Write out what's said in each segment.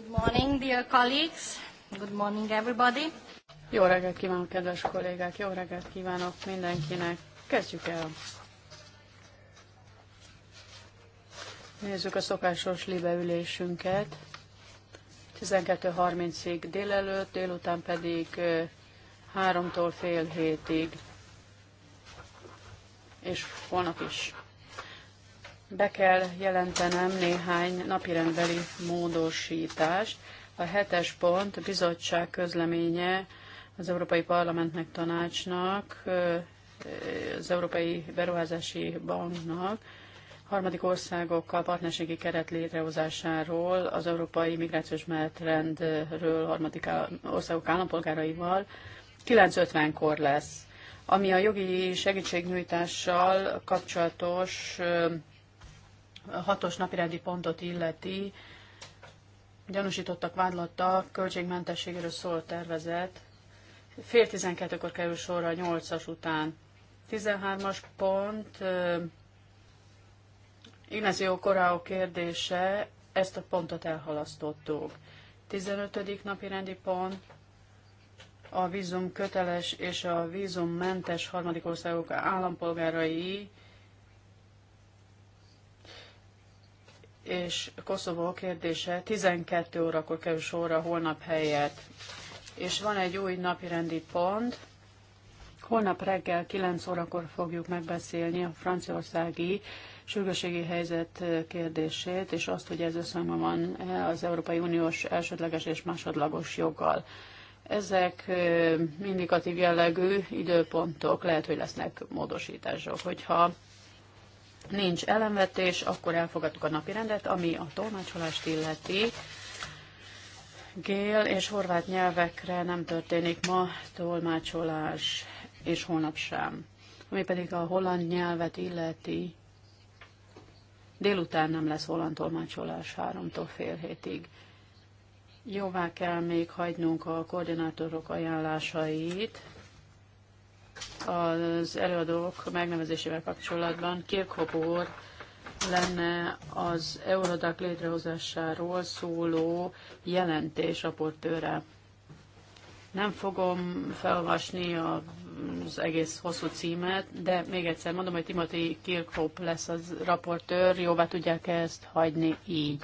Good morning, dear colleagues. Good morning, everybody. Jó reggelt kívánok, kedves kollégák! Jó reggelt kívánok mindenkinek! Kezdjük el! Nézzük a szokásos libeülésünket. 12.30-ig délelőtt, délután pedig 3-tól fél hétig, és holnap is be kell jelentenem néhány napirendbeli módosítást. A hetes pont bizottság közleménye az Európai Parlamentnek, tanácsnak, az Európai Beruházási Banknak, harmadik országokkal partnerségi keret létrehozásáról, az Európai Migrációs Menetrendről, harmadik országok állampolgáraival 9.50-kor lesz. Ami a jogi segítségnyújtással kapcsolatos hatos napirendi pontot illeti, gyanúsítottak vádlattak, költségmentességéről szól tervezet. Fél tizenkettőkor kerül sorra a nyolcas után. 13-as pont, Ignacio Corao kérdése, ezt a pontot elhalasztottuk. 15. napi rendi pont, a vízum köteles és a vízummentes harmadik országok állampolgárai és Koszovó kérdése 12 órakor kerül sorra holnap helyett. És van egy új napirendi pont. Holnap reggel 9 órakor fogjuk megbeszélni a franciaországi sürgőségi helyzet kérdését, és azt, hogy ez összhangban van az Európai Uniós elsődleges és másodlagos joggal. Ezek indikatív jellegű időpontok, lehet, hogy lesznek módosítások. Hogyha nincs ellenvetés, akkor elfogadtuk a napi rendet, ami a tolmácsolást illeti. Gél és horvát nyelvekre nem történik ma tolmácsolás, és holnap sem. Ami pedig a holland nyelvet illeti, délután nem lesz holland tolmácsolás háromtól fél hétig. Jóvá kell még hagynunk a koordinátorok ajánlásait, az előadók megnevezésével kapcsolatban Kirkhope úr lenne az Eurodac létrehozásáról szóló jelentés raportőre. Nem fogom felolvasni az egész hosszú címet, de még egyszer mondom, hogy Timothy Kirkhope lesz az raportőr, jóvá tudják -e ezt hagyni így.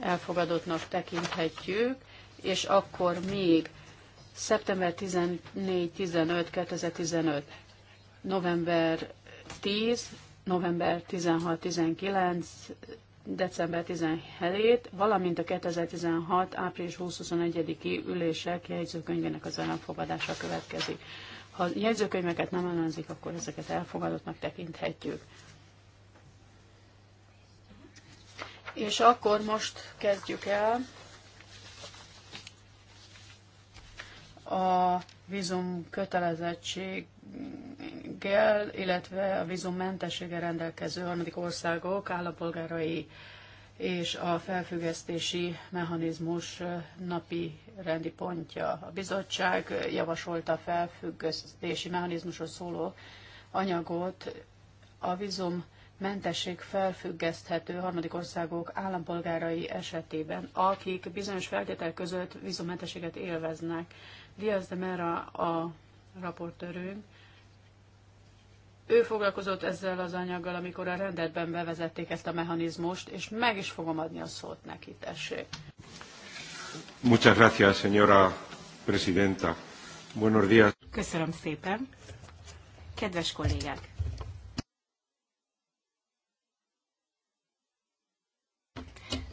Elfogadottnak tekinthetjük, és akkor még Szeptember 14-15, 2015, november 10, november 16-19, december 17, valamint a 2016. április 20-21-i ülések jegyzőkönyvének az elfogadása következik. Ha a jegyzőkönyveket nem ellenzik, akkor ezeket elfogadottnak tekinthetjük. És akkor most kezdjük el. a vízum kötelezettséggel, illetve a mentessége rendelkező harmadik országok állampolgárai és a felfüggesztési mechanizmus napi rendi pontja. A bizottság javasolta a felfüggesztési mechanizmusról szóló anyagot a vízum mentesség felfüggeszthető harmadik országok állampolgárai esetében, akik bizonyos feltétel között vízummentességet élveznek. Diaz de Mera a raportőrünk. Ő foglalkozott ezzel az anyaggal, amikor a rendetben bevezették ezt a mechanizmust, és meg is fogom adni a szót neki, tessék. Muchas gracias, señora presidenta. Buenos días. Köszönöm szépen. Kedves kollégák!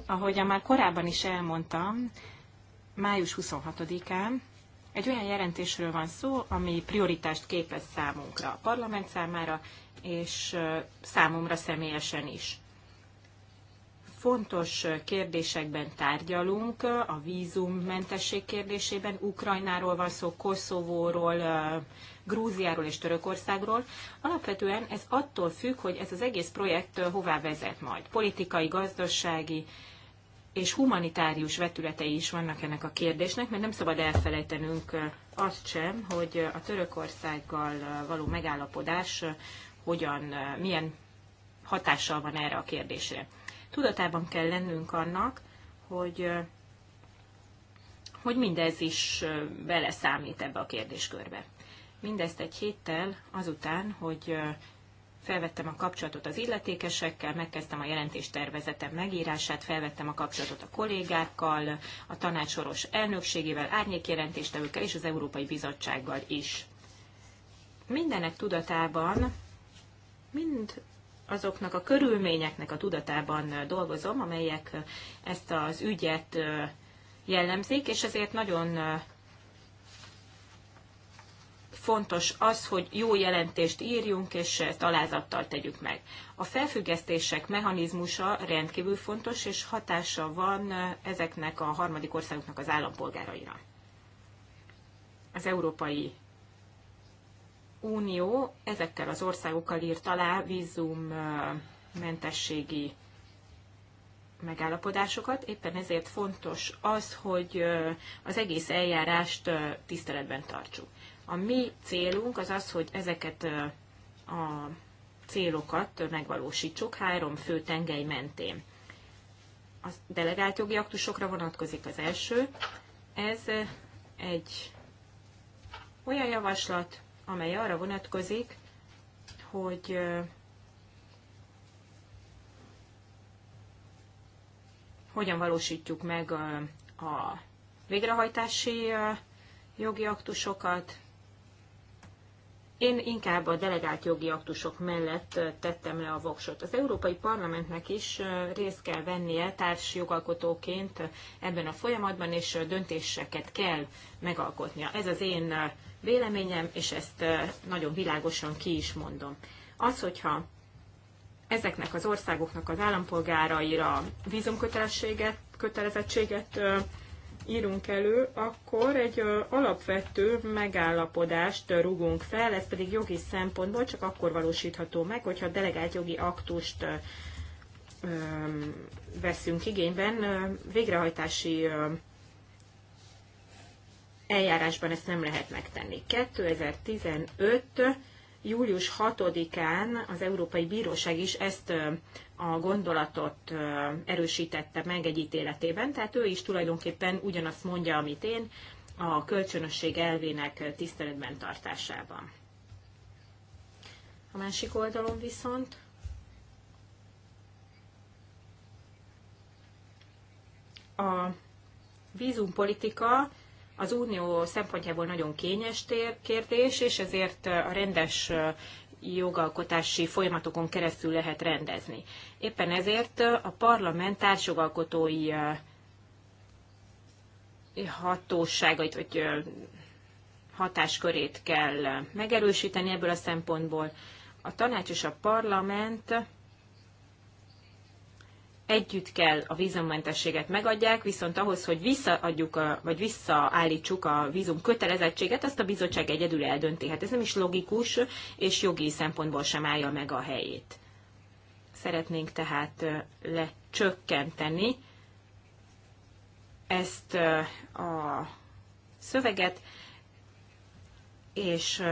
Ahogyan már korábban is elmondtam, május 26-án egy olyan jelentésről van szó, ami prioritást képez számunkra, a parlament számára, és számomra személyesen is. Fontos kérdésekben tárgyalunk, a vízummentesség kérdésében, Ukrajnáról van szó, Koszovóról, Grúziáról és Törökországról. Alapvetően ez attól függ, hogy ez az egész projekt hová vezet majd. Politikai, gazdasági, és humanitárius vetületei is vannak ennek a kérdésnek, mert nem szabad elfelejtenünk azt sem, hogy a Törökországgal való megállapodás hogyan, milyen hatással van erre a kérdésre. Tudatában kell lennünk annak, hogy, hogy mindez is beleszámít ebbe a kérdéskörbe. Mindezt egy héttel azután, hogy felvettem a kapcsolatot az illetékesekkel, megkezdtem a jelentéstervezetem megírását, felvettem a kapcsolatot a kollégákkal, a tanácsoros elnökségével, árnyékjelentéstevőkkel és az Európai Bizottsággal is. Mindenek tudatában, mind azoknak a körülményeknek a tudatában dolgozom, amelyek ezt az ügyet jellemzik, és ezért nagyon fontos az, hogy jó jelentést írjunk, és ezt alázattal tegyük meg. A felfüggesztések mechanizmusa rendkívül fontos, és hatása van ezeknek a harmadik országoknak az állampolgáraira. Az Európai Unió ezekkel az országokkal írt alá vízummentességi megállapodásokat, éppen ezért fontos az, hogy az egész eljárást tiszteletben tartsuk. A mi célunk az az, hogy ezeket a célokat megvalósítsuk három fő tengely mentén. A delegált jogi aktusokra vonatkozik az első. Ez egy olyan javaslat, amely arra vonatkozik, hogy hogyan valósítjuk meg a végrehajtási jogi aktusokat, én inkább a delegált jogi aktusok mellett tettem le a voksot. Az Európai Parlamentnek is részt kell vennie társjogalkotóként ebben a folyamatban, és döntéseket kell megalkotnia. Ez az én véleményem, és ezt nagyon világosan ki is mondom. Az, hogyha ezeknek az országoknak az állampolgáraira vízumkötelezettséget kötelezettséget írunk elő, akkor egy alapvető megállapodást rugunk fel, ez pedig jogi szempontból csak akkor valósítható meg, hogyha delegált jogi aktust veszünk igényben. Végrehajtási eljárásban ezt nem lehet megtenni. 2015. július 6-án az Európai Bíróság is ezt a gondolatot erősítette meg egy ítéletében, tehát ő is tulajdonképpen ugyanazt mondja, amit én, a kölcsönösség elvének tiszteletben tartásában. A másik oldalon viszont a vízumpolitika az unió szempontjából nagyon kényes tér, kérdés, és ezért a rendes jogalkotási folyamatokon keresztül lehet rendezni. Éppen ezért a parlament társjogalkotói eh, hatóságait vagy eh, hatáskörét kell megerősíteni ebből a szempontból. A tanács és a parlament együtt kell a vízummentességet megadják, viszont ahhoz, hogy visszaadjuk, a, vagy visszaállítsuk a vízum kötelezettséget, azt a bizottság egyedül eldönti. Hát ez nem is logikus, és jogi szempontból sem állja meg a helyét. Szeretnénk tehát lecsökkenteni ezt a szöveget, és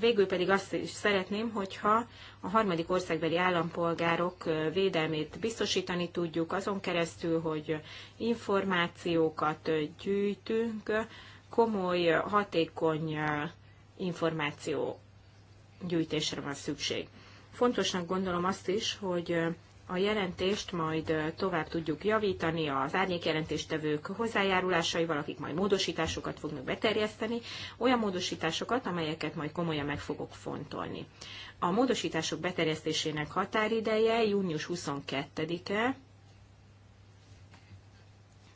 Végül pedig azt is szeretném, hogyha a harmadik országbeli állampolgárok védelmét biztosítani tudjuk azon keresztül, hogy információkat gyűjtünk, komoly, hatékony információ gyűjtésre van szükség. Fontosnak gondolom azt is, hogy a jelentést majd tovább tudjuk javítani az árnyékjelentéstevők hozzájárulásaival, akik majd módosításokat fognak beterjeszteni, olyan módosításokat, amelyeket majd komolyan meg fogok fontolni. A módosítások beterjesztésének határideje június 22-e,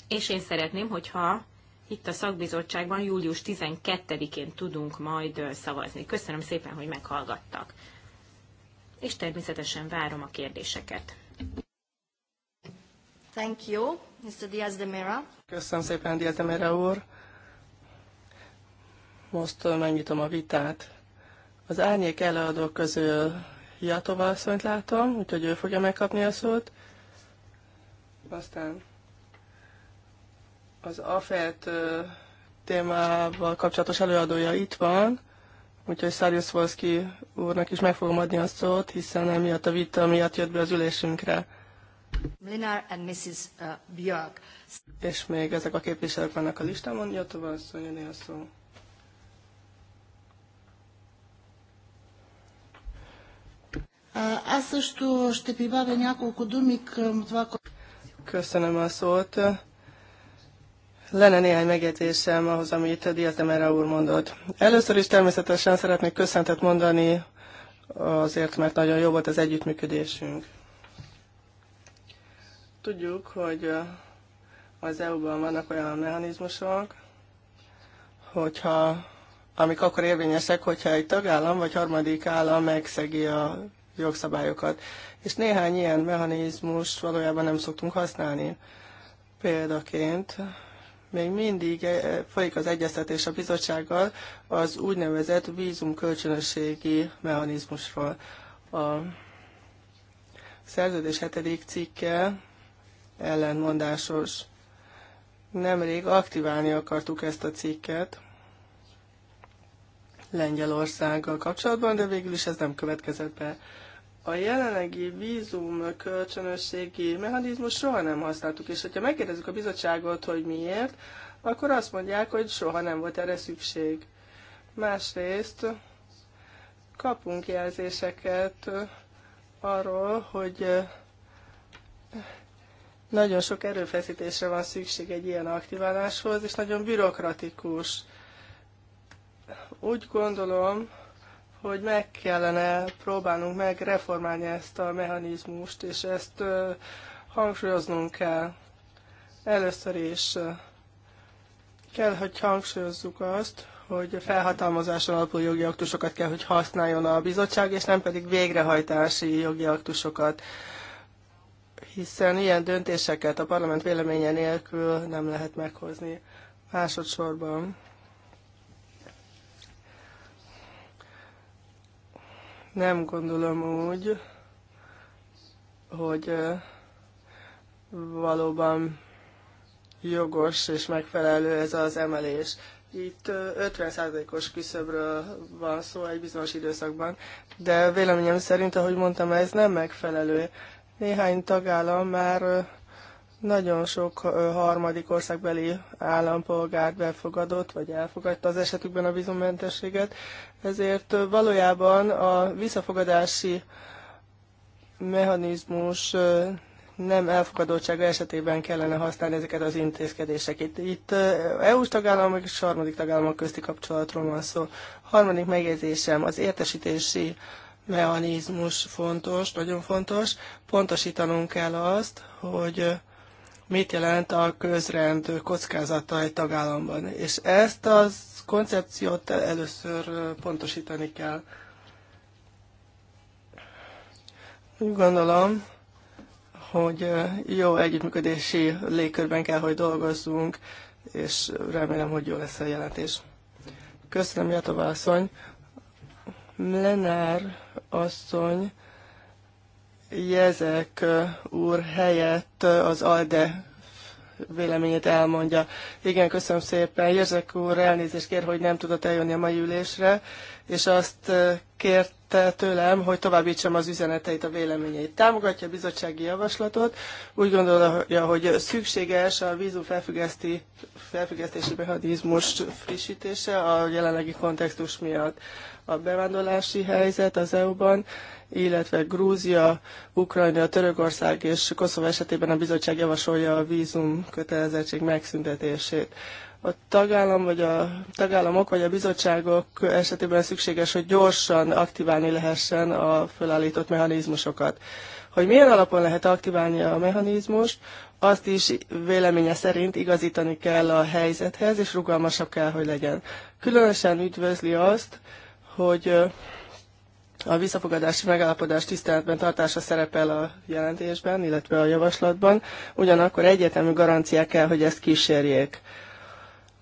és én szeretném, hogyha itt a szakbizottságban július 12-én tudunk majd szavazni. Köszönöm szépen, hogy meghallgattak. És természetesen várom a kérdéseket. Thank you, Mr. Diaz de Mera. Köszönöm szépen, Diaz de Mera úr. Most megnyitom a vitát. Az árnyék előadók közül Jatova asszonyt látom, úgyhogy ő fogja megkapni a szót. Aztán az AFET témával kapcsolatos előadója itt van, Úgyhogy Szárjusz Volszki úrnak is meg fogom adni a szót, hiszen emiatt a vita miatt jött be az ülésünkre. Linar and Mrs. Uh, Björk. És még ezek a képviselők vannak a listámon, Jatova asszony, a szó. Uh, Köszönöm a szót. Lenne néhány megjegyzésem ahhoz, amit Diaz úr mondott. Először is természetesen szeretnék köszöntet mondani azért, mert nagyon jó volt az együttműködésünk. Tudjuk, hogy az EU-ban vannak olyan mechanizmusok, hogyha, amik akkor érvényesek, hogyha egy tagállam vagy harmadik állam megszegi a jogszabályokat. És néhány ilyen mechanizmust valójában nem szoktunk használni. Példaként még mindig eh, folyik az egyeztetés a bizottsággal az úgynevezett vízumkölcsönösségi mechanizmusról. A szerződés hetedik cikke ellentmondásos. Nemrég aktiválni akartuk ezt a cikket Lengyelországgal kapcsolatban, de végül is ez nem következett be a jelenlegi vízum kölcsönösségi mechanizmus soha nem használtuk, és hogyha megkérdezzük a bizottságot, hogy miért, akkor azt mondják, hogy soha nem volt erre szükség. Másrészt kapunk jelzéseket arról, hogy nagyon sok erőfeszítésre van szükség egy ilyen aktiváláshoz, és nagyon bürokratikus. Úgy gondolom, hogy meg kellene próbálnunk meg reformálni ezt a mechanizmust, és ezt hangsúlyoznunk kell. Először is kell, hogy hangsúlyozzuk azt, hogy felhatalmazáson alapú jogi aktusokat kell, hogy használjon a bizottság, és nem pedig végrehajtási jogi aktusokat, hiszen ilyen döntéseket a parlament véleménye nélkül nem lehet meghozni. Másodszorban Nem gondolom úgy, hogy valóban jogos és megfelelő ez az emelés. Itt 50%-os küszöbről van szó egy bizonyos időszakban, de véleményem szerint, ahogy mondtam, ez nem megfelelő. Néhány tagállam már nagyon sok harmadik országbeli állampolgár befogadott, vagy elfogadta az esetükben a vízummentességet, ezért valójában a visszafogadási mechanizmus nem elfogadottsága esetében kellene használni ezeket az intézkedéseket. Itt EU-s tagállamok és harmadik tagállamok közti kapcsolatról van szó. Harmadik megjegyzésem, az értesítési mechanizmus fontos, nagyon fontos. Pontosítanunk kell azt, hogy mit jelent a közrend kockázata egy tagállamban. És ezt a koncepciót először pontosítani kell. Úgy gondolom, hogy jó együttműködési légkörben kell, hogy dolgozzunk, és remélem, hogy jó lesz a jelentés. Köszönöm, Jatova asszony. Lenár asszony Jezek úr helyett az ALDE véleményét elmondja. Igen, köszönöm szépen. Jezek úr elnézést kér, hogy nem tudott eljönni a mai ülésre, és azt kérte tőlem, hogy továbbítsam az üzeneteit, a véleményeit. Támogatja a bizottsági javaslatot, úgy gondolja, hogy szükséges a vízum felfüggesztési mechanizmus frissítése a jelenlegi kontextus miatt a bevándorlási helyzet az EU-ban, illetve Grúzia, Ukrajna, Törökország és Koszova esetében a bizottság javasolja a vízum kötelezettség megszüntetését. A tagállam vagy a tagállamok vagy a bizottságok esetében szükséges, hogy gyorsan aktiválni lehessen a felállított mechanizmusokat. Hogy milyen alapon lehet aktiválni a mechanizmust, azt is véleménye szerint igazítani kell a helyzethez, és rugalmasabb kell, hogy legyen. Különösen üdvözli azt, hogy a visszafogadási megállapodás tiszteletben tartása szerepel a jelentésben, illetve a javaslatban, ugyanakkor egyetemű garanciák kell, hogy ezt kísérjék.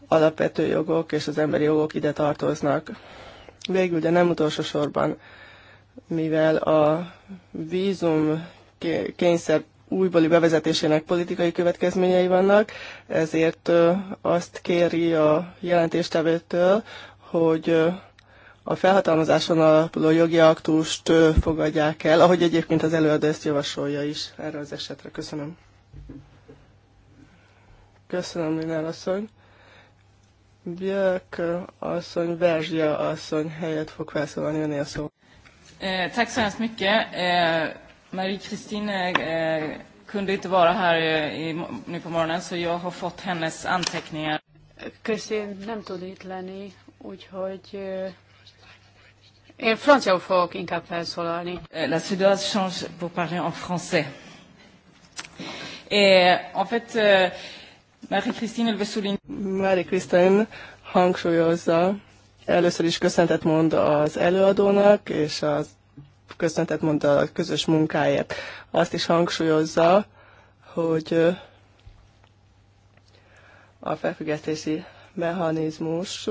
Alapvető jogok és az emberi jogok ide tartoznak. Végül, de nem utolsó sorban, mivel a vízum kényszer újbóli bevezetésének politikai következményei vannak, ezért azt kéri a jelentéstevőtől, hogy a felhatalmazáson alapuló jogi aktust fogadják el, ahogy egyébként az előadó ezt javasolja is erre az esetre. Köszönöm. Köszönöm, Linál asszony. Björk asszony, Verzsia asszony helyett fog felszólalni, önél szó. Eh, tack så mycket. Eh, marie christine eh, kunde inte vara här i, nu på morgonen så jag har fått hennes anteckningar. Kristin nem tud itt lenni, úgyhogy eh, én francia fogok inkább felszólalni. Eh, la Suédoise change pour parler en français. Et en fait, euh, Marie-Christine, elle veut souligner... Marie-Christine hangsúlyozza, először is köszöntet mond az előadónak, és az köszöntet mond a közös munkáért. Azt is hangsúlyozza, hogy a felfüggesztési mechanizmus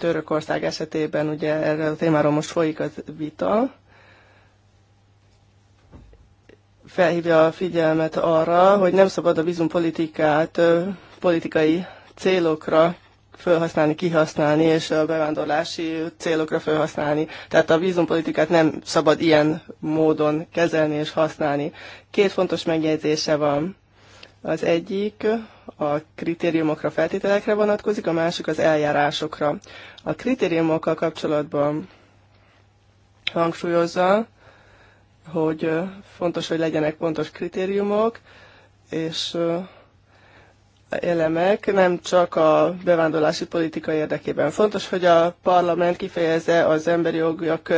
Törökország esetében ugye erre a témáról most folyik a vita, felhívja a figyelmet arra, hogy nem szabad a vízumpolitikát politikai célokra felhasználni, kihasználni, és a bevándorlási célokra felhasználni. Tehát a vízumpolitikát nem szabad ilyen módon kezelni és használni. Két fontos megjegyzése van. Az egyik a kritériumokra, feltételekre vonatkozik, a másik az eljárásokra. A kritériumokkal kapcsolatban hangsúlyozza, hogy fontos, hogy legyenek pontos kritériumok, és elemek nem csak a bevándorlási politika érdekében. Fontos, hogy a parlament kifejezze az emberi jogok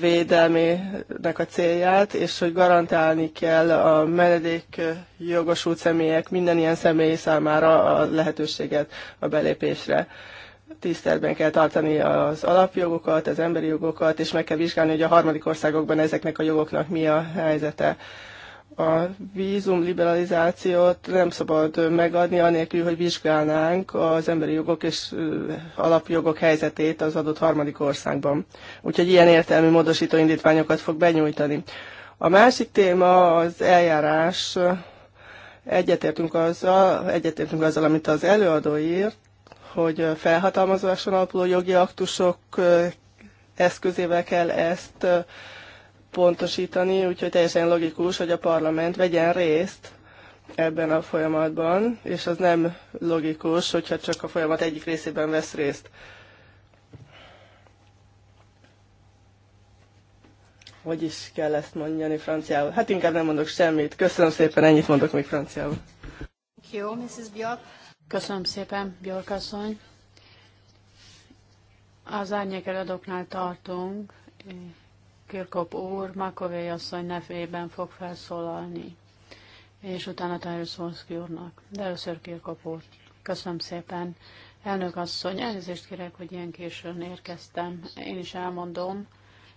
védelmének a célját, és hogy garantálni kell a menedék jogosult személyek minden ilyen személy számára a lehetőséget a belépésre. Tiszteletben kell tartani az alapjogokat, az emberi jogokat, és meg kell vizsgálni, hogy a harmadik országokban ezeknek a jogoknak mi a helyzete a vízum liberalizációt nem szabad megadni, anélkül, hogy vizsgálnánk az emberi jogok és alapjogok helyzetét az adott harmadik országban. Úgyhogy ilyen értelmű módosító indítványokat fog benyújtani. A másik téma az eljárás. Egyetértünk azzal, egyetértünk azzal amit az előadó írt, hogy felhatalmazáson alapuló jogi aktusok eszközével kell ezt pontosítani, úgyhogy teljesen logikus, hogy a parlament vegyen részt ebben a folyamatban, és az nem logikus, hogyha csak a folyamat egyik részében vesz részt. Hogy is kell ezt mondani franciául? Hát inkább nem mondok semmit. Köszönöm szépen, ennyit mondok még franciául. Mrs. Köszönöm szépen, Björk asszony. Az árnyék előadóknál tartunk, Kirkop úr Makovéj asszony nevében fog felszólalni, és utána Tajuszolszki úrnak. De először Kirkop úr. Köszönöm szépen. Elnök asszony, elnézést kérek, hogy ilyen későn érkeztem. Én is elmondom.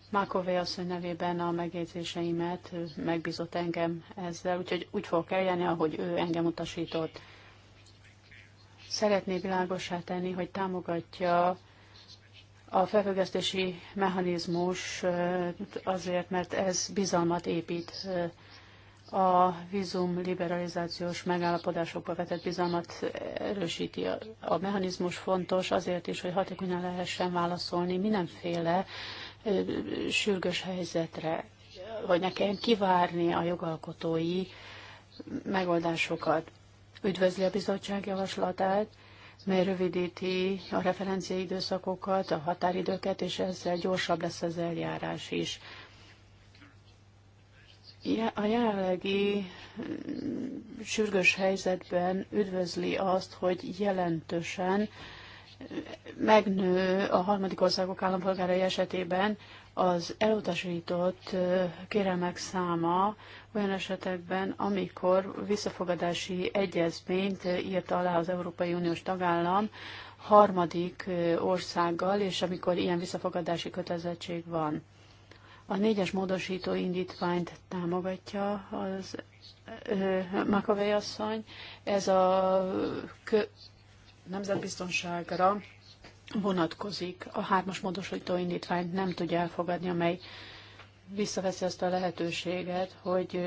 Makovéj asszony nevében a megjegyzéseimet megbízott engem ezzel, úgyhogy úgy fogok eljárni, ahogy ő engem utasított. Szeretné világosá tenni, hogy támogatja a felfüggesztési mechanizmus azért, mert ez bizalmat épít a vízum liberalizációs megállapodásokba vetett bizalmat erősíti. A mechanizmus fontos azért is, hogy hatékonyan lehessen válaszolni mindenféle sürgős helyzetre, hogy ne kelljen kivárni a jogalkotói megoldásokat. Üdvözli a bizottság javaslatát, mely rövidíti a referencia időszakokat, a határidőket, és ezzel gyorsabb lesz az eljárás is. A jelenlegi mm, sürgős helyzetben üdvözli azt, hogy jelentősen megnő a harmadik országok állampolgárai esetében az elutasított kérelmek száma olyan esetekben, amikor visszafogadási egyezményt írt alá az Európai Uniós tagállam harmadik országgal, és amikor ilyen visszafogadási kötelezettség van. A négyes módosító indítványt támogatja az Makavei asszony. Ez a kö, nemzetbiztonságra vonatkozik. A hármas módosító indítványt nem tudja elfogadni, amely visszaveszi azt a lehetőséget, hogy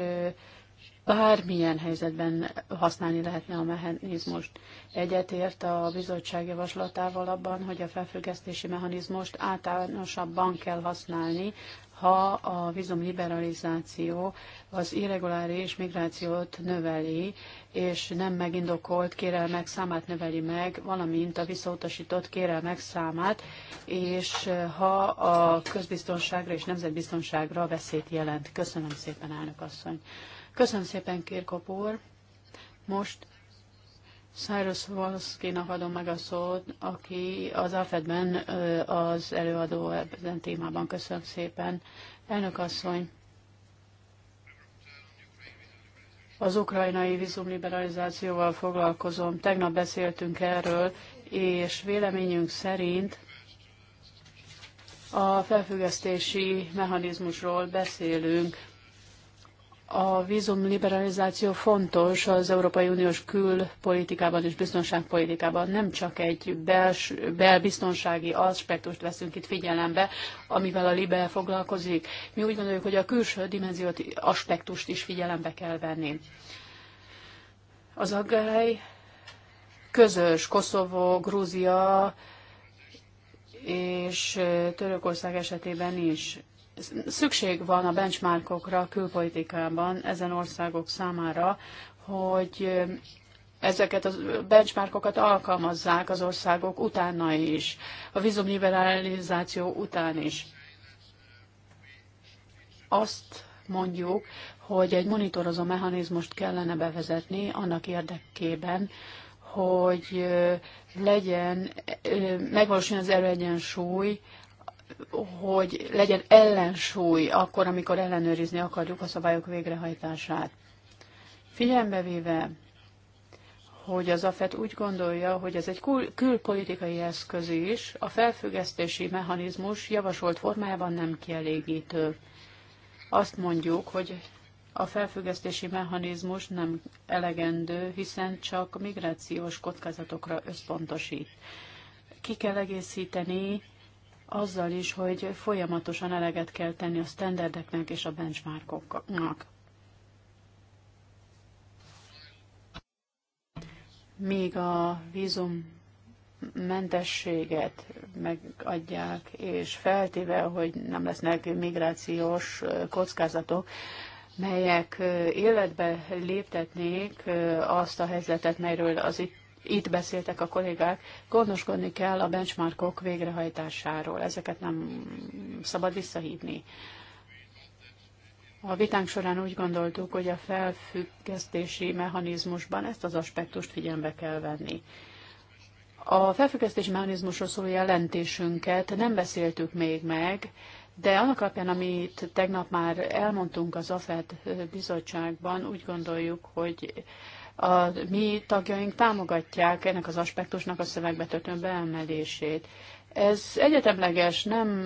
bármilyen helyzetben használni lehetne a mechanizmust. Egyetért a bizottság javaslatával abban, hogy a felfüggesztési mechanizmust általánosabban kell használni, ha a vízumliberalizáció az irreguláris migrációt növeli, és nem megindokolt kérelmek számát növeli meg, valamint a visszautasított kérelmek számát, és ha a közbiztonságra és nemzetbiztonságra veszélyt jelent. Köszönöm szépen, elnök asszony! Köszönöm szépen, Kirkop úr. Most Cyrus Walszkinak adom meg a szót, aki az AFED-ben az előadó ebben témában. Köszönöm szépen. Elnök asszony, az ukrajnai vízumliberalizációval foglalkozom. Tegnap beszéltünk erről, és véleményünk szerint a felfüggesztési mechanizmusról beszélünk a vízumliberalizáció fontos az Európai Uniós külpolitikában és biztonságpolitikában. Nem csak egy bels, belbiztonsági aspektust veszünk itt figyelembe, amivel a LIBE foglalkozik. Mi úgy gondoljuk, hogy a külső dimenziót, aspektust is figyelembe kell venni. Az aggály közös Koszovó, Grúzia és Törökország esetében is szükség van a benchmarkokra a külpolitikában ezen országok számára, hogy ezeket a benchmarkokat alkalmazzák az országok utána is, a vízumliberalizáció után is. Azt mondjuk, hogy egy monitorozó mechanizmust kellene bevezetni annak érdekében, hogy legyen, megvalósuljon az erőegyensúly hogy legyen ellensúly akkor, amikor ellenőrizni akarjuk a szabályok végrehajtását. Figyelembe véve, hogy az AFET úgy gondolja, hogy ez egy kül- külpolitikai eszköz is, a felfüggesztési mechanizmus javasolt formájában nem kielégítő. Azt mondjuk, hogy a felfüggesztési mechanizmus nem elegendő, hiszen csak migrációs kockázatokra összpontosít. Ki kell egészíteni azzal is, hogy folyamatosan eleget kell tenni a standardeknek és a benchmarkoknak. Míg a vízum mentességet megadják, és feltéve, hogy nem lesznek migrációs kockázatok, melyek életbe léptetnék azt a helyzetet, melyről az itt itt beszéltek a kollégák, gondoskodni kell a benchmarkok végrehajtásáról. Ezeket nem szabad visszahívni. A vitánk során úgy gondoltuk, hogy a felfüggesztési mechanizmusban ezt az aspektust figyelembe kell venni. A felfüggesztési mechanizmusról szóló jelentésünket nem beszéltük még meg, de annak alapján, amit tegnap már elmondtunk az AFED bizottságban, úgy gondoljuk, hogy a mi tagjaink támogatják ennek az aspektusnak a szövegbe történő beemelését. Ez egyetemleges, nem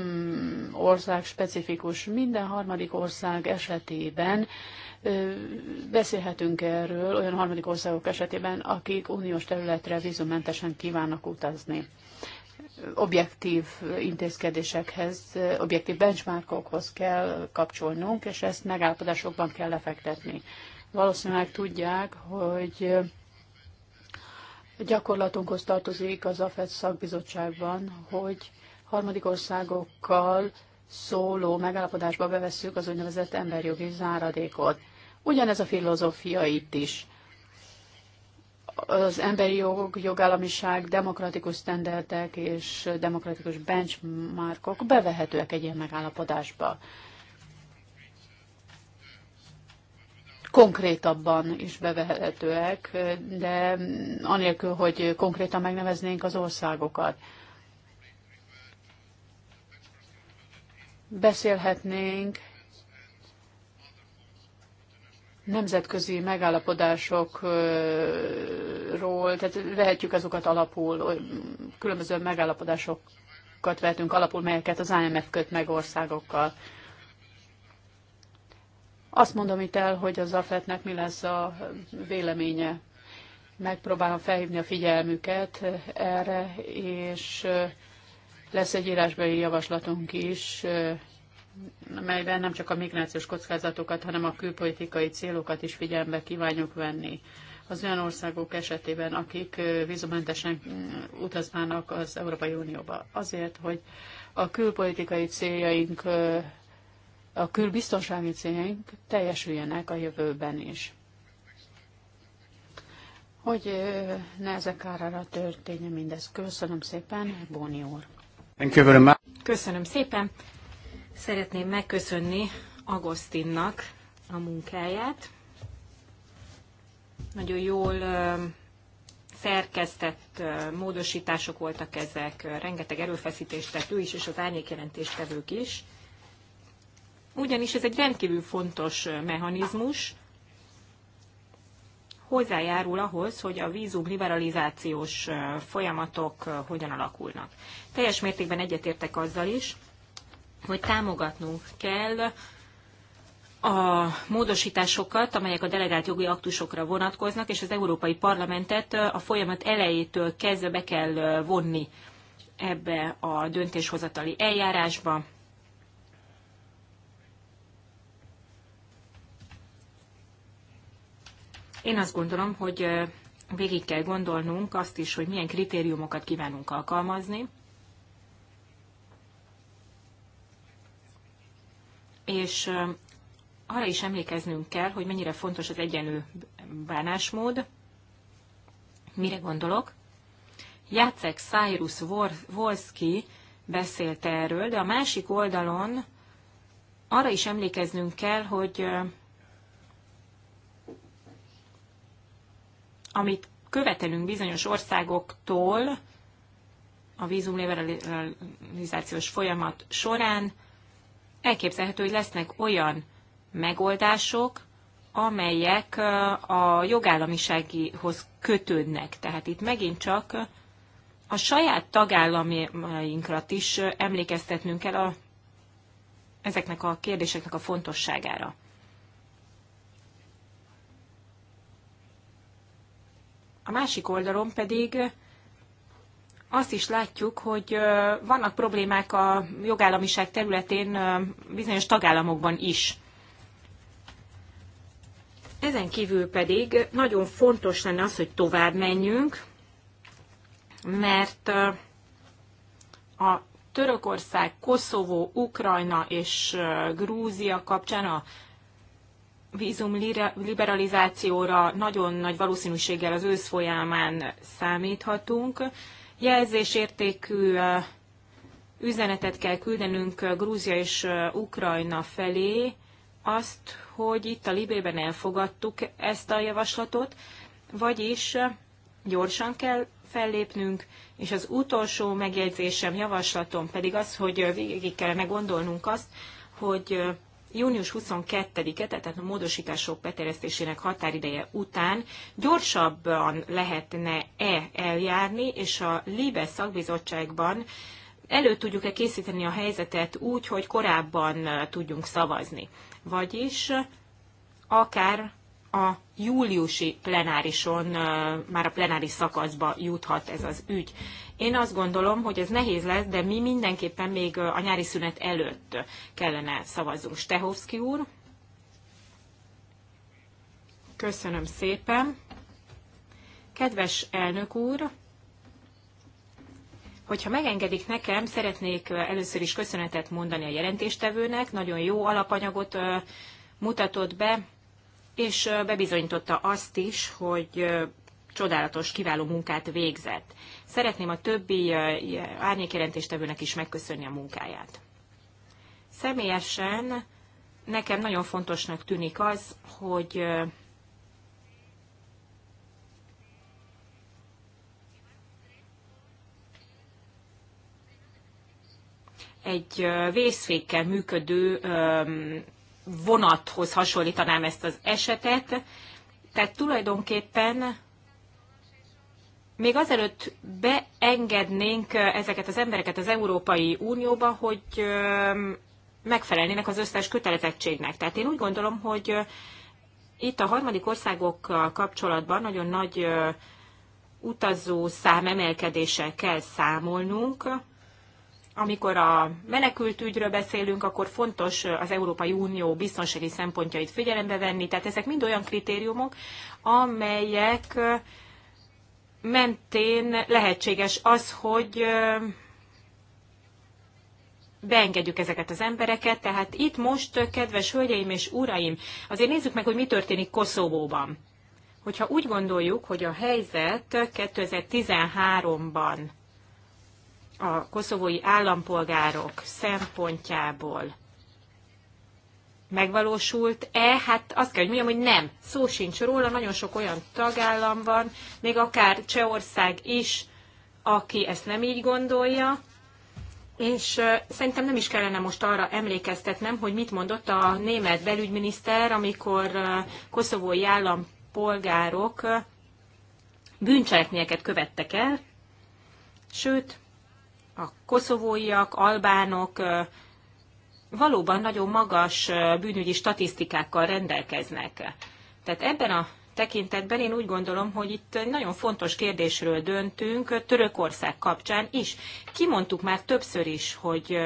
ország specifikus. Minden harmadik ország esetében beszélhetünk erről, olyan harmadik országok esetében, akik uniós területre vízumentesen kívánnak utazni objektív intézkedésekhez, objektív benchmarkokhoz kell kapcsolnunk, és ezt megállapodásokban kell lefektetni. Valószínűleg tudják, hogy eh, gyakorlatunkhoz tartozik az AFED szakbizottságban, hogy harmadik országokkal szóló megállapodásba bevesszük az úgynevezett emberjogi záradékot. Ugyanez a filozófia itt is. Az emberi jog, jogállamiság, demokratikus standardek és demokratikus benchmarkok bevehetőek egy ilyen megállapodásba. konkrétabban is bevehetőek, de anélkül, hogy konkrétan megneveznénk az országokat. Beszélhetnénk nemzetközi megállapodásokról, tehát vehetjük azokat alapul, különböző megállapodásokat vehetünk alapul, melyeket az IMF köt meg országokkal. Azt mondom itt el, hogy az AFET-nek mi lesz a véleménye. Megpróbálom felhívni a figyelmüket erre, és lesz egy írásbeli javaslatunk is, melyben nem csak a migrációs kockázatokat, hanem a külpolitikai célokat is figyelembe kívánjuk venni. Az olyan országok esetében, akik vízumentesen mm, utaznának az Európai Unióba. Azért, hogy a külpolitikai céljaink a külbiztonsági céljaink teljesüljenek a jövőben is. Hogy ne ezek árára történjen mindez. Köszönöm szépen, Bóni úr. Köszönöm szépen. Szeretném megköszönni Agostinnak a munkáját. Nagyon jól szerkesztett módosítások voltak ezek, rengeteg erőfeszítést tett ő is, és az tevők is ugyanis ez egy rendkívül fontos mechanizmus, hozzájárul ahhoz, hogy a vízum liberalizációs folyamatok hogyan alakulnak. Teljes mértékben egyetértek azzal is, hogy támogatnunk kell a módosításokat, amelyek a delegált jogi aktusokra vonatkoznak, és az Európai Parlamentet a folyamat elejétől kezdve be kell vonni ebbe a döntéshozatali eljárásba. Én azt gondolom, hogy végig kell gondolnunk azt is, hogy milyen kritériumokat kívánunk alkalmazni, és arra is emlékeznünk kell, hogy mennyire fontos az egyenlő bánásmód. Mire gondolok? Jacek Cyrus Wolski beszélt erről, de a másik oldalon arra is emlékeznünk kell, hogy amit követelünk bizonyos országoktól a vízumliberalizációs folyamat során, elképzelhető, hogy lesznek olyan megoldások, amelyek a jogállamisághoz kötődnek. Tehát itt megint csak a saját tagállamainkrat is emlékeztetnünk kell a, ezeknek a kérdéseknek a fontosságára. A másik oldalon pedig azt is látjuk, hogy vannak problémák a jogállamiság területén bizonyos tagállamokban is. Ezen kívül pedig nagyon fontos lenne az, hogy tovább menjünk, mert a Törökország, Koszovó, Ukrajna és Grúzia kapcsán a vízum liberalizációra nagyon nagy valószínűséggel az ősz folyamán számíthatunk. Jelzésértékű üzenetet kell küldenünk Grúzia és Ukrajna felé, azt, hogy itt a Libében elfogadtuk ezt a javaslatot, vagyis gyorsan kell fellépnünk, és az utolsó megjegyzésem, javaslatom pedig az, hogy végig kellene gondolnunk azt, hogy június 22-e, tehát a módosítások beterjesztésének határideje után gyorsabban lehetne-e eljárni, és a LIBE szakbizottságban elő tudjuk-e készíteni a helyzetet úgy, hogy korábban tudjunk szavazni. Vagyis akár a júliusi plenárison, már a plenáris szakaszba juthat ez az ügy. Én azt gondolom, hogy ez nehéz lesz, de mi mindenképpen még a nyári szünet előtt kellene szavazzunk. Stehovski úr. Köszönöm szépen. Kedves elnök úr, Hogyha megengedik nekem, szeretnék először is köszönetet mondani a jelentéstevőnek, nagyon jó alapanyagot mutatott be, és bebizonyította azt is, hogy csodálatos, kiváló munkát végzett. Szeretném a többi árnyékjelentéstevőnek is megköszönni a munkáját. Személyesen nekem nagyon fontosnak tűnik az, hogy egy vészfékkel működő vonathoz hasonlítanám ezt az esetet. Tehát tulajdonképpen még azelőtt beengednénk ezeket az embereket az Európai Unióba, hogy megfelelnének az összes kötelezettségnek. Tehát én úgy gondolom, hogy itt a harmadik országokkal kapcsolatban nagyon nagy utazó szám emelkedéssel kell számolnunk. Amikor a menekült ügyről beszélünk, akkor fontos az Európai Unió biztonsági szempontjait figyelembe venni. Tehát ezek mind olyan kritériumok, amelyek mentén lehetséges az, hogy beengedjük ezeket az embereket. Tehát itt most, kedves hölgyeim és uraim, azért nézzük meg, hogy mi történik Koszovóban. Hogyha úgy gondoljuk, hogy a helyzet 2013-ban a koszovói állampolgárok szempontjából megvalósult-e? Hát azt kell, hogy mondjam, hogy nem. Szó sincs róla, nagyon sok olyan tagállam van, még akár Csehország is, aki ezt nem így gondolja. És szerintem nem is kellene most arra emlékeztetnem, hogy mit mondott a német belügyminiszter, amikor koszovói állampolgárok bűncselekményeket követtek el, sőt, a koszovóiak, albánok, valóban nagyon magas bűnügyi statisztikákkal rendelkeznek. Tehát ebben a tekintetben én úgy gondolom, hogy itt nagyon fontos kérdésről döntünk Törökország kapcsán is. Kimondtuk már többször is, hogy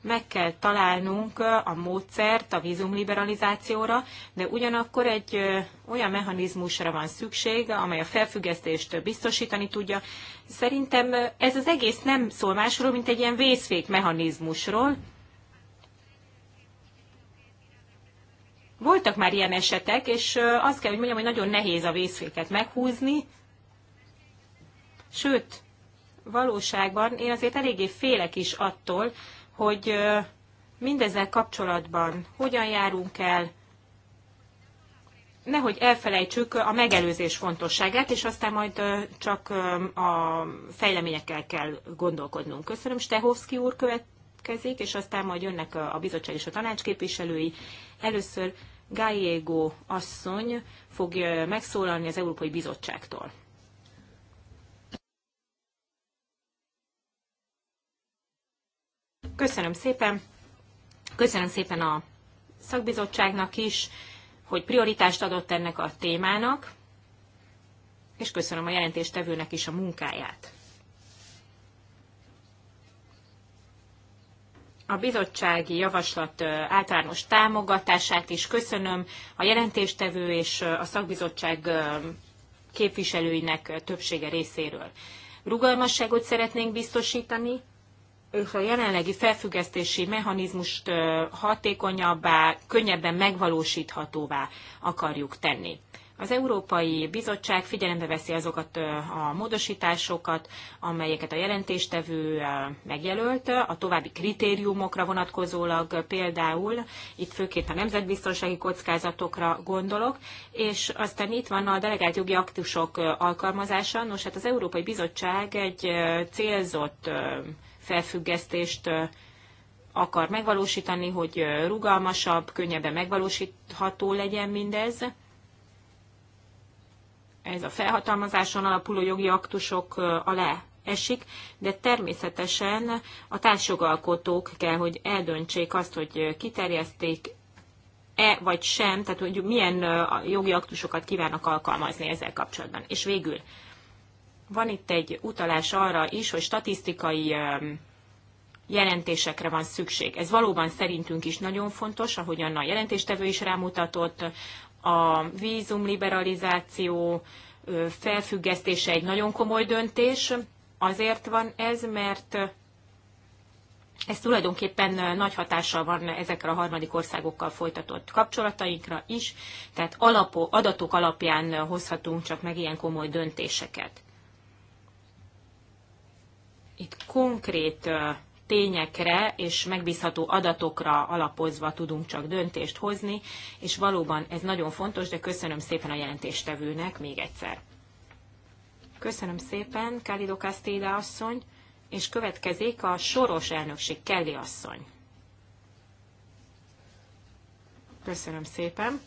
meg kell találnunk a módszert a vízumliberalizációra, de ugyanakkor egy olyan mechanizmusra van szükség, amely a felfüggesztést biztosítani tudja. Szerintem ez az egész nem szól másról, mint egy ilyen vészfék mechanizmusról, Voltak már ilyen esetek, és azt kell, hogy mondjam, hogy nagyon nehéz a vészféket meghúzni, sőt, valóságban én azért eléggé félek is attól, hogy mindezzel kapcsolatban hogyan járunk el, nehogy elfelejtsük a megelőzés fontosságát, és aztán majd csak a fejleményekkel kell gondolkodnunk. Köszönöm, Stehovszki úr következik, és aztán majd jönnek a bizottság és a tanács képviselői. Először Gallego asszony fog megszólalni az Európai Bizottságtól. Köszönöm szépen! Köszönöm szépen a szakbizottságnak is, hogy prioritást adott ennek a témának, és köszönöm a jelentéstevőnek is a munkáját. a bizottsági javaslat általános támogatását is köszönöm. A jelentéstevő és a szakbizottság képviselőinek többsége részéről. Rugalmasságot szeretnénk biztosítani, és a jelenlegi felfüggesztési mechanizmust hatékonyabbá, könnyebben megvalósíthatóvá akarjuk tenni. Az Európai Bizottság figyelembe veszi azokat a módosításokat, amelyeket a jelentéstevő megjelölt, a további kritériumokra vonatkozólag például, itt főként a nemzetbiztonsági kockázatokra gondolok, és aztán itt van a delegált jogi aktusok alkalmazása. Nos, hát az Európai Bizottság egy célzott felfüggesztést akar megvalósítani, hogy rugalmasabb, könnyebben megvalósítható legyen mindez ez a felhatalmazáson alapuló jogi aktusok alá esik, de természetesen a társjogalkotók kell, hogy eldöntsék azt, hogy kiterjeszték e vagy sem, tehát hogy milyen jogi aktusokat kívánnak alkalmazni ezzel kapcsolatban. És végül van itt egy utalás arra is, hogy statisztikai jelentésekre van szükség. Ez valóban szerintünk is nagyon fontos, ahogyan a jelentéstevő is rámutatott, a vízumliberalizáció felfüggesztése egy nagyon komoly döntés. Azért van ez, mert ez tulajdonképpen nagy hatással van ezekre a harmadik országokkal folytatott kapcsolatainkra is, tehát alapó, adatok alapján hozhatunk csak meg ilyen komoly döntéseket. Itt konkrét tényekre és megbízható adatokra alapozva tudunk csak döntést hozni, és valóban ez nagyon fontos, de köszönöm szépen a jelentéstevőnek még egyszer. Köszönöm szépen, Kálido Castéda asszony, és következik a soros elnökség Kelly asszony. Köszönöm szépen.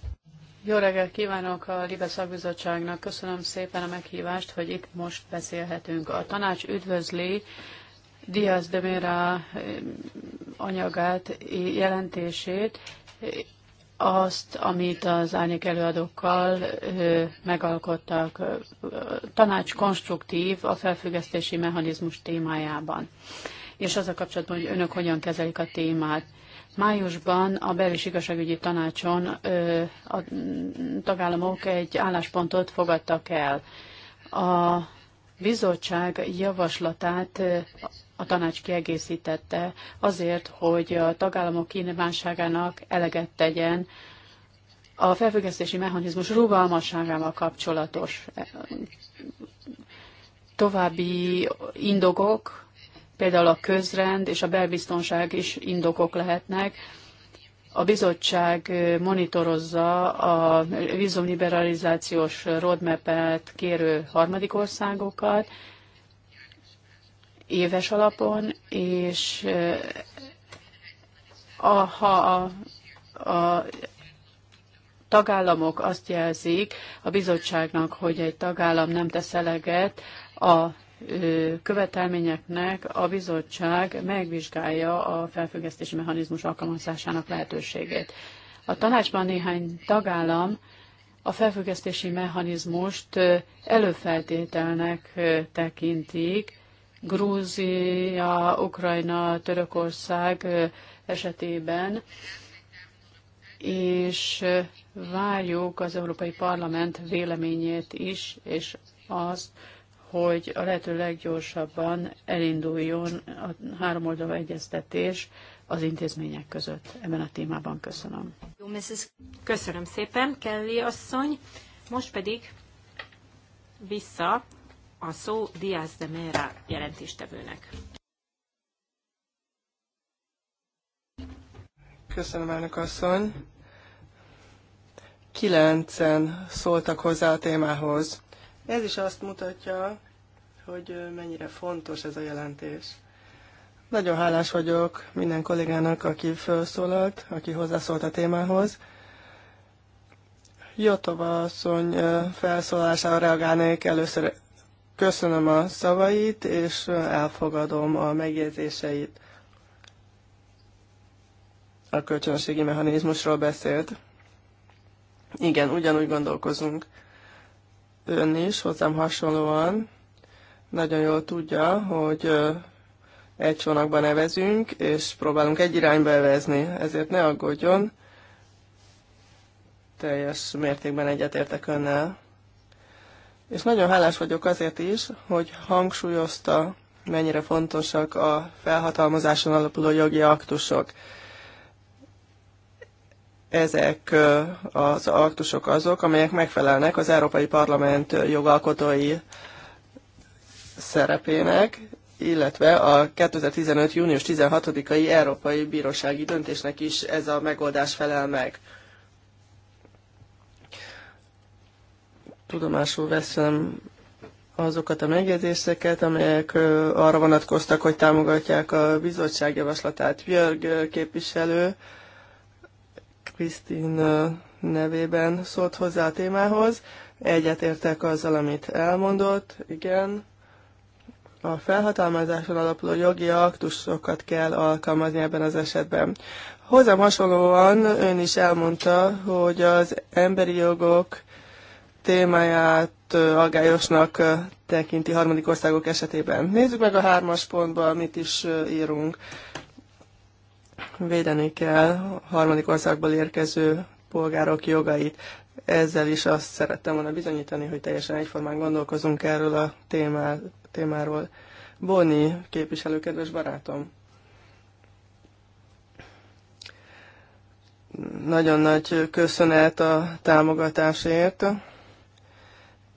Jó reggelt kívánok a Libe Szakbizottságnak. Köszönöm szépen a meghívást, hogy itt most beszélhetünk. A tanács üdvözli Diaz de Mera eh, anyagát, jelentését, eh, azt, amit az árnyék előadókkal eh, megalkottak. Tanács konstruktív a felfüggesztési mechanizmus témájában. És az a kapcsolatban, hogy önök hogyan kezelik a témát. Májusban a belső igazságügyi tanácson a tagállamok egy álláspontot fogadtak el. A bizottság javaslatát a tanács kiegészítette azért, hogy a tagállamok kínálságának eleget tegyen a felfüggesztési mechanizmus rugalmasságával kapcsolatos eh, további indokok, például a közrend és a belbiztonság is indokok lehetnek. A bizottság eh, monitorozza a vízumliberalizációs roadmap-et kérő harmadik országokat, éves alapon, és eh, a, ha a, a tagállamok azt jelzik a bizottságnak, hogy egy tagállam nem tesz eleget a követelményeknek, a bizottság megvizsgálja a felfüggesztési mechanizmus alkalmazásának lehetőségét. A tanácsban néhány tagállam a felfüggesztési mechanizmust előfeltételnek tekintik, Grúzia, Ukrajna, Törökország esetében, és várjuk az Európai Parlament véleményét is, és azt, hogy a lehető leggyorsabban elinduljon a háromoldalú egyeztetés az intézmények között ebben a témában. Köszönöm. Köszönöm szépen, Kelly asszony. Most pedig vissza a szó Diaz de Mera jelentéstevőnek. Köszönöm, elnök asszony. Kilencen szóltak hozzá a témához. Ez is azt mutatja, hogy mennyire fontos ez a jelentés. Nagyon hálás vagyok minden kollégának, aki felszólalt, aki hozzászólt a témához. Jotova asszony felszólására reagálnék először Köszönöm a szavait, és elfogadom a megjegyzéseit. A kölcsönségi mechanizmusról beszélt. Igen, ugyanúgy gondolkozunk. Ön is, hozzám hasonlóan, nagyon jól tudja, hogy egy csónakban nevezünk, és próbálunk egy irányba evezni, ezért ne aggódjon. Teljes mértékben egyetértek önnel. És nagyon hálás vagyok azért is, hogy hangsúlyozta, mennyire fontosak a felhatalmazáson alapuló jogi aktusok. Ezek az aktusok azok, amelyek megfelelnek az Európai Parlament jogalkotói szerepének, illetve a 2015. június 16-ai Európai Bírósági Döntésnek is ez a megoldás felel meg. tudomásul veszem azokat a megjegyzéseket, amelyek arra vonatkoztak, hogy támogatják a bizottság javaslatát. Björg képviselő Krisztin nevében szólt hozzá a témához. Egyetértek azzal, amit elmondott, igen. A felhatalmazáson alapuló jogi aktusokat kell alkalmazni ebben az esetben. Hozzám hasonlóan ön is elmondta, hogy az emberi jogok témáját agályosnak tekinti harmadik országok esetében. Nézzük meg a hármas pontban, mit is írunk. Védeni kell harmadik országból érkező polgárok jogait. Ezzel is azt szerettem volna bizonyítani, hogy teljesen egyformán gondolkozunk erről a témá, témáról. Boni, képviselő, kedves barátom! Nagyon nagy köszönet a támogatásért.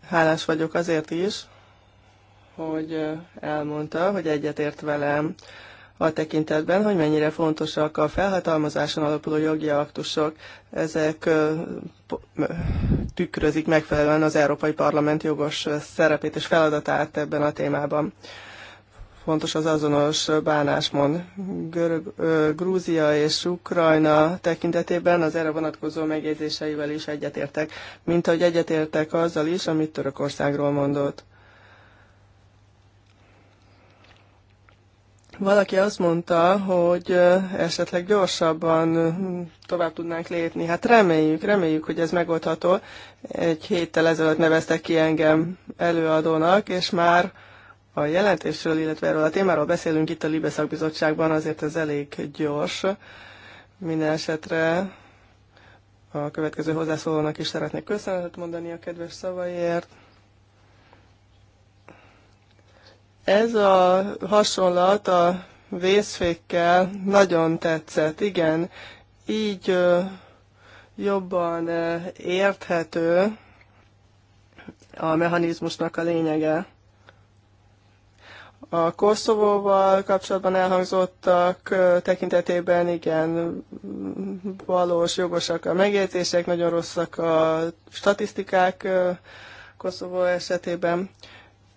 Hálás vagyok azért is, hogy elmondta, hogy egyetért velem a tekintetben, hogy mennyire fontosak a felhatalmazáson alapuló jogi aktusok. Ezek tükrözik megfelelően az Európai Parlament jogos szerepét és feladatát ebben a témában fontos az azonos bánásmond. Görög, Grúzia és Ukrajna tekintetében az erre vonatkozó megjegyzéseivel is egyetértek, mint ahogy egyetértek azzal is, amit Törökországról mondott. Valaki azt mondta, hogy esetleg gyorsabban tovább tudnánk lépni. Hát reméljük, reméljük, hogy ez megoldható. Egy héttel ezelőtt neveztek ki engem előadónak, és már a jelentésről, illetve erről a témáról beszélünk itt a Libe szakbizottságban, azért ez elég gyors. Minden esetre a következő hozzászólónak is szeretnék köszönetet mondani a kedves szavaiért. Ez a hasonlat a vészfékkel nagyon tetszett. Igen, így jobban érthető a mechanizmusnak a lényege. A Koszovóval kapcsolatban elhangzottak tekintetében igen, valós, jogosak a megjegyzések, nagyon rosszak a statisztikák Koszovó esetében.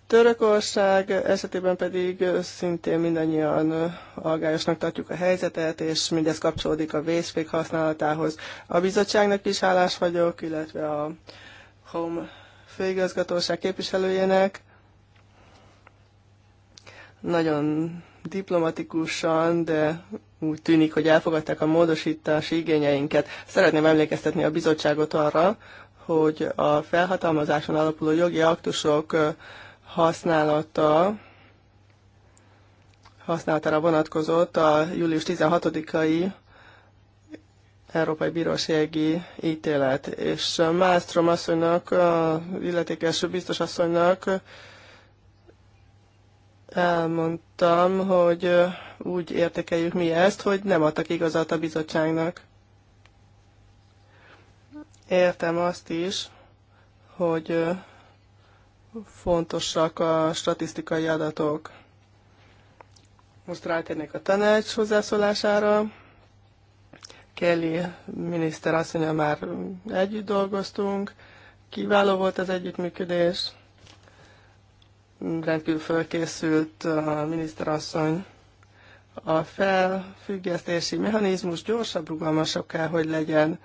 Törökország esetében pedig szintén mindannyian algályosnak tartjuk a helyzetet, és mindez kapcsolódik a vészfék használatához. A bizottságnak is hálás vagyok, illetve a Home főigazgatóság képviselőjének, nagyon diplomatikusan, de úgy tűnik, hogy elfogadták a módosítási igényeinket. Szeretném emlékeztetni a bizottságot arra, hogy a felhatalmazáson alapuló jogi aktusok használata használatára vonatkozott a július 16-ai Európai Bírósági ítélet. És Mástrom asszonynak, illetékes biztos asszonynak elmondtam, hogy úgy értékeljük mi ezt, hogy nem adtak igazat a bizottságnak. Értem azt is, hogy fontosak a statisztikai adatok. Most rátérnék a tanács hozzászólására. Kelly miniszter asszonya már együtt dolgoztunk, kiváló volt az együttműködés rendkívül fölkészült a miniszterasszony. A felfüggesztési mechanizmus gyorsabb, rugalmasabb kell, hogy legyen.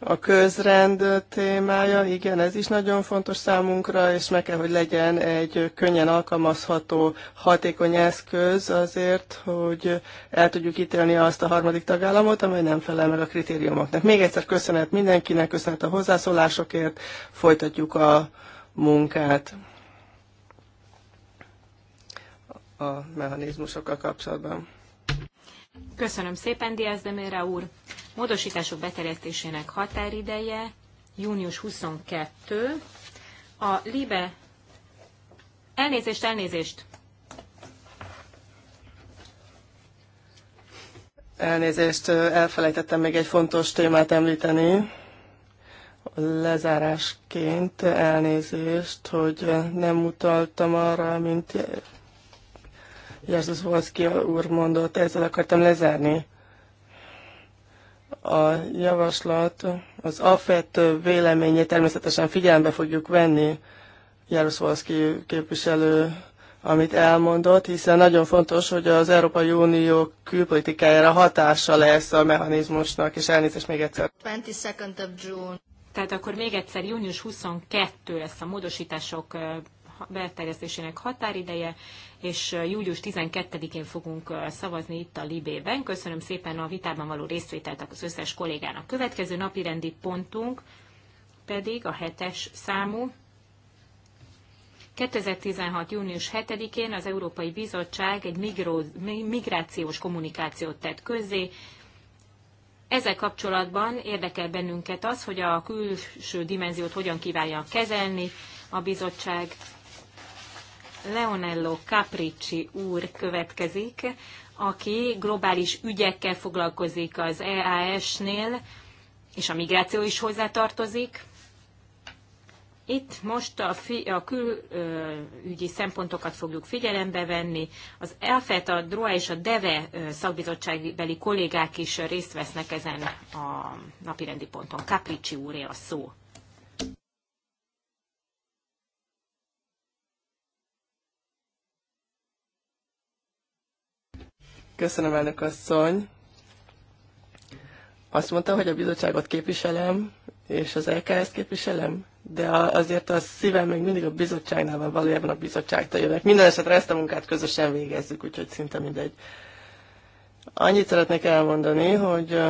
A közrend témája, igen, ez is nagyon fontos számunkra, és meg kell, hogy legyen egy könnyen alkalmazható, hatékony eszköz azért, hogy el tudjuk ítélni azt a harmadik tagállamot, amely nem felel meg a kritériumoknak. Még egyszer köszönet mindenkinek, köszönet a hozzászólásokért, folytatjuk a munkát. a mechanizmusokkal kapcsolatban. Köszönöm szépen, Diaz Demére úr. Módosítások beterjesztésének határideje június 22. A LIBE elnézést, elnézést, Elnézést, elfelejtettem még egy fontos témát említeni. Lezárásként elnézést, hogy nem utaltam arra, mint Jazus Volszki úr mondott, ezzel akartam lezárni. A javaslat, az AFET véleményét természetesen figyelembe fogjuk venni Jarusz Volszki képviselő amit elmondott, hiszen nagyon fontos, hogy az Európai Unió külpolitikájára hatása lesz a mechanizmusnak, és elnézést még egyszer. 22 of June. Tehát akkor még egyszer június 22 lesz a módosítások beterjesztésének határideje, és július 12-én fogunk szavazni itt a Libében. Köszönöm szépen a vitában való részvételt az összes kollégának. Következő napi rendi pontunk pedig a hetes számú. 2016. június 7-én az Európai Bizottság egy migró, migrációs kommunikációt tett közzé, ezzel kapcsolatban érdekel bennünket az, hogy a külső dimenziót hogyan kívánja kezelni a bizottság, Leonello Capricci úr következik, aki globális ügyekkel foglalkozik az EAS-nél, és a migráció is hozzátartozik. Itt most a, fi, a külügyi szempontokat fogjuk figyelembe venni. Az ELFET, a DROA és a DEVE szakbizottságbeli kollégák is részt vesznek ezen a napirendi ponton. Capricci úré a szó. Köszönöm, elnök asszony. Azt mondta, hogy a bizottságot képviselem, és az LKS-t képviselem, de azért a szívem még mindig a bizottságnál van, valójában a bizottságtól jövök. Minden esetre ezt a munkát közösen végezzük, úgyhogy szinte mindegy. Annyit szeretnék elmondani, hogy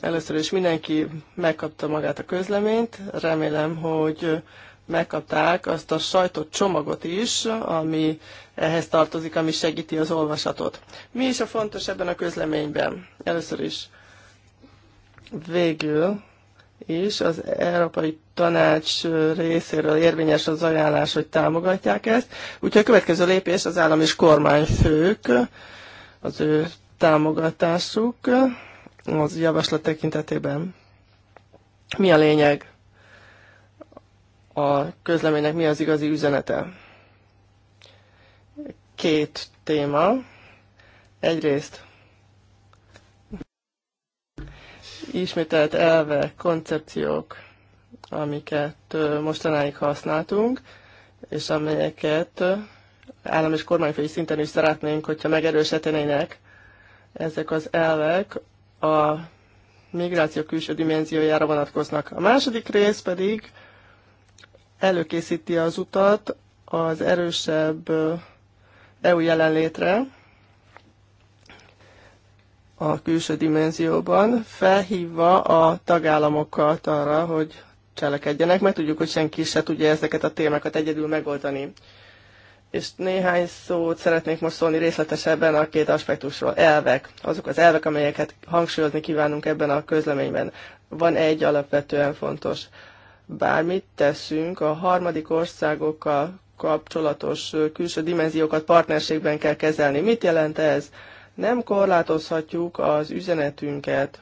először is mindenki megkapta magát a közleményt. Remélem, hogy megkapták azt a csomagot is, ami ehhez tartozik, ami segíti az olvasatot. Mi is a fontos ebben a közleményben? Először is végül is az Európai Tanács részéről érvényes az ajánlás, hogy támogatják ezt. Úgyhogy a következő lépés az állam és kormányfők, az ő támogatásuk az javaslat tekintetében. Mi a lényeg? a közleménynek mi az igazi üzenete. Két téma. Egyrészt ismételt elvek, koncepciók, amiket mostanáig használtunk, és amelyeket állam és kormányfői szinten is szeretnénk, hogyha megerősítenének ezek az elvek a migráció külső dimenziójára vonatkoznak. A második rész pedig előkészíti az utat az erősebb EU jelenlétre a külső dimenzióban, felhívva a tagállamokat arra, hogy cselekedjenek, mert tudjuk, hogy senki se tudja ezeket a témákat egyedül megoldani. És néhány szót szeretnék most szólni részletesebben a két aspektusról. Elvek. Azok az elvek, amelyeket hangsúlyozni kívánunk ebben a közleményben. Van egy alapvetően fontos bármit teszünk, a harmadik országokkal kapcsolatos külső dimenziókat partnerségben kell kezelni. Mit jelent ez? Nem korlátozhatjuk az üzenetünket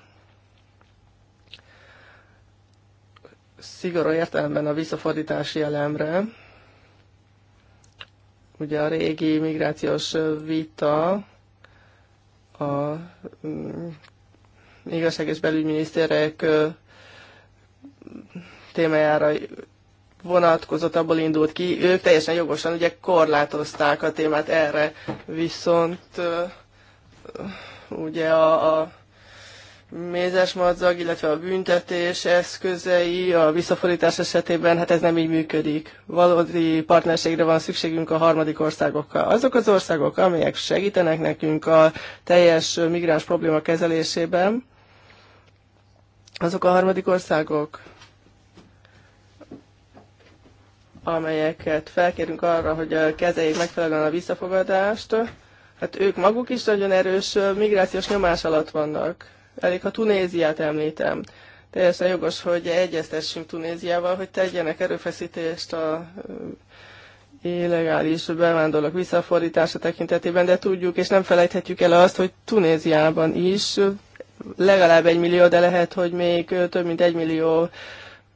szigorú értelemben a visszafordítási elemre. Ugye a régi migrációs vita a mm, igazság és belügyminiszterek témájára vonatkozott, abból indult ki. Ők teljesen jogosan ugye korlátozták a témát erre, viszont ugye a, a mézes madzag, illetve a büntetés eszközei a visszafordítás esetében, hát ez nem így működik. Valódi partnerségre van szükségünk a harmadik országokkal. Azok az országok, amelyek segítenek nekünk a teljes migráns probléma kezelésében, azok a harmadik országok. amelyeket felkérünk arra, hogy kezeljék megfelelően a visszafogadást, hát ők maguk is nagyon erős migrációs nyomás alatt vannak. Elég, ha Tunéziát említem. Teljesen jogos, hogy egyeztessünk Tunéziával, hogy tegyenek erőfeszítést a illegális bevándorlók visszafordítása tekintetében, de tudjuk és nem felejthetjük el azt, hogy Tunéziában is legalább egy millió, de lehet, hogy még több mint egy millió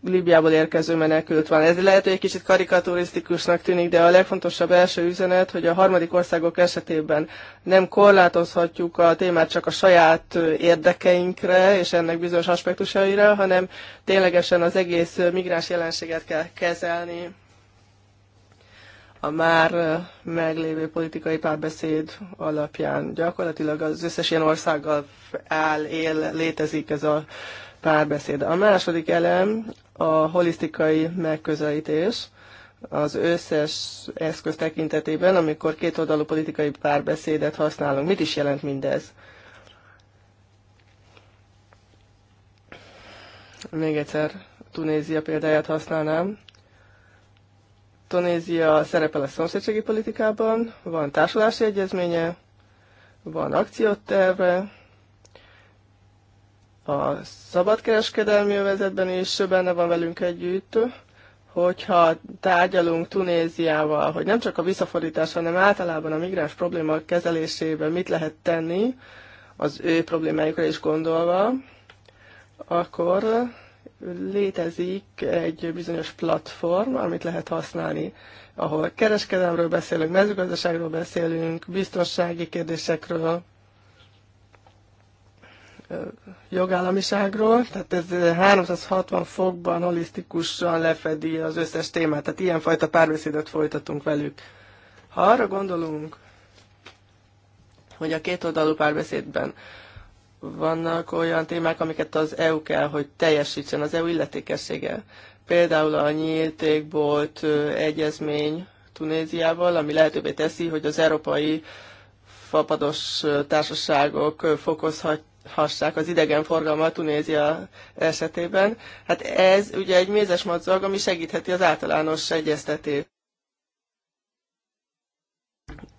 Libiából érkező menekült van. Ez lehet, hogy egy kicsit karikaturisztikusnak tűnik, de a legfontosabb első üzenet, hogy a harmadik országok esetében nem korlátozhatjuk a témát csak a saját érdekeinkre és ennek bizonyos aspektusaira, hanem ténylegesen az egész migráns jelenséget kell kezelni a már meglévő politikai párbeszéd alapján. Gyakorlatilag az összes ilyen országgal áll, él, létezik ez a párbeszéd. A második elem a holisztikai megközelítés az összes eszköz tekintetében, amikor kétoldalú politikai párbeszédet használunk. Mit is jelent mindez? Még egyszer Tunézia példáját használnám. Tunézia szerepel a szomszédségi politikában, van társulási egyezménye, van akcióterve, a szabadkereskedelmi övezetben is benne van velünk együtt, hogyha tárgyalunk Tunéziával, hogy nem csak a visszafordítás, hanem általában a migráns probléma kezelésében mit lehet tenni, az ő problémájukra is gondolva, akkor létezik egy bizonyos platform, amit lehet használni, ahol kereskedelmről beszélünk, mezőgazdaságról beszélünk, biztonsági kérdésekről, jogállamiságról, tehát ez 360 fokban holisztikusan lefedi az összes témát, tehát ilyenfajta párbeszédet folytatunk velük. Ha arra gondolunk, hogy a kétoldalú párbeszédben vannak olyan témák, amiket az EU kell, hogy teljesítsen, az EU illetékessége. Például a nyíltékbolt egyezmény Tunéziával, ami lehetővé teszi, hogy az európai fapados társaságok fokozhat, hassák az a Tunézia esetében. Hát ez ugye egy mézes madzag, ami segítheti az általános egyeztetést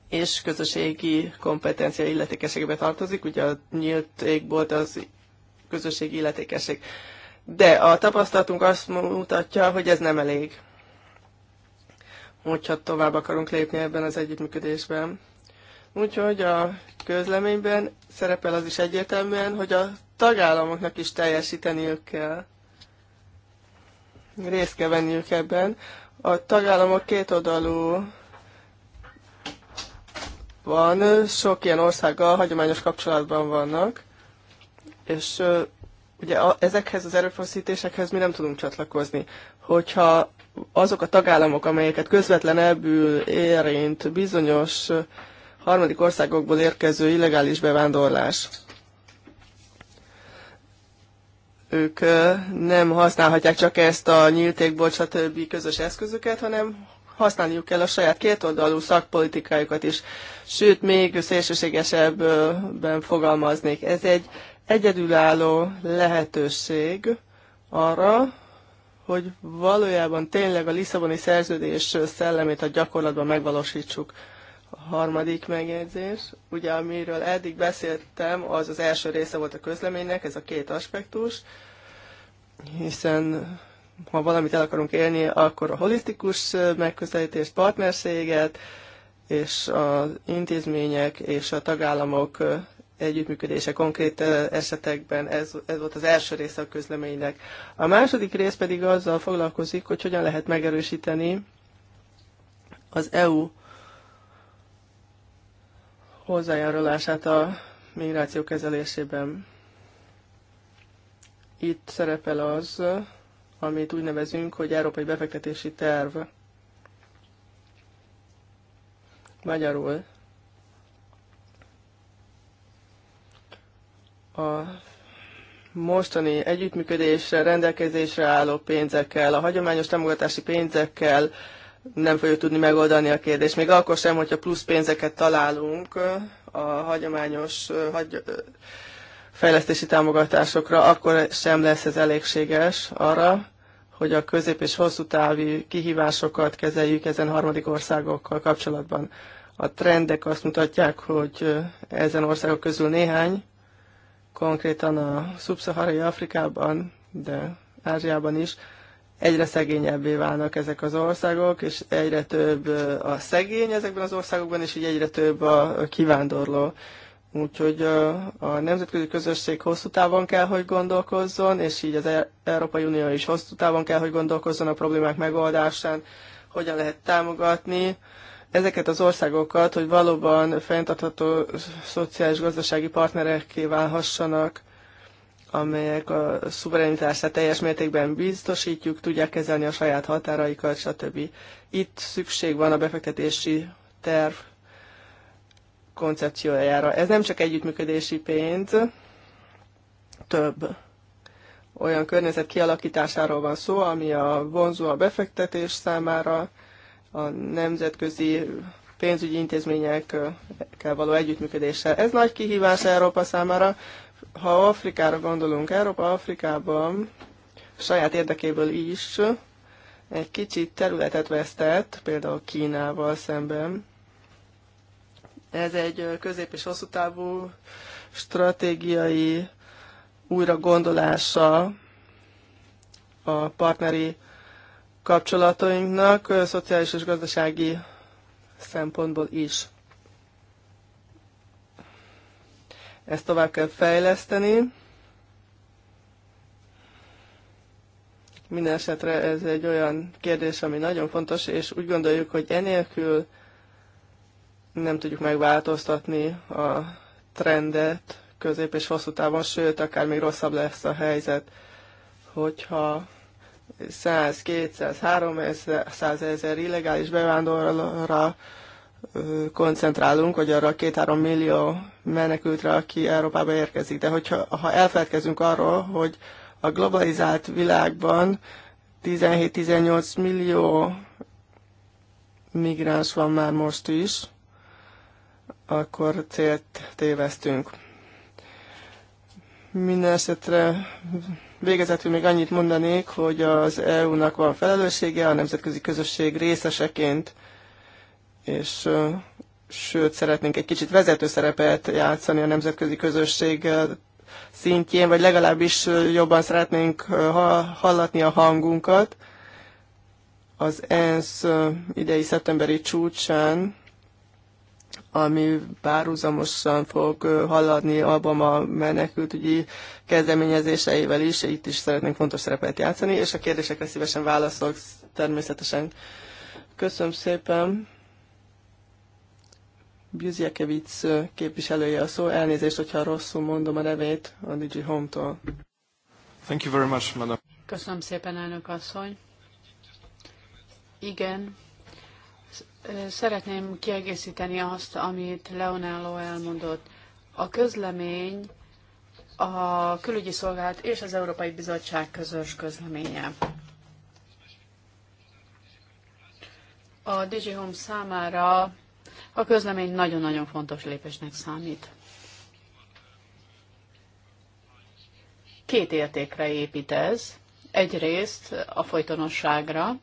és közösségi kompetencia illetékességbe tartozik, ugye a nyílt égbolt az közösségi illetékesség. De a tapasztalatunk azt mutatja, hogy ez nem elég, hogyha tovább akarunk lépni ebben az együttműködésben. Úgyhogy a közleményben szerepel az is egyértelműen, hogy a tagállamoknak is teljesíteniük kell. Részt kell venniük ebben. A tagállamok kétoldalú van, sok ilyen országgal hagyományos kapcsolatban vannak, és ugye a, ezekhez az erőfeszítésekhez mi nem tudunk csatlakozni. Hogyha azok a tagállamok, amelyeket közvetlenebbül érint bizonyos harmadik országokból érkező illegális bevándorlás. Ők nem használhatják csak ezt a nyíltékból, stb. közös eszközöket, hanem használniuk kell a saját kétoldalú szakpolitikájukat is. Sőt, még szélsőségesebben fogalmaznék. Ez egy egyedülálló lehetőség arra, hogy valójában tényleg a Lisszaboni szerződés szellemét a gyakorlatban megvalósítsuk. A harmadik megjegyzés, ugye amiről eddig beszéltem, az az első része volt a közleménynek, ez a két aspektus, hiszen ha valamit el akarunk élni, akkor a holisztikus megközelítést, partnerséget, és az intézmények és a tagállamok együttműködése konkrét esetekben. Ez, ez volt az első része a közleménynek. A második rész pedig azzal foglalkozik, hogy hogyan lehet megerősíteni az EU hozzájárulását a migráció kezelésében. Itt szerepel az, amit úgy nevezünk, hogy Európai Befektetési Terv. Magyarul a mostani együttműködésre, rendelkezésre álló pénzekkel, a hagyományos támogatási pénzekkel nem fogjuk tudni megoldani a kérdést. Még akkor sem, hogyha plusz pénzeket találunk a hagyományos hagy, fejlesztési támogatásokra, akkor sem lesz ez elégséges arra, hogy a közép- és hosszú távi kihívásokat kezeljük ezen harmadik országokkal kapcsolatban. A trendek azt mutatják, hogy ezen országok közül néhány, konkrétan a szubszaharai Afrikában, de Ázsiában is, egyre szegényebbé válnak ezek az országok, és egyre több a szegény ezekben az országokban, és így egyre több a kivándorló. Úgyhogy a nemzetközi közösség hosszú távon kell, hogy gondolkozzon, és így az e- Európai Unió is hosszú távon kell, hogy gondolkozzon a problémák megoldásán, hogyan lehet támogatni ezeket az országokat, hogy valóban fenntartható szociális-gazdasági partnerekké válhassanak amelyek a szuverenitását teljes mértékben biztosítjuk, tudják kezelni a saját határaikat, stb. Itt szükség van a befektetési terv koncepciójára. Ez nem csak együttműködési pénz, több olyan környezet kialakításáról van szó, ami a vonzó a befektetés számára, a nemzetközi pénzügyi intézményekkel való együttműködéssel. Ez nagy kihívás Európa számára, ha Afrikára gondolunk, Európa Afrikában saját érdekéből is egy kicsit területet vesztett, például Kínával szemben. Ez egy közép- és hosszú távú stratégiai újra gondolása a partneri kapcsolatainknak, szociális és gazdasági szempontból is. Ezt tovább kell fejleszteni. Minden esetre ez egy olyan kérdés, ami nagyon fontos, és úgy gondoljuk, hogy enélkül nem tudjuk megváltoztatni a trendet közép és hosszú távon, sőt, akár még rosszabb lesz a helyzet, hogyha 100, 200, 300 ezer illegális bevándorlóra koncentrálunk, vagy arra a két-három millió menekültre, aki Európába érkezik. De hogyha ha elfelelkezünk arról, hogy a globalizált világban 17-18 millió migráns van már most is, akkor célt tévesztünk. Mindenesetre végezetül még annyit mondanék, hogy az EU-nak van felelőssége a nemzetközi közösség részeseként és sőt, szeretnénk egy kicsit vezető szerepet játszani a nemzetközi közösség szintjén, vagy legalábbis jobban szeretnénk hallatni a hangunkat. Az ENSZ idei szeptemberi csúcsán, ami párhuzamosan fog haladni abban a menekültügyi kezdeményezéseivel is, itt is szeretnénk fontos szerepet játszani, és a kérdésekre szívesen válaszolok természetesen. Köszönöm szépen! Bűzjekevic képviselője a szó. Elnézést, hogyha rosszul mondom a nevét a Digi Home-tól. Thank you very much, madam. Köszönöm szépen, elnök asszony. Igen, szeretném kiegészíteni azt, amit Leonello elmondott. A közlemény a külügyi szolgálat és az Európai Bizottság közös közleménye. A DigiHome számára a közlemény nagyon-nagyon fontos lépésnek számít. Két értékre épít ez. Egyrészt a folytonosságra,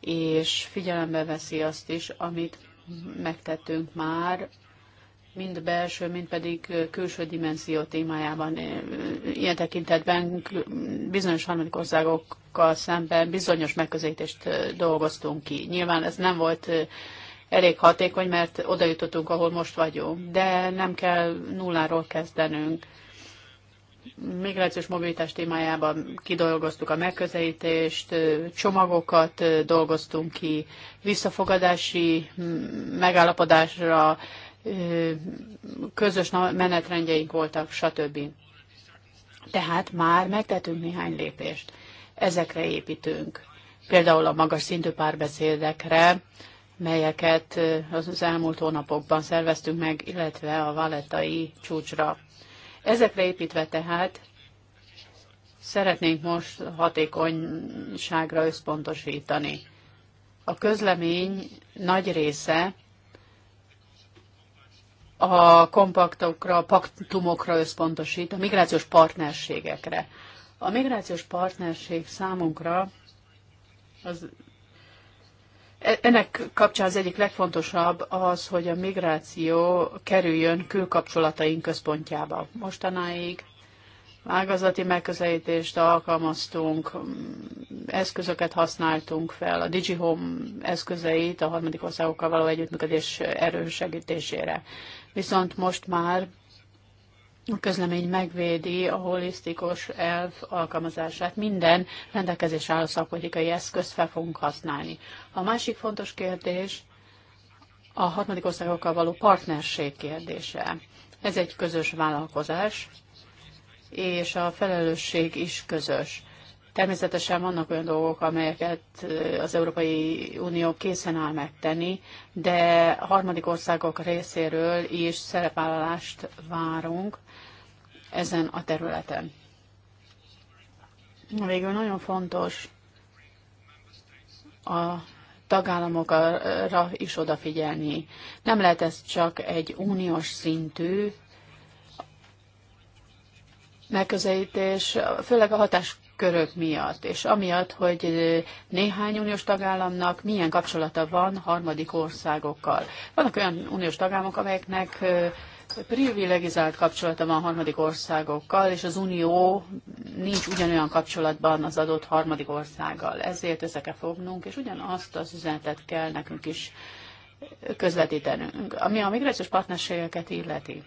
és figyelembe veszi azt is, amit megtettünk már, mind belső, mind pedig külső dimenzió témájában. Ilyen tekintetben bizonyos harmadik országokkal szemben bizonyos megközelítést dolgoztunk ki. Nyilván ez nem volt elég hatékony, mert oda jutottunk, ahol most vagyunk, de nem kell nulláról kezdenünk. Migrációs mobilitás témájában kidolgoztuk a megközelítést, csomagokat dolgoztunk ki, visszafogadási megállapodásra, közös menetrendjeink voltak, stb. Tehát már megtettünk néhány lépést. Ezekre építünk. Például a magas szintű párbeszédekre, melyeket az elmúlt hónapokban szerveztünk meg, illetve a valetai csúcsra. Ezekre építve tehát szeretnénk most hatékonyságra összpontosítani. A közlemény nagy része a kompaktokra, paktumokra összpontosít, a migrációs partnerségekre. A migrációs partnerség számunkra az ennek kapcsán az egyik legfontosabb az, hogy a migráció kerüljön külkapcsolataink központjába. Mostanáig ágazati megközelítést alkalmaztunk, eszközöket használtunk fel, a DigiHome eszközeit a harmadik országokkal való együttműködés erősegítésére. Viszont most már a közlemény megvédi a holisztikus elv alkalmazását. Minden rendelkezés álló szakpolitikai eszközt fel fogunk használni. A másik fontos kérdés a harmadik országokkal való partnerség kérdése. Ez egy közös vállalkozás, és a felelősség is közös. Természetesen vannak olyan dolgok, amelyeket az Európai Unió készen áll megtenni, de harmadik országok részéről is szerepállást várunk ezen a területen. Végül nagyon fontos a tagállamokra is odafigyelni. Nem lehet ez csak egy uniós szintű megközelítés, főleg a hatás körök miatt, és amiatt, hogy néhány uniós tagállamnak milyen kapcsolata van harmadik országokkal. Vannak olyan uniós tagállamok, amelyeknek privilegizált kapcsolata van harmadik országokkal, és az Unió nincs ugyanolyan kapcsolatban az adott harmadik országgal. Ezért össze kell fognunk, és ugyanazt az üzenetet kell nekünk is közvetítenünk, ami a migrációs partnerségeket illeti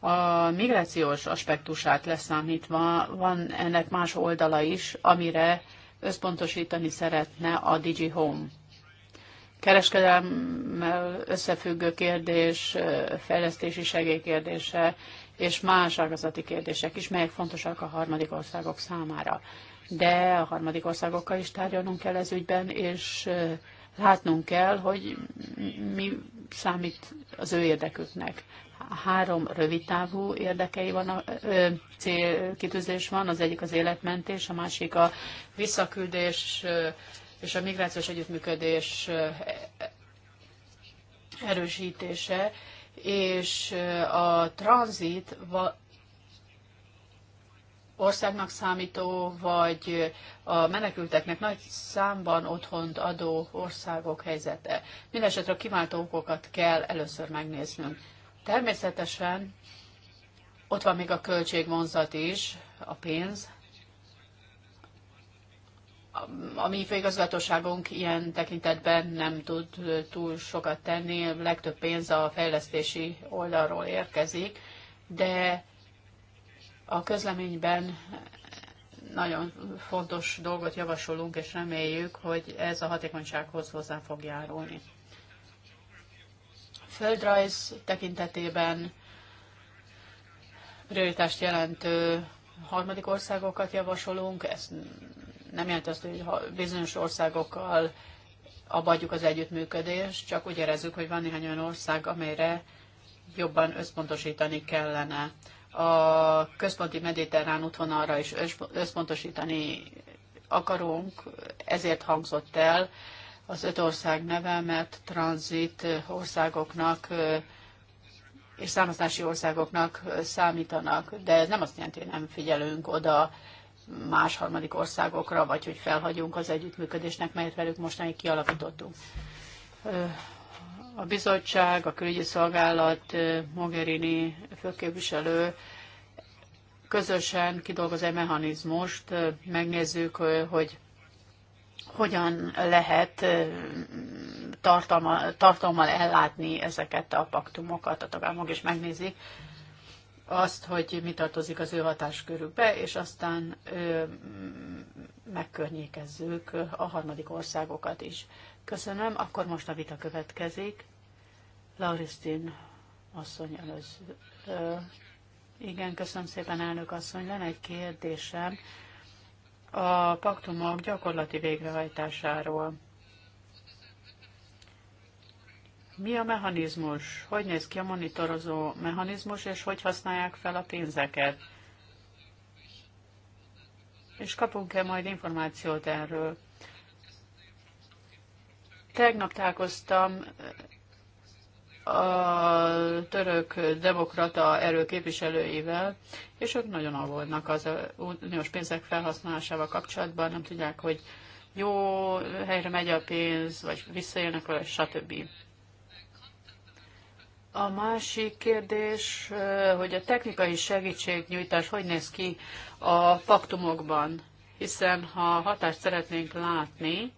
a migrációs aspektusát leszámítva van ennek más oldala is, amire összpontosítani szeretne a Digi Home. Kereskedelmmel összefüggő kérdés, fejlesztési segélykérdése és más ágazati kérdések is, melyek fontosak a harmadik országok számára. De a harmadik országokkal is tárgyalnunk kell ez ügyben, és látnunk kell, hogy mi számít az ő érdeküknek három rövidtávú érdekei van, célkitűzés van, az egyik az életmentés, a másik a visszaküldés és a migrációs együttműködés erősítése, és a tranzit országnak számító, vagy a menekülteknek nagy számban otthont adó országok helyzete. Mindenesetre a kiváltó okokat kell először megnéznünk. Természetesen ott van még a költségvonzat is, a pénz. A mi főigazgatóságunk ilyen tekintetben nem tud túl sokat tenni, legtöbb pénz a fejlesztési oldalról érkezik, de a közleményben nagyon fontos dolgot javasolunk, és reméljük, hogy ez a hatékonysághoz hozzá fog járulni földrajz tekintetében prioritást jelentő harmadik országokat javasolunk. Ez nem jelenti azt, hogy ha bizonyos országokkal abadjuk az együttműködést, csak úgy érezzük, hogy van néhány olyan ország, amelyre jobban összpontosítani kellene. A központi mediterrán útvonalra is összpontosítani akarunk, ezért hangzott el az öt ország neve, mert tranzit országoknak és számozási országoknak számítanak, de ez nem azt jelenti, hogy nem figyelünk oda más harmadik országokra, vagy hogy felhagyunk az együttműködésnek, melyet velük mostanáig kialakítottunk. A bizottság, a külügyi szolgálat, Mogherini főképviselő közösen kidolgoz egy mechanizmust, megnézzük, hogy hogyan lehet tartalma, tartalmal ellátni ezeket a paktumokat, a tagállamok is megnézik azt, hogy mi tartozik az ő hatáskörükbe, és aztán ö, megkörnyékezzük a harmadik országokat is. Köszönöm, akkor most a vita következik. Lauristin asszony először. Ö, igen, köszönöm szépen, elnök asszony. Lenne egy kérdésem a paktumok gyakorlati végrehajtásáról. Mi a mechanizmus? Hogy néz ki a monitorozó mechanizmus, és hogy használják fel a pénzeket? És kapunk-e majd információt erről? Tegnap találkoztam a török demokrata erő képviselőivel, és ők nagyon aggódnak az uniós pénzek felhasználásával kapcsolatban, nem tudják, hogy jó helyre megy a pénz, vagy visszaélnek vele, stb. A másik kérdés, hogy a technikai segítségnyújtás hogy néz ki a paktumokban, hiszen ha hatást szeretnénk látni,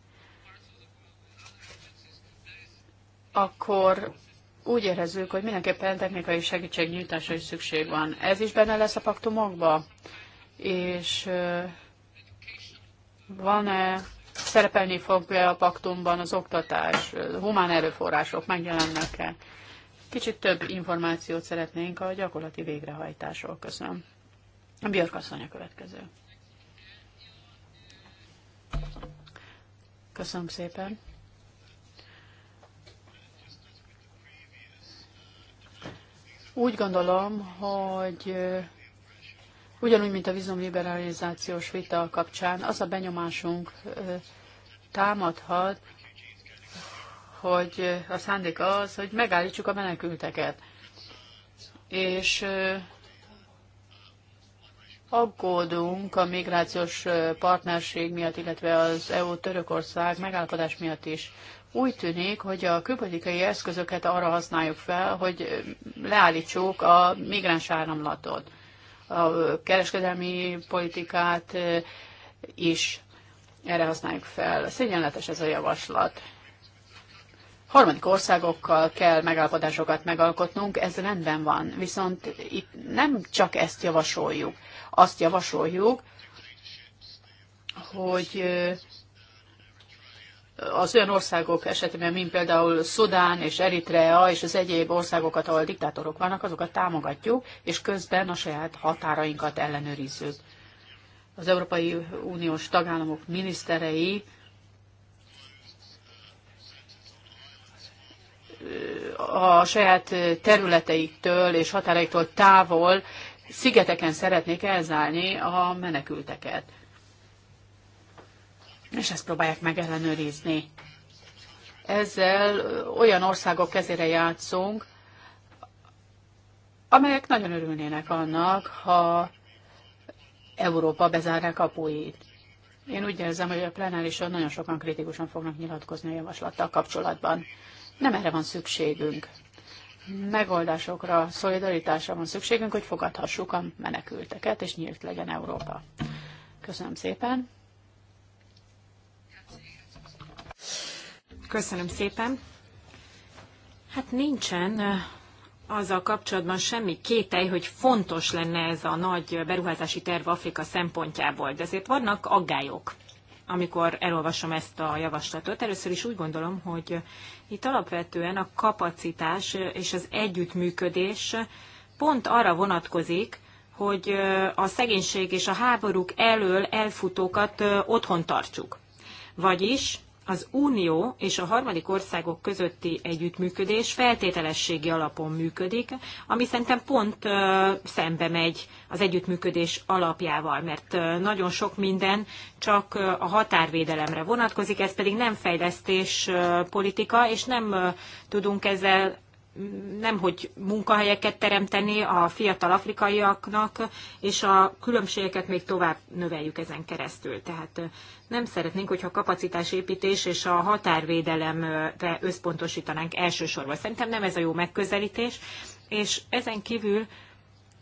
akkor úgy érezzük, hogy mindenképpen technikai segítségnyújtásra is szükség van. Ez is benne lesz a paktumokba? És van-e, szerepelni fog a paktumban az oktatás, humán erőforrások megjelennek-e? Kicsit több információt szeretnénk a gyakorlati végrehajtásról. Köszönöm. A Björk asszony a következő. Köszönöm szépen. Úgy gondolom, hogy ugyanúgy, mint a liberalizációs vita kapcsán, az a benyomásunk támadhat, hogy a szándék az, hogy megállítsuk a menekülteket. És aggódunk a migrációs partnerség miatt, illetve az EU-Törökország megállapodás miatt is. Úgy tűnik, hogy a külpolitikai eszközöket arra használjuk fel, hogy leállítsuk a migráns áramlatot, a kereskedelmi politikát is erre használjuk fel. Szégyenletes ez a javaslat. Harmadik országokkal kell megállapodásokat megalkotnunk, ez rendben van, viszont itt nem csak ezt javasoljuk. Azt javasoljuk, hogy az olyan országok esetében, mint például Szudán és Eritrea és az egyéb országokat, ahol diktátorok vannak, azokat támogatjuk, és közben a saját határainkat ellenőrizzük. Az Európai Uniós tagállamok miniszterei a saját területeiktől és határaiktól távol szigeteken szeretnék elzárni a menekülteket és ezt próbálják megellenőrizni. Ezzel olyan országok kezére játszunk, amelyek nagyon örülnének annak, ha Európa bezárná kapuit. Én úgy érzem, hogy a plenárison nagyon sokan kritikusan fognak nyilatkozni a javaslattal kapcsolatban. Nem erre van szükségünk. Megoldásokra, szolidaritásra van szükségünk, hogy fogadhassuk a menekülteket, és nyílt legyen Európa. Köszönöm szépen! Köszönöm szépen. Hát nincsen azzal kapcsolatban semmi kétel, hogy fontos lenne ez a nagy beruházási terv Afrika szempontjából, de azért vannak aggályok amikor elolvasom ezt a javaslatot. Először is úgy gondolom, hogy itt alapvetően a kapacitás és az együttműködés pont arra vonatkozik, hogy a szegénység és a háborúk elől elfutókat otthon tartsuk. Vagyis az Unió és a harmadik országok közötti együttműködés feltételességi alapon működik, ami szerintem pont ö, szembe megy az együttműködés alapjával, mert ö, nagyon sok minden csak ö, a határvédelemre vonatkozik, ez pedig nem fejlesztés ö, politika, és nem ö, tudunk ezzel nem hogy munkahelyeket teremteni a fiatal afrikaiaknak, és a különbségeket még tovább növeljük ezen keresztül. Tehát nem szeretnénk, hogyha a kapacitásépítés és a határvédelemre összpontosítanánk elsősorban. Szerintem nem ez a jó megközelítés, és ezen kívül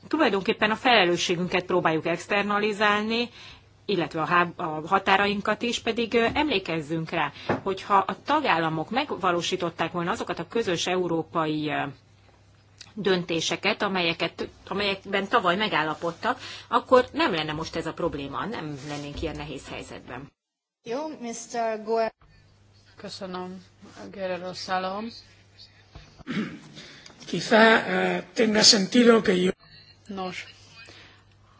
tulajdonképpen a felelősségünket próbáljuk externalizálni, illetve a, a határainkat is, pedig emlékezzünk rá, hogyha a tagállamok megvalósították volna azokat a közös európai döntéseket, amelyeket, amelyekben tavaly megállapodtak, akkor nem lenne most ez a probléma, nem lennénk ilyen nehéz helyzetben. Jó, Mr. Goer. Köszönöm, Guerrero Szalom. Quizá uh, tenga sentido que yo... Nos,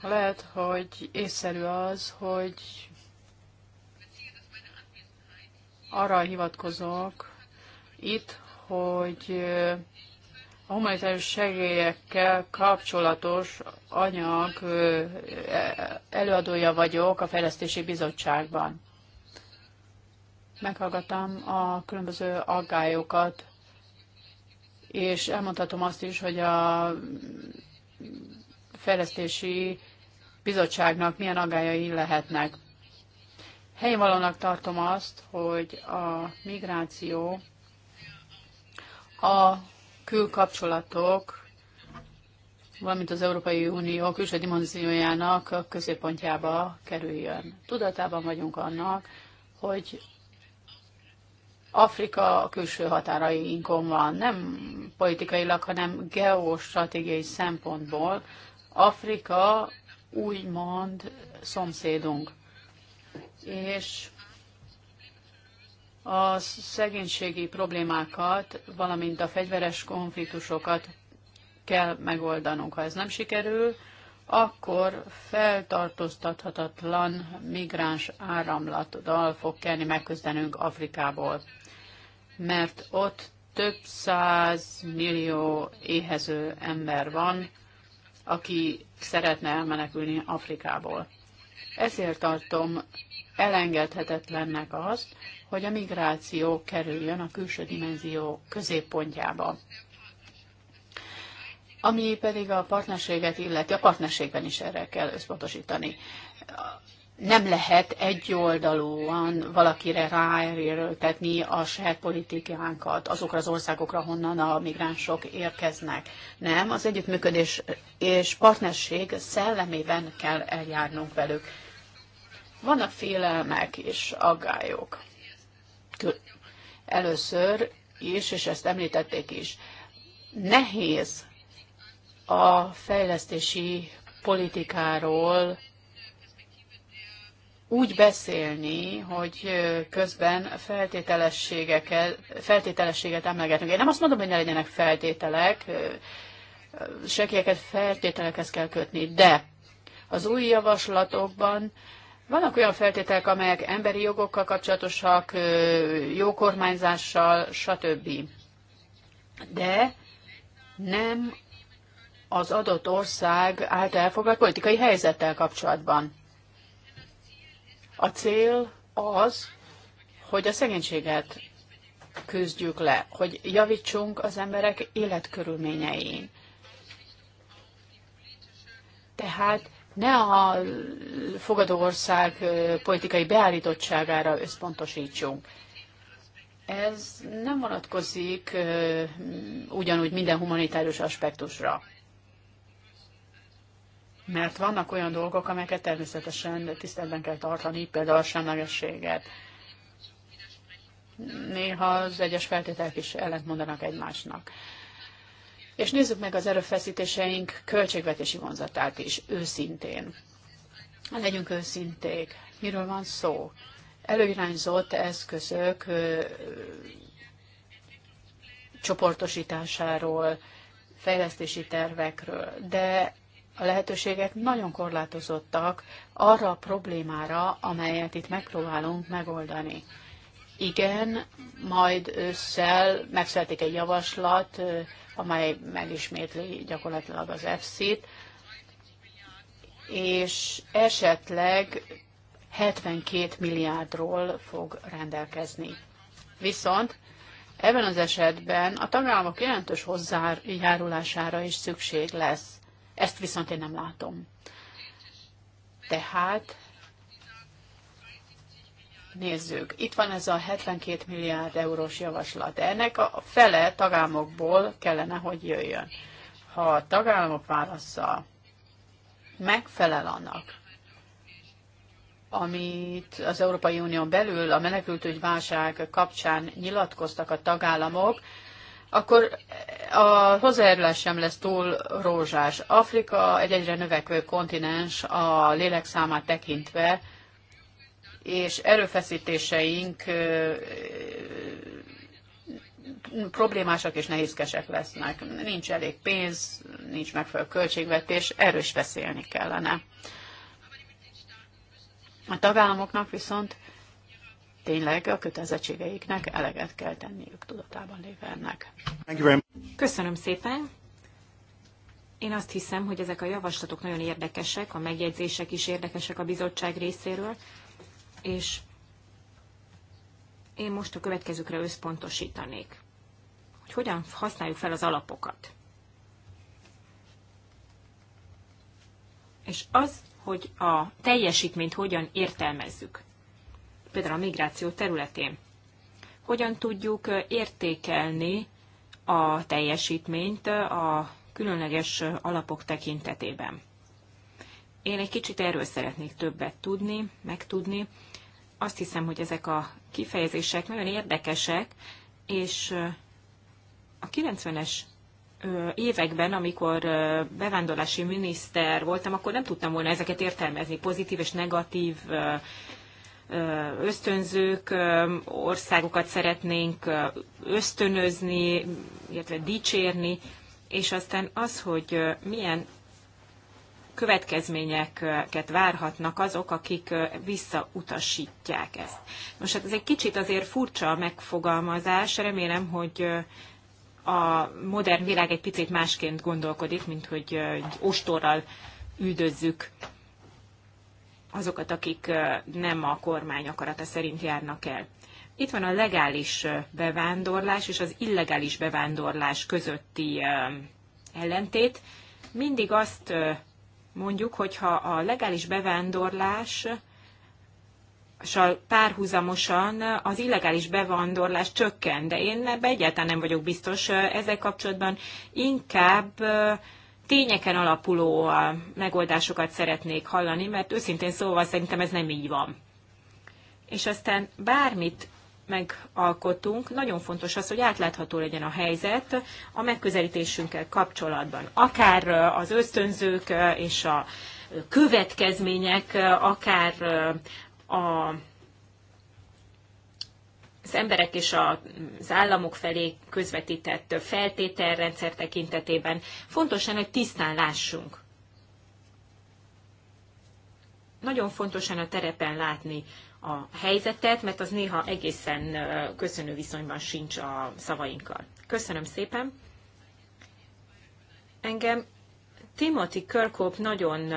lehet, hogy észszerű az, hogy arra hivatkozok itt, hogy eh, a humanitárius segélyekkel kapcsolatos anyag eh, eh, előadója vagyok a Fejlesztési Bizottságban. Meghallgattam a különböző aggályokat, és elmondhatom azt is, hogy a fejlesztési bizottságnak milyen agályai lehetnek. Helyvalónak tartom azt, hogy a migráció a külkapcsolatok, valamint az Európai Unió külső dimenziójának középpontjába kerüljön. Tudatában vagyunk annak, hogy Afrika a külső határainkon van, nem politikailag, hanem geostratégiai szempontból. Afrika úgymond szomszédunk. És a szegénységi problémákat, valamint a fegyveres konfliktusokat kell megoldanunk. Ha ez nem sikerül, akkor feltartóztathatatlan migráns áramlatodal fog kelni megküzdenünk Afrikából, mert ott több száz millió éhező ember van, aki szeretne elmenekülni Afrikából. Ezért tartom elengedhetetlennek azt, hogy a migráció kerüljön a külső dimenzió középpontjába. Ami pedig a partnerséget illeti, a partnerségben is erre kell összpontosítani nem lehet egyoldalúan valakire ráerőltetni a saját politikánkat azokra az országokra, honnan a migránsok érkeznek. Nem, az együttműködés és partnerség szellemében kell eljárnunk velük. Vannak félelmek és aggályok. Először is, és ezt említették is, nehéz a fejlesztési politikáról úgy beszélni, hogy közben feltételességeket, feltételességet emlegetünk. Én nem azt mondom, hogy ne legyenek feltételek, sekélyeket feltételekhez kell kötni, de az új javaslatokban vannak olyan feltételek, amelyek emberi jogokkal kapcsolatosak, jó kormányzással, stb. De nem az adott ország által elfoglalt politikai helyzettel kapcsolatban. A cél az, hogy a szegénységet küzdjük le, hogy javítsunk az emberek életkörülményein. Tehát ne a fogadó ország politikai beállítottságára összpontosítsunk. Ez nem vonatkozik ugyanúgy minden humanitárius aspektusra mert vannak olyan dolgok, amelyeket természetesen tiszteletben kell tartani, például a semlegességet. Néha az egyes feltételek is ellentmondanak egymásnak. És nézzük meg az erőfeszítéseink költségvetési vonzatát is, őszintén. Legyünk őszinték. Miről van szó? Előirányzott eszközök ö, csoportosításáról, fejlesztési tervekről, de a lehetőségek nagyon korlátozottak arra a problémára, amelyet itt megpróbálunk megoldani. Igen, majd ősszel megszületik egy javaslat, amely megismétli gyakorlatilag az EFSZ-t, és esetleg 72 milliárdról fog rendelkezni. Viszont ebben az esetben a tagállamok jelentős hozzájárulására is szükség lesz ezt viszont én nem látom. Tehát nézzük, itt van ez a 72 milliárd eurós javaslat. Ennek a fele tagállamokból kellene, hogy jöjjön. Ha a tagállamok válasza megfelel annak, amit az Európai Unión belül a menekültügy válság kapcsán nyilatkoztak a tagállamok, akkor a hozzájárulás sem lesz túl rózsás. Afrika egy egyre növekvő kontinens a lélekszámát tekintve, és erőfeszítéseink problémásak és nehézkesek lesznek. Nincs elég pénz, nincs megfelelő költségvetés, erős beszélni kellene. A tagállamoknak viszont tényleg a kötelezettségeiknek eleget kell tenniük tudatában lévő ennek. Köszönöm szépen! Én azt hiszem, hogy ezek a javaslatok nagyon érdekesek, a megjegyzések is érdekesek a bizottság részéről, és én most a következőkre összpontosítanék, hogy hogyan használjuk fel az alapokat. És az, hogy a teljesítményt hogyan értelmezzük például a migráció területén. Hogyan tudjuk értékelni a teljesítményt a különleges alapok tekintetében? Én egy kicsit erről szeretnék többet tudni, megtudni. Azt hiszem, hogy ezek a kifejezések nagyon érdekesek, és a 90-es években, amikor bevándorlási miniszter voltam, akkor nem tudtam volna ezeket értelmezni, pozitív és negatív ösztönzők, országokat szeretnénk ösztönözni, illetve dicsérni, és aztán az, hogy milyen következményeket várhatnak azok, akik visszautasítják ezt. Most hát ez egy kicsit azért furcsa a megfogalmazás, remélem, hogy a modern világ egy picit másként gondolkodik, mint hogy egy ostorral üldözzük azokat, akik nem a kormány akarata szerint járnak el. Itt van a legális bevándorlás és az illegális bevándorlás közötti ellentét. Mindig azt mondjuk, hogyha a legális bevándorlás párhuzamosan az illegális bevándorlás csökken, de én ebbe egyáltalán nem vagyok biztos ezzel kapcsolatban. Inkább tényeken alapuló megoldásokat szeretnék hallani, mert őszintén szóval szerintem ez nem így van. És aztán bármit megalkotunk, nagyon fontos az, hogy átlátható legyen a helyzet a megközelítésünkkel kapcsolatban. Akár az ösztönzők és a következmények, akár a az emberek és az államok felé közvetített feltételrendszer tekintetében fontosan, hogy tisztán lássunk. Nagyon fontosan a terepen látni a helyzetet, mert az néha egészen köszönő viszonyban sincs a szavainkkal. Köszönöm szépen. Engem Timothy Kirkhope nagyon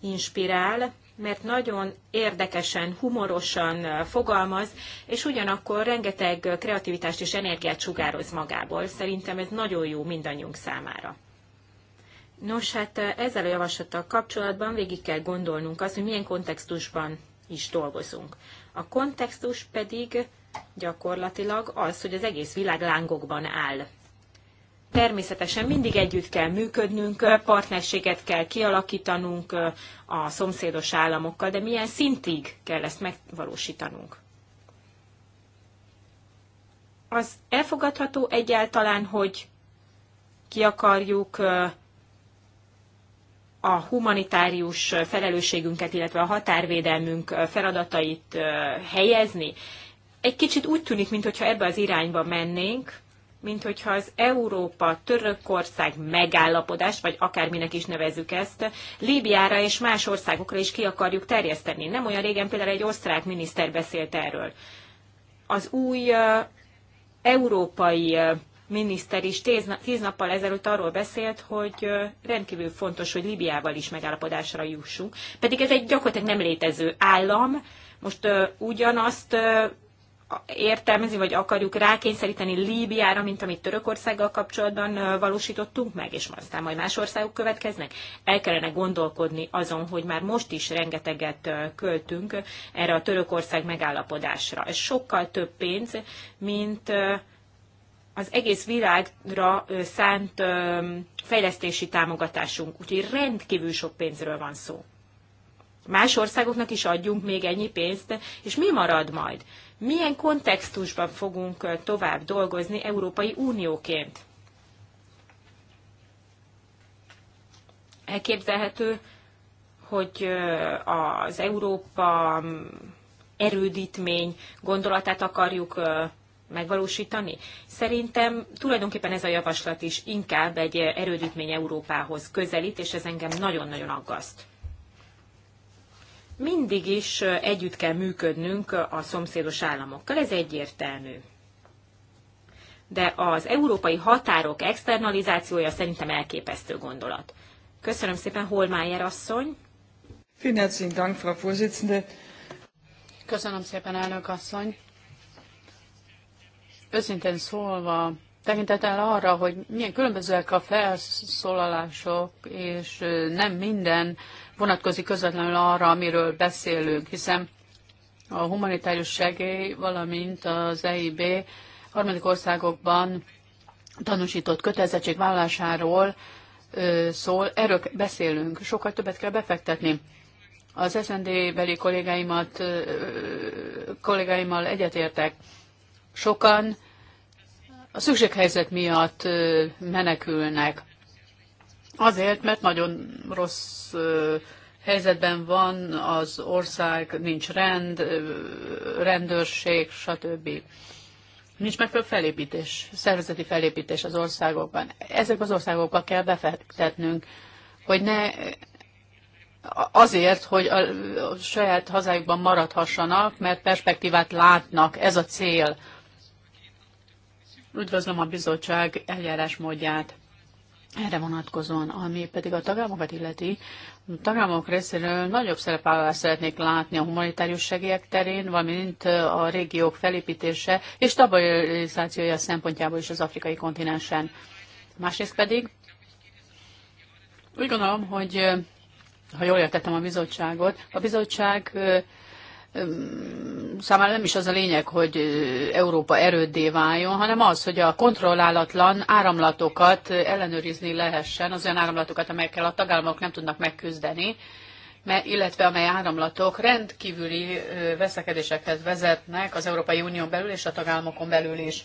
inspirál, mert nagyon érdekesen, humorosan fogalmaz, és ugyanakkor rengeteg kreativitást és energiát sugároz magából. Szerintem ez nagyon jó mindannyiunk számára. Nos, hát ezzel a javaslattal kapcsolatban végig kell gondolnunk azt, hogy milyen kontextusban is dolgozunk. A kontextus pedig gyakorlatilag az, hogy az egész világ lángokban áll. Természetesen mindig együtt kell működnünk, partnerséget kell kialakítanunk a szomszédos államokkal, de milyen szintig kell ezt megvalósítanunk? Az elfogadható egyáltalán, hogy ki akarjuk a humanitárius felelősségünket, illetve a határvédelmünk feladatait helyezni. Egy kicsit úgy tűnik, mintha ebbe az irányba mennénk, mint hogyha az Európa-Törökország megállapodást, vagy akárminek is nevezük ezt, Líbiára és más országokra is ki akarjuk terjeszteni. Nem olyan régen például egy osztrák miniszter beszélt erről. Az új uh, európai uh, miniszter is tíz, na- tíz nappal ezelőtt arról beszélt, hogy rendkívül fontos, hogy Líbiával is megállapodásra jussunk. Pedig ez egy gyakorlatilag nem létező állam, most uh, ugyanazt uh, értelmezni, vagy akarjuk rákényszeríteni Líbiára, mint amit Törökországgal kapcsolatban valósítottunk meg, és aztán majd más országok következnek. El kellene gondolkodni azon, hogy már most is rengeteget költünk erre a Törökország megállapodásra. Ez sokkal több pénz, mint az egész világra szánt fejlesztési támogatásunk. Úgyhogy rendkívül sok pénzről van szó. Más országoknak is adjunk még ennyi pénzt, és mi marad majd? milyen kontextusban fogunk tovább dolgozni Európai Unióként. Elképzelhető, hogy az Európa erődítmény gondolatát akarjuk megvalósítani. Szerintem tulajdonképpen ez a javaslat is inkább egy erődítmény Európához közelít, és ez engem nagyon-nagyon aggaszt mindig is együtt kell működnünk a szomszédos államokkal, ez egyértelmű. De az európai határok externalizációja szerintem elképesztő gondolat. Köszönöm szépen, Holmájer asszony. Dank, Frau Köszönöm szépen, elnök asszony. Őszintén szólva, tekintettel arra, hogy milyen különbözőek a felszólalások, és nem minden vonatkozik közvetlenül arra, amiről beszélünk, hiszen a humanitárius segély, valamint az EIB harmadik országokban tanúsított vállalásáról szól. Erről beszélünk, sokkal többet kell befektetni. Az SZND beli kollégáimat, kollégáimmal egyetértek. Sokan a szükséghelyzet miatt menekülnek. Azért, mert nagyon rossz helyzetben van az ország, nincs rend, rendőrség, stb. Nincs megfelelő felépítés, szervezeti felépítés az országokban. Ezek az országokba kell befektetnünk, hogy ne azért, hogy a saját hazájukban maradhassanak, mert perspektívát látnak, ez a cél. Üdvözlöm a bizottság eljárásmódját erre vonatkozóan, ami pedig a tagállamokat illeti, a tagállamok részéről nagyobb szerepállást szeretnék látni a humanitárius segélyek terén, valamint a régiók felépítése és stabilizációja szempontjából is az afrikai kontinensen. Másrészt pedig úgy gondolom, hogy ha jól értettem a bizottságot, a bizottság számára nem is az a lényeg, hogy Európa erőddé váljon, hanem az, hogy a kontrollálatlan áramlatokat ellenőrizni lehessen, az olyan áramlatokat, amelyekkel a tagállamok nem tudnak megküzdeni, illetve amely áramlatok rendkívüli veszekedésekhez vezetnek az Európai Unión belül és a tagállamokon belül is.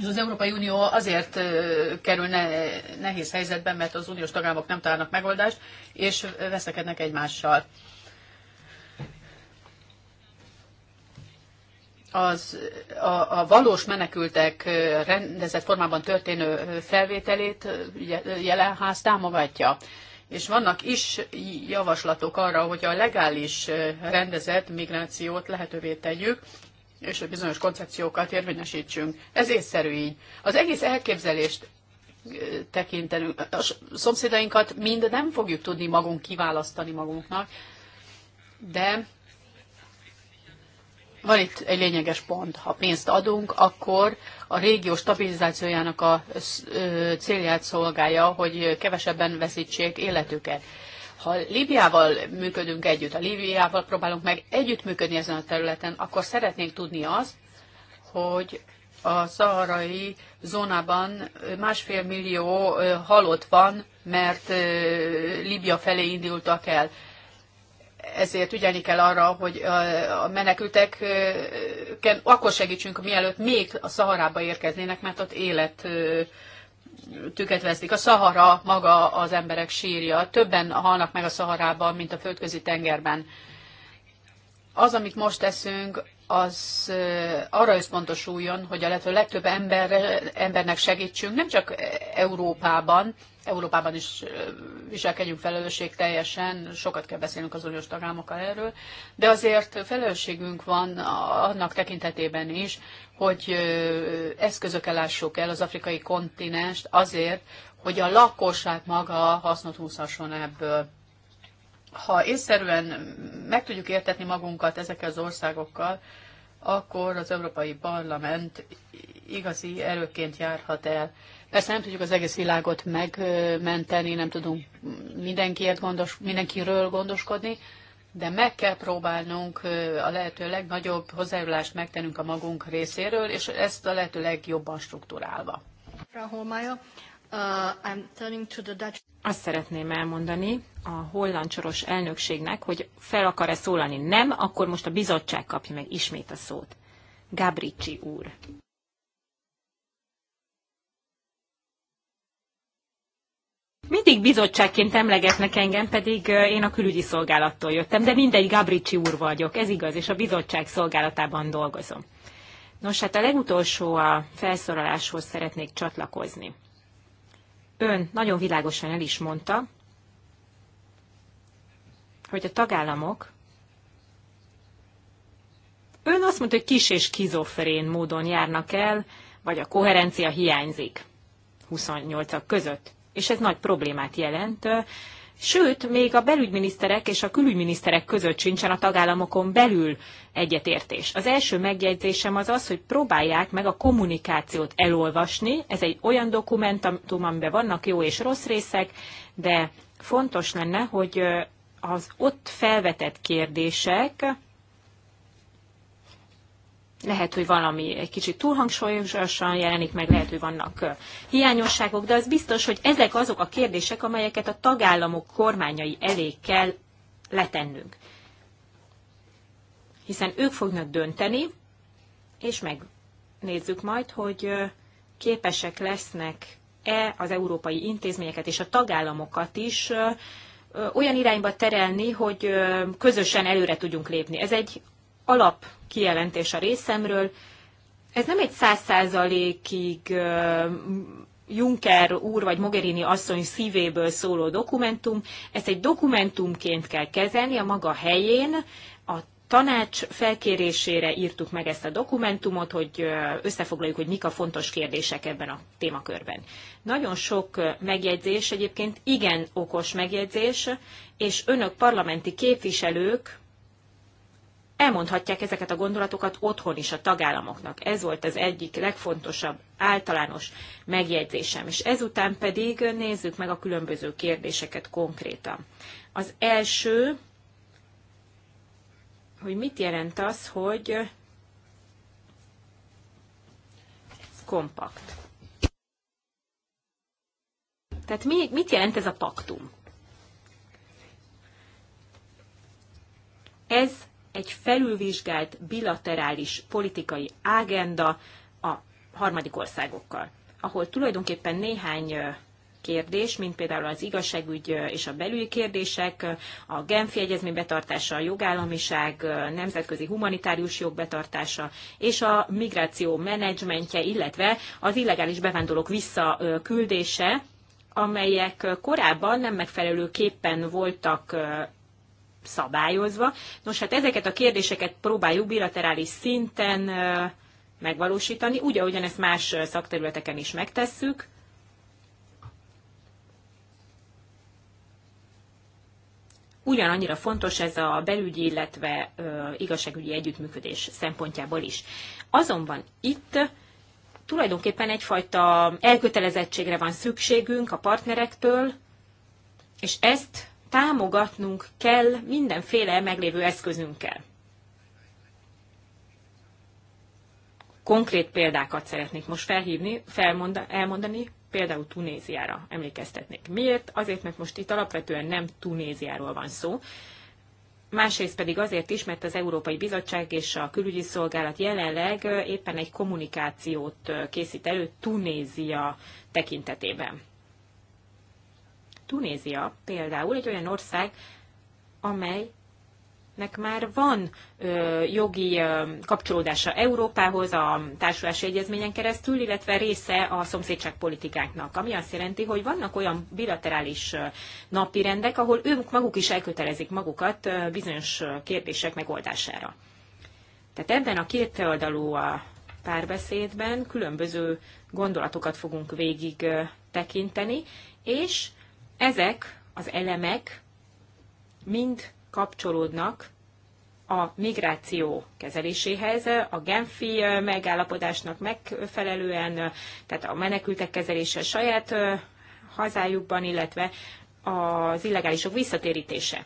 És az Európai Unió azért kerül nehéz helyzetben, mert az uniós tagállamok nem találnak megoldást, és veszekednek egymással. az, a, a valós menekültek rendezett formában történő felvételét jelenház támogatja. És vannak is javaslatok arra, hogy a legális rendezett migrációt lehetővé tegyük, és a bizonyos koncepciókat érvényesítsünk. Ez észszerű így. Az egész elképzelést tekintenünk, a szomszédainkat mind nem fogjuk tudni magunk kiválasztani magunknak, de van itt egy lényeges pont. Ha pénzt adunk, akkor a régió stabilizációjának a célját szolgálja, hogy kevesebben veszítsék életüket. Ha Líbiával működünk együtt, a Líbiával próbálunk meg együttműködni ezen a területen, akkor szeretnénk tudni azt, hogy a szaharai zónában másfél millió halott van, mert Líbia felé indultak el ezért ügyelni kell arra, hogy a menekülteken akkor segítsünk, mielőtt még a Szaharába érkeznének, mert ott élet tüket veszik. A Szahara maga az emberek sírja. Többen halnak meg a Szaharában, mint a földközi tengerben. Az, amit most teszünk, az arra összpontosuljon, hogy a lehető legtöbb ember embernek segítsünk, nem csak Európában, Európában is viselkedjünk felelősség teljesen, sokat kell beszélnünk az uniós tagállamokkal erről, de azért felelősségünk van annak tekintetében is, hogy eszközökkel lássuk el az afrikai kontinest azért, hogy a lakosság maga hasznot húzhasson ebből. Ha észszerűen meg tudjuk értetni magunkat ezekkel az országokkal, akkor az Európai Parlament igazi erőként járhat el. Persze nem tudjuk az egész világot megmenteni, nem tudunk mindenkiért gondos, mindenkiről gondoskodni, de meg kell próbálnunk a lehető legnagyobb hozzájárulást megtennünk a magunk részéről, és ezt a lehető legjobban struktúrálva. Frau Uh, Azt szeretném elmondani a holland soros elnökségnek, hogy fel akar-e szólani. Nem, akkor most a bizottság kapja meg ismét a szót. Gabricsi úr. Mindig bizottságként emlegetnek engem, pedig én a külügyi szolgálattól jöttem, de mindegy, Gabricsi úr vagyok, ez igaz, és a bizottság szolgálatában dolgozom. Nos, hát a legutolsó a felszólaláshoz szeretnék csatlakozni ön nagyon világosan el is mondta, hogy a tagállamok Ön azt mondta, hogy kis és kizofrén módon járnak el, vagy a koherencia hiányzik 28-ak között. És ez nagy problémát jelent sőt, még a belügyminiszterek és a külügyminiszterek között sincsen a tagállamokon belül egyetértés. Az első megjegyzésem az az, hogy próbálják meg a kommunikációt elolvasni. Ez egy olyan dokumentum, amiben vannak jó és rossz részek, de fontos lenne, hogy az ott felvetett kérdések, lehet, hogy valami egy kicsit túlhangsúlyosan jelenik meg, lehet, hogy vannak hiányosságok, de az biztos, hogy ezek azok a kérdések, amelyeket a tagállamok kormányai elé kell letennünk. Hiszen ők fognak dönteni, és megnézzük majd, hogy képesek lesznek-e az európai intézményeket és a tagállamokat is olyan irányba terelni, hogy közösen előre tudjunk lépni. Ez egy alap kijelentés a részemről. Ez nem egy száz százalékig Juncker úr vagy Mogherini asszony szívéből szóló dokumentum. Ezt egy dokumentumként kell kezelni a maga helyén. A tanács felkérésére írtuk meg ezt a dokumentumot, hogy összefoglaljuk, hogy mik a fontos kérdések ebben a témakörben. Nagyon sok megjegyzés, egyébként igen okos megjegyzés, és önök parlamenti képviselők elmondhatják ezeket a gondolatokat otthon is a tagállamoknak. Ez volt az egyik legfontosabb általános megjegyzésem. És ezután pedig nézzük meg a különböző kérdéseket konkrétan. Az első, hogy mit jelent az, hogy kompakt. Tehát mi, mit jelent ez a paktum? Ez egy felülvizsgált bilaterális politikai ágenda a harmadik országokkal, ahol tulajdonképpen néhány kérdés, mint például az igazságügy és a belügyi kérdések, a Genfi Egyezmény betartása, a jogállamiság, nemzetközi humanitárius jog betartása és a migráció menedzsmentje, illetve az illegális bevándorlók visszaküldése, amelyek korábban nem megfelelőképpen voltak szabályozva. Nos, hát ezeket a kérdéseket próbáljuk bilaterális szinten megvalósítani, úgy, ahogyan ezt más szakterületeken is megtesszük. ugyanannyira fontos ez a belügyi, illetve ö, igazságügyi együttműködés szempontjából is. Azonban itt tulajdonképpen egyfajta elkötelezettségre van szükségünk a partnerektől, és ezt támogatnunk kell mindenféle meglévő eszközünkkel. Konkrét példákat szeretnék most felhívni, felmonda, elmondani, például Tunéziára emlékeztetnék. Miért? Azért, mert most itt alapvetően nem Tunéziáról van szó, másrészt pedig azért is, mert az Európai Bizottság és a Külügyi Szolgálat jelenleg éppen egy kommunikációt készít elő Tunézia tekintetében. Tunézia például egy olyan ország, amely nek már van ö, jogi ö, kapcsolódása Európához a társulási egyezményen keresztül, illetve része a szomszédságpolitikáknak, ami azt jelenti, hogy vannak olyan bilaterális ö, rendek, ahol ők maguk is elkötelezik magukat ö, bizonyos ö, kérdések megoldására. Tehát ebben a két oldalú a párbeszédben különböző gondolatokat fogunk végig ö, tekinteni, és ezek az elemek mind kapcsolódnak a migráció kezeléséhez, a Genfi megállapodásnak megfelelően, tehát a menekültek kezelése saját hazájukban, illetve az illegálisok visszatérítése.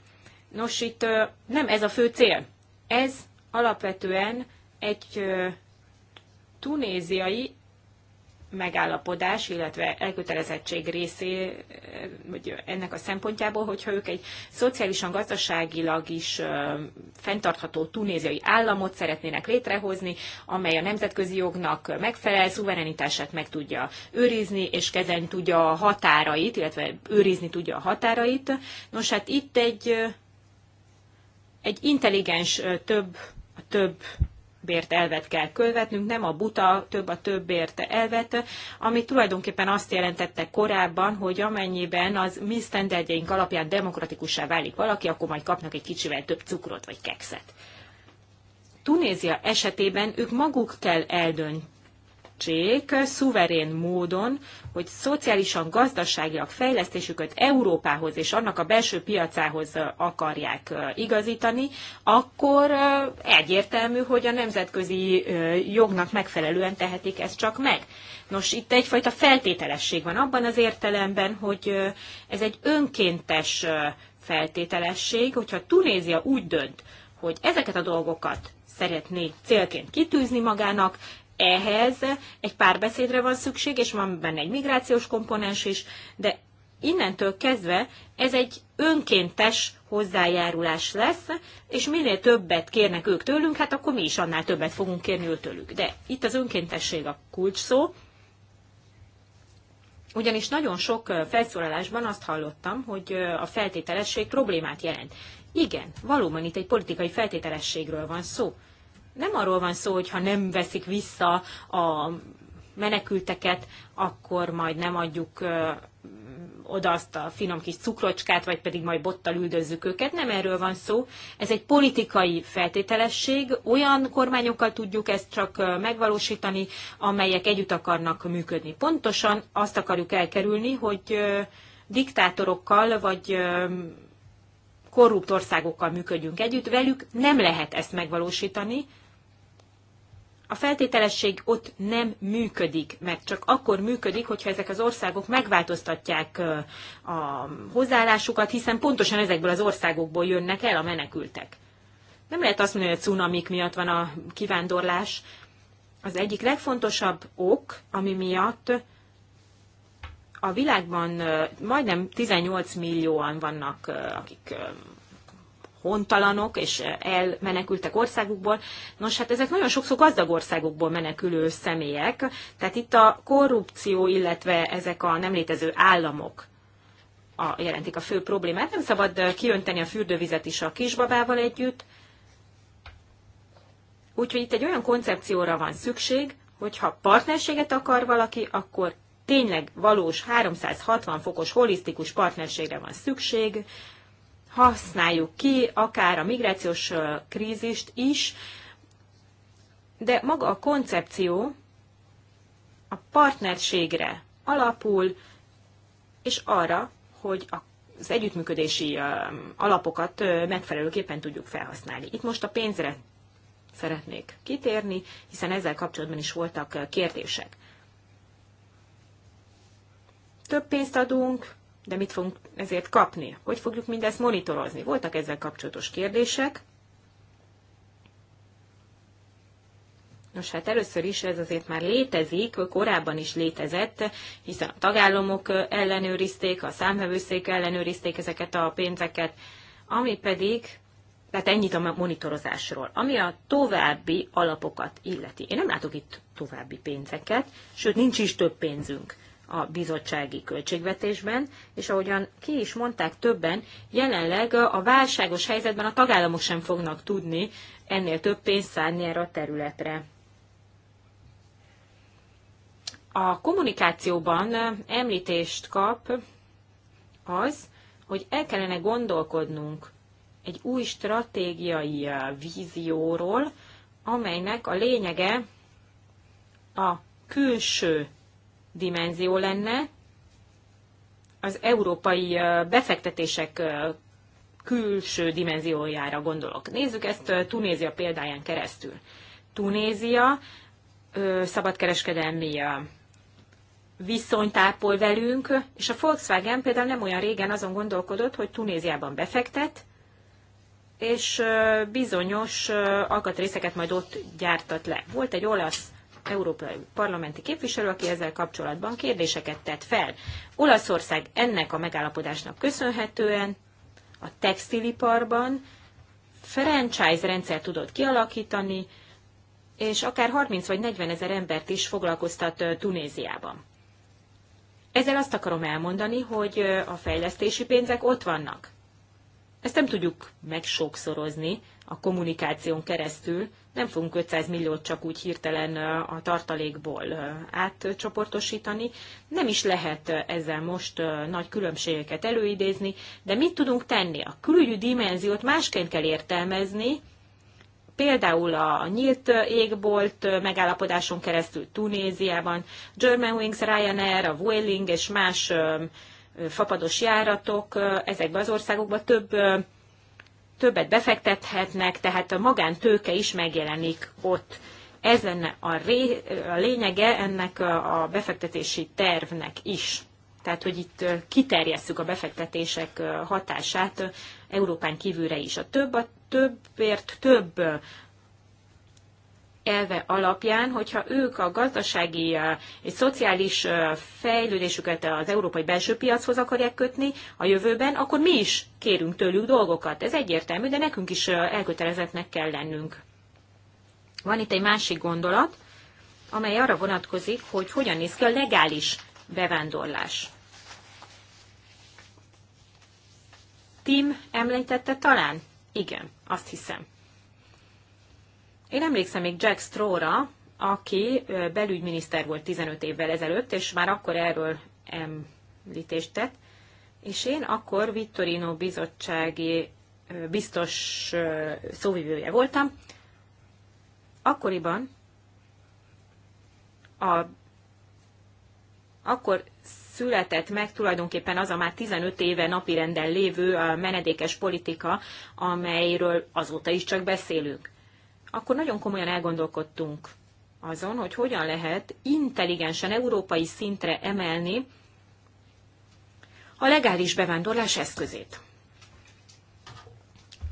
Nos, itt nem ez a fő cél. Ez alapvetően egy tunéziai megállapodás, illetve elkötelezettség részé, vagy ennek a szempontjából, hogyha ők egy szociálisan, gazdaságilag is fenntartható tunéziai államot szeretnének létrehozni, amely a nemzetközi jognak megfelel, szuverenitását meg tudja őrizni, és kezelni tudja a határait, illetve őrizni tudja a határait. Nos, hát itt egy, egy intelligens több, a több bért elvet kell követnünk, nem a buta több a több bért elvet, ami tulajdonképpen azt jelentette korábban, hogy amennyiben az mi sztenderdjeink alapján demokratikussá válik valaki, akkor majd kapnak egy kicsivel több cukrot vagy kekszet. Tunézia esetében ők maguk kell eldönteni, megértsék szuverén módon, hogy szociálisan, gazdaságilag fejlesztésüket Európához és annak a belső piacához akarják igazítani, akkor egyértelmű, hogy a nemzetközi jognak megfelelően tehetik ezt csak meg. Nos, itt egyfajta feltételesség van abban az értelemben, hogy ez egy önkéntes feltételesség, hogyha Tunézia úgy dönt, hogy ezeket a dolgokat szeretné célként kitűzni magának, ehhez egy pár van szükség, és van benne egy migrációs komponens is, de innentől kezdve ez egy önkéntes hozzájárulás lesz, és minél többet kérnek ők tőlünk, hát akkor mi is annál többet fogunk kérni őtőlük. De itt az önkéntesség a kulcs szó, ugyanis nagyon sok felszólalásban azt hallottam, hogy a feltételesség problémát jelent. Igen, valóban itt egy politikai feltételességről van szó nem arról van szó, hogy ha nem veszik vissza a menekülteket, akkor majd nem adjuk oda azt a finom kis cukrocskát, vagy pedig majd bottal üldözzük őket. Nem erről van szó. Ez egy politikai feltételesség. Olyan kormányokkal tudjuk ezt csak megvalósítani, amelyek együtt akarnak működni. Pontosan azt akarjuk elkerülni, hogy diktátorokkal, vagy korrupt országokkal működjünk együtt, velük nem lehet ezt megvalósítani. A feltételesség ott nem működik, mert csak akkor működik, hogyha ezek az országok megváltoztatják a hozzáállásukat, hiszen pontosan ezekből az országokból jönnek el a menekültek. Nem lehet azt mondani, hogy a cunamik miatt van a kivándorlás. Az egyik legfontosabb ok, ami miatt a világban majdnem 18 millióan vannak, akik hontalanok és elmenekültek országukból. Nos, hát ezek nagyon sokszor gazdag országokból menekülő személyek, tehát itt a korrupció, illetve ezek a nem létező államok a, jelentik a fő problémát. Nem szabad kiönteni a fürdővizet is a kisbabával együtt. Úgyhogy itt egy olyan koncepcióra van szükség, hogyha partnerséget akar valaki, akkor tényleg valós 360 fokos holisztikus partnerségre van szükség, használjuk ki akár a migrációs krízist is, de maga a koncepció a partnerségre alapul, és arra, hogy az együttműködési alapokat megfelelőképpen tudjuk felhasználni. Itt most a pénzre szeretnék kitérni, hiszen ezzel kapcsolatban is voltak kérdések több pénzt adunk, de mit fogunk ezért kapni? Hogy fogjuk mindezt monitorozni? Voltak ezzel kapcsolatos kérdések. Nos, hát először is ez azért már létezik, korábban is létezett, hiszen a tagállamok ellenőrizték, a számvevőszék ellenőrizték ezeket a pénzeket, ami pedig, tehát ennyit a monitorozásról, ami a további alapokat illeti. Én nem látok itt további pénzeket, sőt nincs is több pénzünk a bizottsági költségvetésben, és ahogyan ki is mondták többen, jelenleg a válságos helyzetben a tagállamok sem fognak tudni ennél több pénzt szállni erre a területre. A kommunikációban említést kap az, hogy el kellene gondolkodnunk egy új stratégiai vízióról, amelynek a lényege a külső dimenzió lenne, az európai befektetések külső dimenziójára gondolok. Nézzük ezt Tunézia példáján keresztül. Tunézia szabadkereskedelmi viszonyt ápol velünk, és a Volkswagen például nem olyan régen azon gondolkodott, hogy Tunéziában befektet, és bizonyos alkatrészeket majd ott gyártat le. Volt egy olasz európai parlamenti képviselő, aki ezzel kapcsolatban kérdéseket tett fel. Olaszország ennek a megállapodásnak köszönhetően a textiliparban franchise rendszer tudott kialakítani, és akár 30 vagy 40 ezer embert is foglalkoztat Tunéziában. Ezzel azt akarom elmondani, hogy a fejlesztési pénzek ott vannak. Ezt nem tudjuk megsokszorozni a kommunikáción keresztül, nem fogunk 500 milliót csak úgy hirtelen a tartalékból átcsoportosítani. Nem is lehet ezzel most nagy különbségeket előidézni, de mit tudunk tenni? A külügyű dimenziót másként kell értelmezni, például a nyílt égbolt megállapodáson keresztül Tunéziában, Germanwings, Ryanair, a Vueling és más fapados járatok ezekben az országokban több többet befektethetnek, tehát a magántőke is megjelenik ott. Ez lenne a, ré, a lényege ennek a befektetési tervnek is. Tehát, hogy itt kiterjesszük a befektetések hatását Európán kívülre is. A több a többért több elve alapján, hogyha ők a gazdasági és szociális fejlődésüket az európai belső piachoz akarják kötni a jövőben, akkor mi is kérünk tőlük dolgokat. Ez egyértelmű, de nekünk is elkötelezettnek kell lennünk. Van itt egy másik gondolat, amely arra vonatkozik, hogy hogyan néz ki a legális bevándorlás. Tim említette talán? Igen, azt hiszem. Én emlékszem még Jack Strawra, aki belügyminiszter volt 15 évvel ezelőtt, és már akkor erről említést tett, és én akkor Vittorino bizottsági biztos szóvivője voltam. Akkoriban a, akkor született meg tulajdonképpen az a már 15 éve napirenden lévő menedékes politika, amelyről azóta is csak beszélünk akkor nagyon komolyan elgondolkodtunk azon, hogy hogyan lehet intelligensen európai szintre emelni a legális bevándorlás eszközét.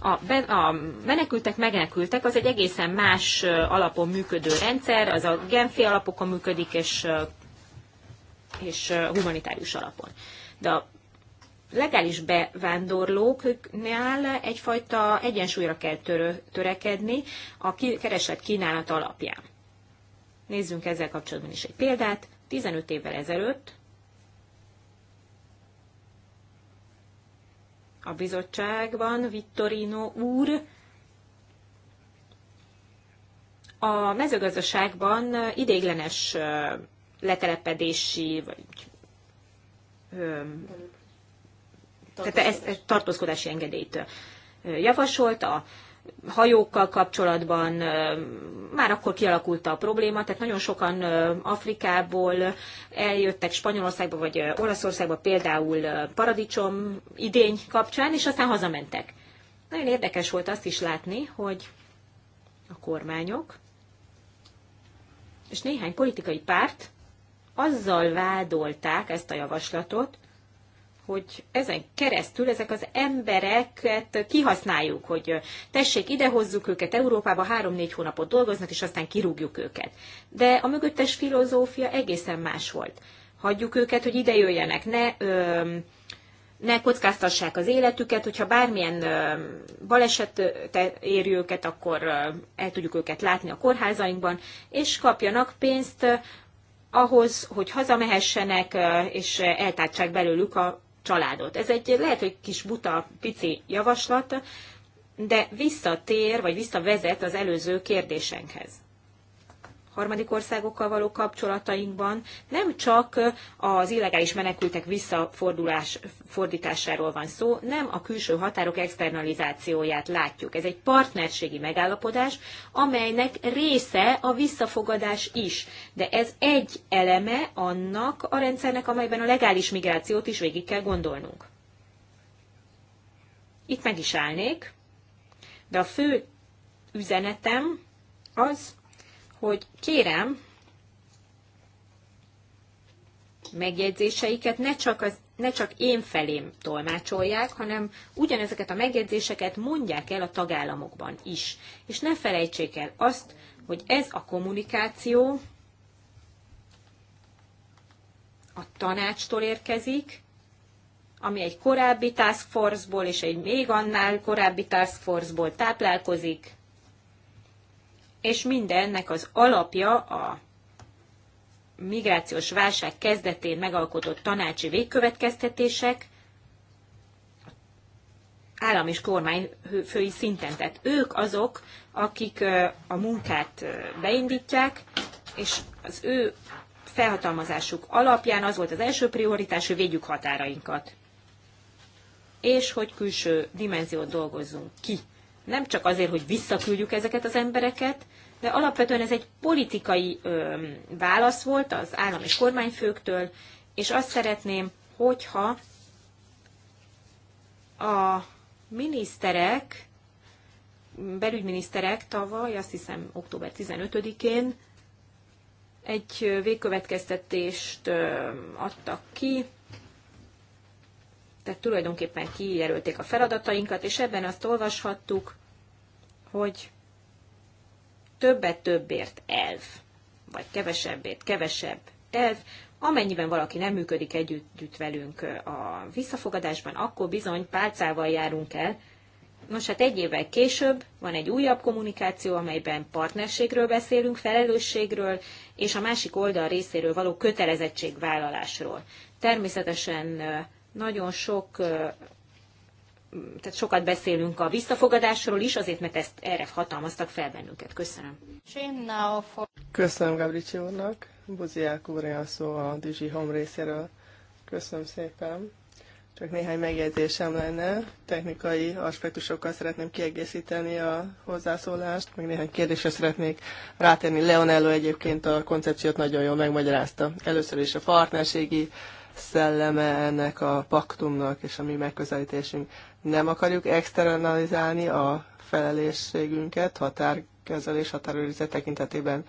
A, be, a menekültek menekültek, az egy egészen más alapon működő rendszer, az a genfi alapokon működik, és, és humanitárius alapon. De a legális bevándorlóknál egyfajta egyensúlyra kell törö, törekedni a keresett kínálat alapján. Nézzünk ezzel kapcsolatban is egy példát. 15 évvel ezelőtt a bizottságban Vittorino úr a mezőgazdaságban ideiglenes letelepedési vagy tehát ez tartózkodási engedélyt javasolt, a hajókkal kapcsolatban már akkor kialakult a probléma, tehát nagyon sokan Afrikából eljöttek Spanyolországba vagy Olaszországba például paradicsom idény kapcsán, és aztán hazamentek. Nagyon érdekes volt azt is látni, hogy a kormányok és néhány politikai párt azzal vádolták ezt a javaslatot, hogy ezen keresztül ezek az embereket kihasználjuk, hogy tessék, idehozzuk őket Európába, három-négy hónapot dolgoznak, és aztán kirúgjuk őket. De a mögöttes filozófia egészen más volt. Hagyjuk őket, hogy ide jöjjenek, ne, ö, ne kockáztassák az életüket, hogyha bármilyen ö, baleset éri őket, akkor ö, el tudjuk őket látni a kórházainkban, és kapjanak pénzt ahhoz, hogy hazamehessenek, és eltártsák belőlük a családot. Ez egy lehet, hogy kis buta, pici javaslat, de visszatér, vagy visszavezet az előző kérdésenkhez harmadik országokkal való kapcsolatainkban nem csak az illegális menekültek visszafordulás fordításáról van szó, nem a külső határok externalizációját látjuk. Ez egy partnerségi megállapodás, amelynek része a visszafogadás is, de ez egy eleme annak a rendszernek, amelyben a legális migrációt is végig kell gondolnunk. Itt meg is állnék, de a fő üzenetem az, hogy kérem, megjegyzéseiket ne csak, az, ne csak én felém tolmácsolják, hanem ugyanezeket a megjegyzéseket mondják el a tagállamokban is. És ne felejtsék el azt, hogy ez a kommunikáció a tanácstól érkezik, ami egy korábbi task force-ból és egy még annál korábbi task force-ból táplálkozik, és mindennek az alapja a migrációs válság kezdetén megalkotott tanácsi végkövetkeztetések állam és kormányfői szinten. Tehát ők azok, akik a munkát beindítják, és az ő felhatalmazásuk alapján az volt az első prioritás, hogy védjük határainkat. És hogy külső dimenziót dolgozzunk ki nem csak azért, hogy visszaküldjük ezeket az embereket, de alapvetően ez egy politikai ö, válasz volt az állam és kormányfőktől, és azt szeretném, hogyha a miniszterek, belügyminiszterek tavaly, azt hiszem október 15-én egy végkövetkeztetést adtak ki, tehát tulajdonképpen kijelölték a feladatainkat, és ebben azt olvashattuk, hogy többet többért elv, vagy kevesebbért kevesebb elv, amennyiben valaki nem működik együtt velünk a visszafogadásban, akkor bizony pálcával járunk el. Nos, hát egy évvel később van egy újabb kommunikáció, amelyben partnerségről beszélünk, felelősségről, és a másik oldal részéről való kötelezettségvállalásról. Természetesen nagyon sok, tehát sokat beszélünk a visszafogadásról is, azért, mert ezt erre hatalmaztak fel bennünket. Köszönöm. Köszönöm Gabricsi úrnak. Buziák úr, a szó a Dizsi Home részéről. Köszönöm szépen. Csak néhány megjegyzésem lenne. Technikai aspektusokkal szeretném kiegészíteni a hozzászólást, meg néhány kérdésre szeretnék rátenni. Leonello egyébként a koncepciót nagyon jól megmagyarázta. Először is a partnerségi szelleme ennek a paktumnak és a mi megközelítésünk. Nem akarjuk externalizálni a felelősségünket határkezelés, határőrizet tekintetében.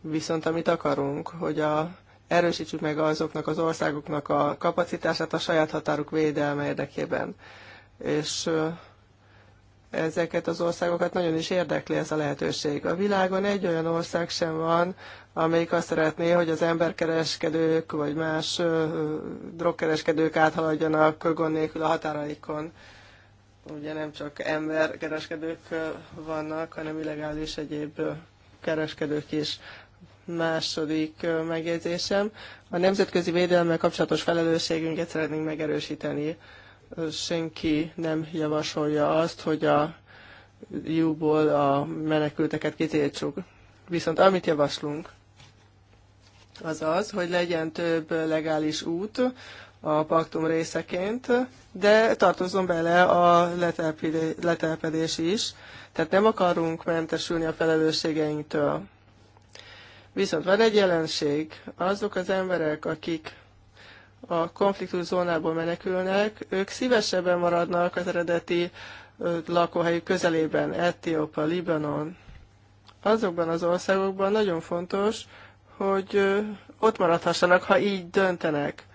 Viszont amit akarunk, hogy a, erősítsük meg azoknak az országoknak a kapacitását a saját határuk védelme érdekében. És ezeket az országokat nagyon is érdekli ez a lehetőség. A világon egy olyan ország sem van, amelyik azt szeretné, hogy az emberkereskedők vagy más drogkereskedők áthaladjanak gond nélkül a határaikon. Ugye nem csak emberkereskedők vannak, hanem illegális egyéb kereskedők is. Második megjegyzésem, a nemzetközi védelemmel kapcsolatos felelősségünket szeretnénk megerősíteni senki nem javasolja azt, hogy a jóból a menekülteket kitiltsuk. Viszont amit javaslunk, az az, hogy legyen több legális út a paktum részeként, de tartozom bele a letelepedés is. Tehát nem akarunk mentesülni a felelősségeinktől. Viszont van egy jelenség, azok az emberek, akik a konfliktus zónából menekülnek, ők szívesebben maradnak az eredeti lakóhelyük közelében, Etiópa, Libanon. Azokban az országokban nagyon fontos, hogy ott maradhassanak, ha így döntenek.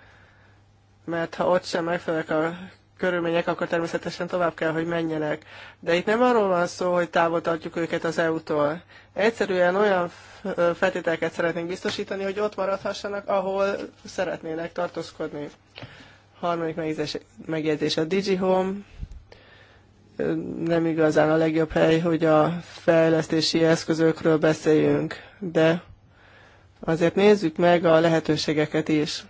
Mert ha ott sem megfelelnek a körülmények, akkor természetesen tovább kell, hogy menjenek. De itt nem arról van szó, hogy távol tartjuk őket az EU-tól. Egyszerűen olyan feltételeket szeretnénk biztosítani, hogy ott maradhassanak, ahol szeretnének tartózkodni. Harmadik megjegyzés a DigiHome. Nem igazán a legjobb hely, hogy a fejlesztési eszközökről beszéljünk, de azért nézzük meg a lehetőségeket is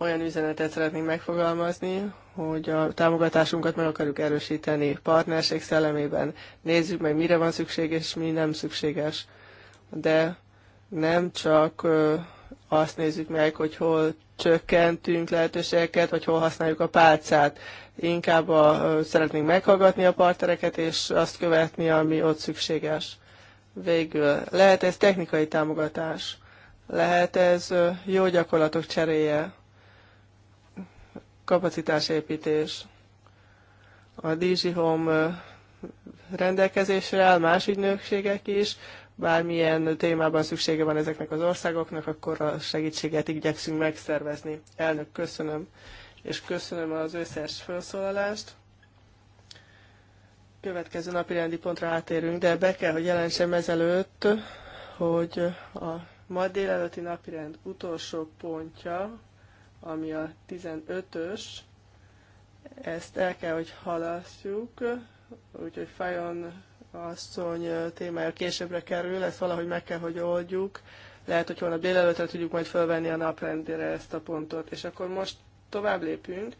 olyan üzenetet szeretnénk megfogalmazni, hogy a támogatásunkat meg akarjuk erősíteni partnerség szellemében. Nézzük meg, mire van szükség és mi nem szükséges. De nem csak azt nézzük meg, hogy hol csökkentünk lehetőségeket, vagy hol használjuk a pálcát. Inkább a, szeretnénk meghallgatni a partnereket, és azt követni, ami ott szükséges. Végül. Lehet ez technikai támogatás. Lehet ez jó gyakorlatok cseréje kapacitásépítés. A DG Home rendelkezésre áll, más ügynökségek is, bármilyen témában szüksége van ezeknek az országoknak, akkor a segítséget igyekszünk megszervezni. Elnök, köszönöm, és köszönöm az összes felszólalást. Következő napi rendi pontra átérünk, de be kell, hogy jelentsem ezelőtt, hogy a ma délelőtti napirend utolsó pontja ami a 15-ös, ezt el kell, hogy halasszuk, úgyhogy Fajon asszony témája későbbre kerül, ezt valahogy meg kell, hogy oldjuk. Lehet, hogy holnap délelőtre tudjuk majd fölvenni a naprendére ezt a pontot. És akkor most tovább lépünk.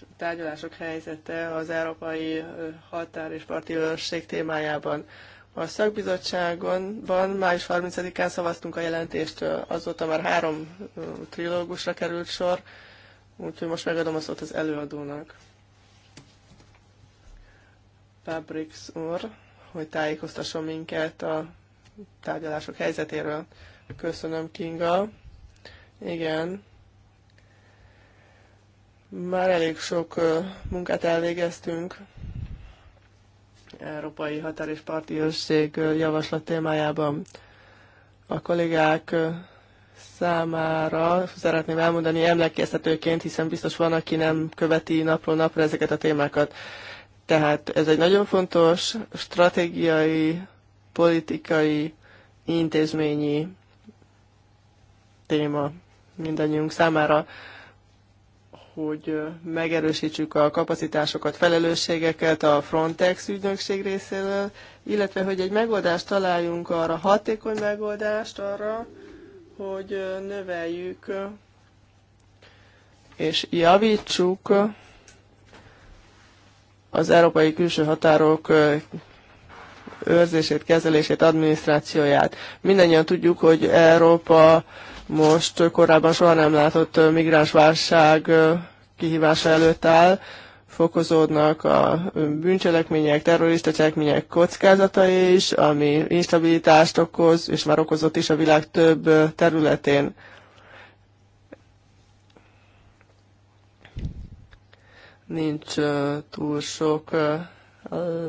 A tárgyalások helyzete az Európai Határ és Parti Őrség témájában. A szakbizottságon van, május 30-án szavaztunk a jelentéstől, azóta már három trilógusra került sor, úgyhogy most megadom a szót az előadónak. Pabrix úr, hogy tájékoztasson minket a tárgyalások helyzetéről. Köszönöm, Kinga. Igen. Már elég sok munkát elvégeztünk Európai Határ és Parti Őrség javaslat témájában. A kollégák számára szeretném elmondani emlékeztetőként, hiszen biztos van, aki nem követi napról napra ezeket a témákat. Tehát ez egy nagyon fontos stratégiai, politikai, intézményi téma mindannyiunk számára hogy megerősítsük a kapacitásokat, felelősségeket a Frontex ügynökség részéről, illetve hogy egy megoldást találjunk arra, hatékony megoldást arra, hogy növeljük és javítsuk az európai külső határok őrzését, kezelését, adminisztrációját. Mindennyian tudjuk, hogy Európa most korábban soha nem látott migránsválság kihívása előtt áll, fokozódnak a bűncselekmények, terrorista cselekmények kockázata is, ami instabilitást okoz, és már okozott is a világ több területén. Nincs túl sok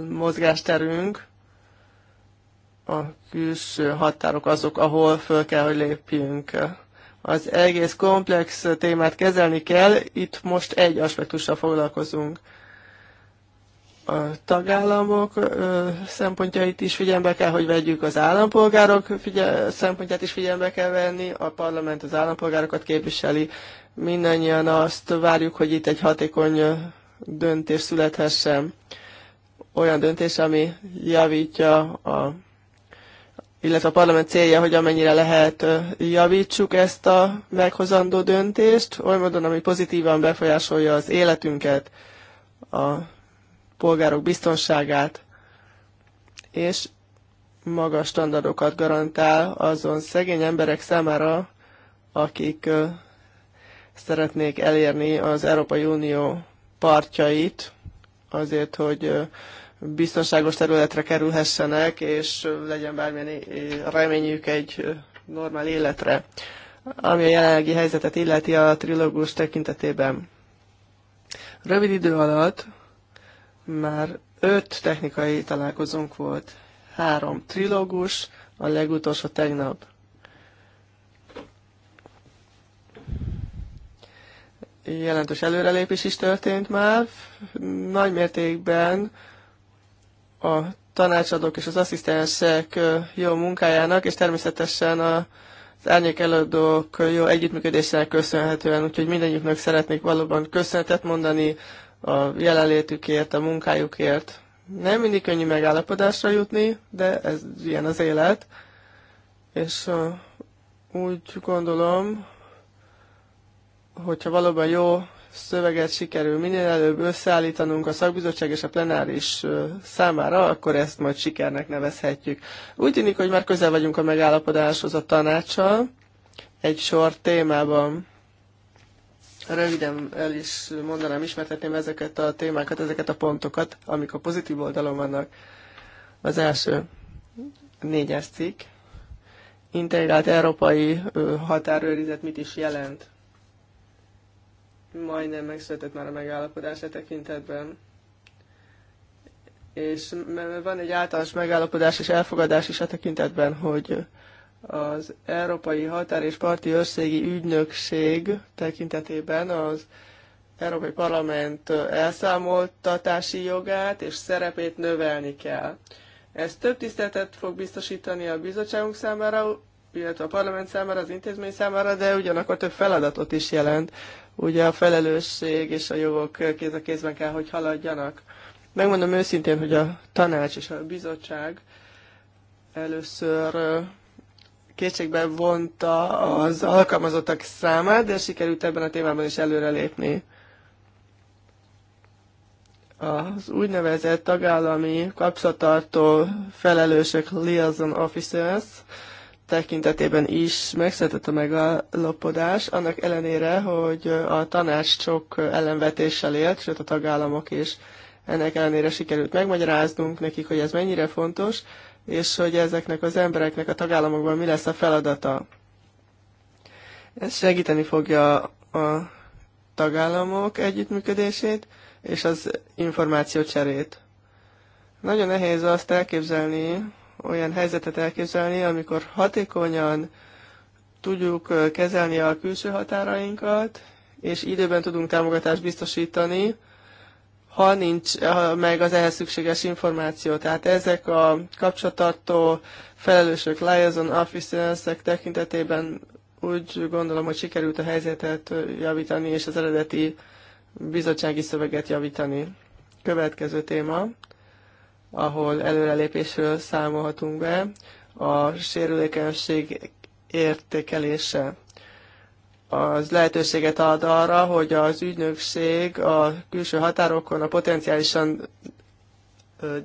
mozgásterünk a külső határok azok, ahol föl kell, hogy lépjünk. Az egész komplex témát kezelni kell, itt most egy aspektussal foglalkozunk. A tagállamok szempontjait is figyelembe kell, hogy vegyük, az állampolgárok figyel- szempontját is figyelembe kell venni, a parlament az állampolgárokat képviseli. Mindannyian azt várjuk, hogy itt egy hatékony döntés születhessen. Olyan döntés, ami javítja a illetve a parlament célja, hogy amennyire lehet javítsuk ezt a meghozandó döntést, oly módon, ami pozitívan befolyásolja az életünket, a polgárok biztonságát, és magas standardokat garantál azon szegény emberek számára, akik szeretnék elérni az Európai Unió partjait, azért, hogy biztonságos területre kerülhessenek, és legyen bármilyen reményük egy normál életre, ami a jelenlegi helyzetet illeti a trilógus tekintetében. Rövid idő alatt már öt technikai találkozónk volt. Három trilógus, a legutolsó tegnap. Jelentős előrelépés is történt már, nagy mértékben a tanácsadók és az asszisztensek jó munkájának, és természetesen az árnyék előadók jó együttműködésének köszönhetően, úgyhogy mindannyiuknak szeretnék valóban köszönetet mondani a jelenlétükért, a munkájukért. Nem mindig könnyű megállapodásra jutni, de ez ilyen az élet. És úgy gondolom, hogyha valóban jó szöveget sikerül minél előbb összeállítanunk a szakbizottság és a plenáris számára, akkor ezt majd sikernek nevezhetjük. Úgy tűnik, hogy már közel vagyunk a megállapodáshoz a tanácssal egy sor témában. Röviden el is mondanám, ismertetném ezeket a témákat, ezeket a pontokat, amik a pozitív oldalon vannak. Az első négyes cikk. Integrált európai határőrizet mit is jelent? majdnem megszületett már a megállapodás a e tekintetben. És van egy általános megállapodás és elfogadás is a e tekintetben, hogy az Európai Határ és Parti Őrségi Ügynökség tekintetében az Európai Parlament elszámoltatási jogát és szerepét növelni kell. Ez több tiszteletet fog biztosítani a bizottságunk számára, illetve a parlament számára, az intézmény számára, de ugyanakkor több feladatot is jelent ugye a felelősség és a jogok kéz a kézben kell, hogy haladjanak. Megmondom őszintén, hogy a tanács és a bizottság először kétségbe vonta az alkalmazottak számát, de sikerült ebben a témában is előrelépni. Az úgynevezett tagállami kapcsolattartó felelősök liaison officers tekintetében is megszületett a megállapodás, annak ellenére, hogy a tanács sok ellenvetéssel élt, sőt a tagállamok is. Ennek ellenére sikerült megmagyaráznunk nekik, hogy ez mennyire fontos, és hogy ezeknek az embereknek a tagállamokban mi lesz a feladata. Ez segíteni fogja a tagállamok együttműködését és az információcserét. Nagyon nehéz azt elképzelni, olyan helyzetet elképzelni, amikor hatékonyan tudjuk kezelni a külső határainkat, és időben tudunk támogatást biztosítani, ha nincs ha meg az ehhez szükséges információ. Tehát ezek a kapcsolattartó felelősök, liaison officers tekintetében úgy gondolom, hogy sikerült a helyzetet javítani, és az eredeti bizottsági szöveget javítani. Következő téma, ahol előrelépésről számolhatunk be, a sérülékenység értékelése. Az lehetőséget ad arra, hogy az ügynökség a külső határokon a potenciálisan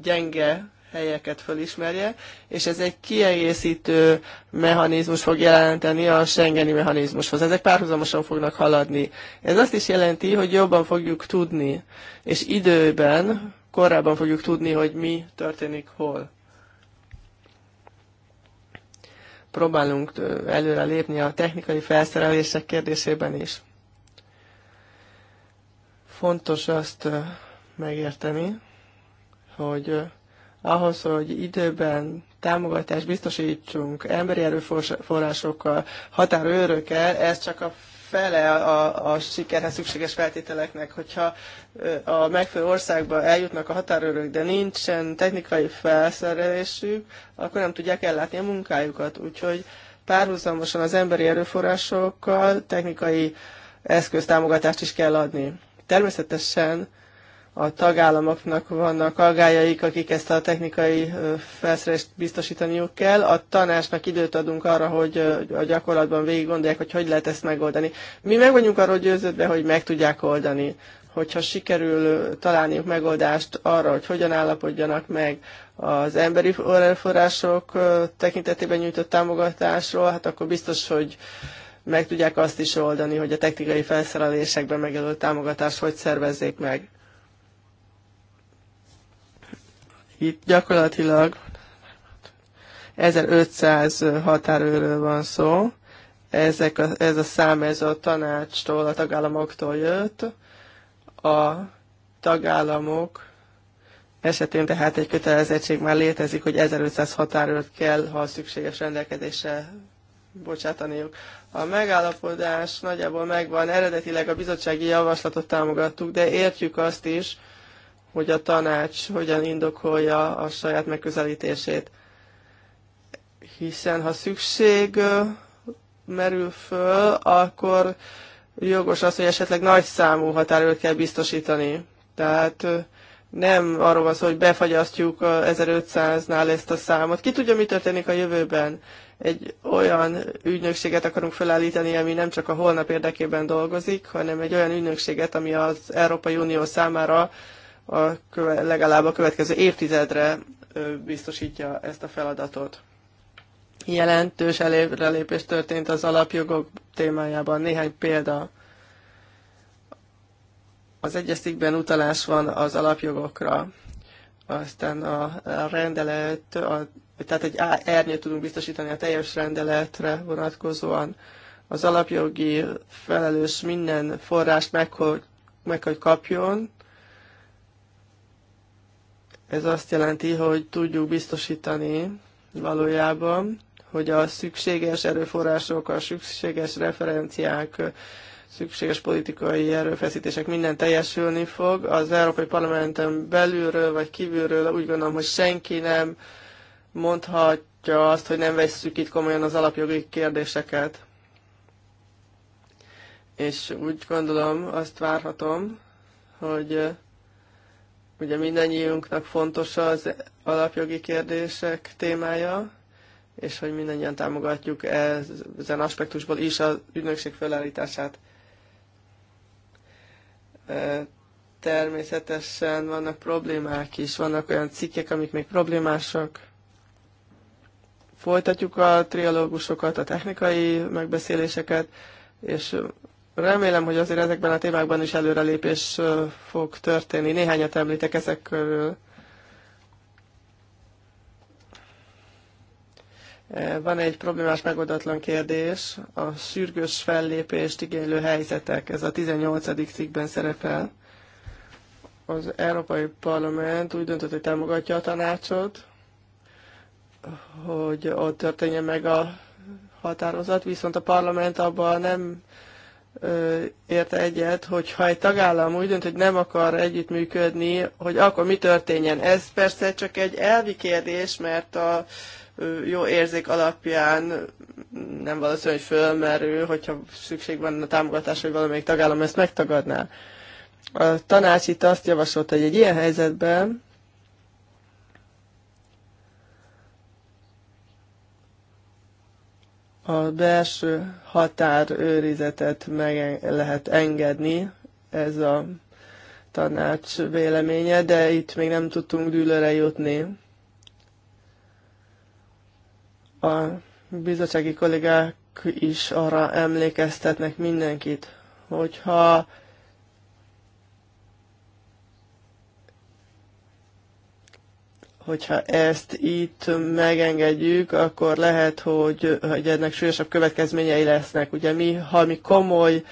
gyenge helyeket fölismerje, és ez egy kiegészítő mechanizmus fog jelenteni a Schengeni mechanizmushoz. Ezek párhuzamosan fognak haladni. Ez azt is jelenti, hogy jobban fogjuk tudni, és időben korábban fogjuk tudni, hogy mi történik hol. Próbálunk előre lépni a technikai felszerelések kérdésében is. Fontos azt megérteni, hogy ahhoz, hogy időben támogatást biztosítsunk emberi erőforrásokkal, határőrökkel, ez csak a felel a, a sikerhez szükséges feltételeknek. Hogyha a megfelelő országba eljutnak a határőrök, de nincsen technikai felszerelésük, akkor nem tudják ellátni a munkájukat. Úgyhogy párhuzamosan az emberi erőforrásokkal technikai eszköztámogatást is kell adni. Természetesen a tagállamoknak vannak aggájaik, akik ezt a technikai felszerelést biztosítaniuk kell. A tanácsnak időt adunk arra, hogy a gyakorlatban végig gondolják, hogy hogy lehet ezt megoldani. Mi meg vagyunk arról győződve, hogy meg tudják oldani. Hogyha sikerül találniuk megoldást arra, hogy hogyan állapodjanak meg az emberi erőforrások tekintetében nyújtott támogatásról, hát akkor biztos, hogy meg tudják azt is oldani, hogy a technikai felszerelésekben megjelölt támogatást hogy szervezzék meg. Itt gyakorlatilag 1500 határőről van szó. Ezek a, ez a szám ez a tanácstól, a tagállamoktól jött. A tagállamok esetén tehát egy kötelezettség már létezik, hogy 1500 határőrt kell, ha szükséges rendelkezésre bocsátaniuk. A megállapodás nagyjából megvan, eredetileg a bizottsági javaslatot támogattuk, de értjük azt is, hogy a tanács hogyan indokolja a saját megközelítését. Hiszen ha szükség merül föl, akkor jogos az, hogy esetleg nagy számú határőt kell biztosítani. Tehát nem arról van szó, hogy befagyasztjuk 1500-nál ezt a számot. Ki tudja, mi történik a jövőben? Egy olyan ügynökséget akarunk felállítani, ami nem csak a holnap érdekében dolgozik, hanem egy olyan ügynökséget, ami az Európai Unió számára a köve, legalább a következő évtizedre biztosítja ezt a feladatot. Jelentős előrelépés történt az alapjogok témájában. Néhány példa. Az egyesztikben utalás van az alapjogokra. Aztán a rendelet, a, tehát egy ernyőt tudunk biztosítani a teljes rendeletre vonatkozóan. Az alapjogi felelős minden forrást meg, hogy, meg, hogy kapjon, ez azt jelenti, hogy tudjuk biztosítani valójában, hogy a szükséges erőforrások, a szükséges referenciák, szükséges politikai erőfeszítések minden teljesülni fog. Az Európai Parlamenten belülről vagy kívülről úgy gondolom, hogy senki nem mondhatja azt, hogy nem vesszük itt komolyan az alapjogi kérdéseket. És úgy gondolom, azt várhatom, hogy Ugye mindannyiunknak fontos az alapjogi kérdések témája, és hogy mindannyian támogatjuk ezen aspektusból is az ügynökség felállítását. Természetesen vannak problémák is, vannak olyan cikkek, amik még problémásak. Folytatjuk a trialógusokat, a technikai megbeszéléseket, és Remélem, hogy azért ezekben a témákban is előrelépés fog történni. Néhányat említek ezek körül. E, van egy problémás megoldatlan kérdés, a sürgős fellépést igénylő helyzetek, ez a 18. cikkben szerepel. Az Európai Parlament úgy döntött, hogy támogatja a tanácsot, hogy ott történjen meg a határozat, viszont a parlament abban nem érte egyet, hogy ha egy tagállam úgy dönt, hogy nem akar együttműködni, hogy akkor mi történjen. Ez persze csak egy elvi kérdés, mert a jó érzék alapján nem valószínű, hogy fölmerül, hogyha szükség van a támogatásra hogy valamelyik tagállam ezt megtagadná. A tanács itt azt javasolta, hogy egy ilyen helyzetben a belső határőrizetet meg lehet engedni, ez a tanács véleménye, de itt még nem tudtunk dűlőre jutni. A bizottsági kollégák is arra emlékeztetnek mindenkit, hogyha hogyha ezt itt megengedjük, akkor lehet, hogy, hogy ennek súlyosabb következményei lesznek. Ugye mi, ha mi komoly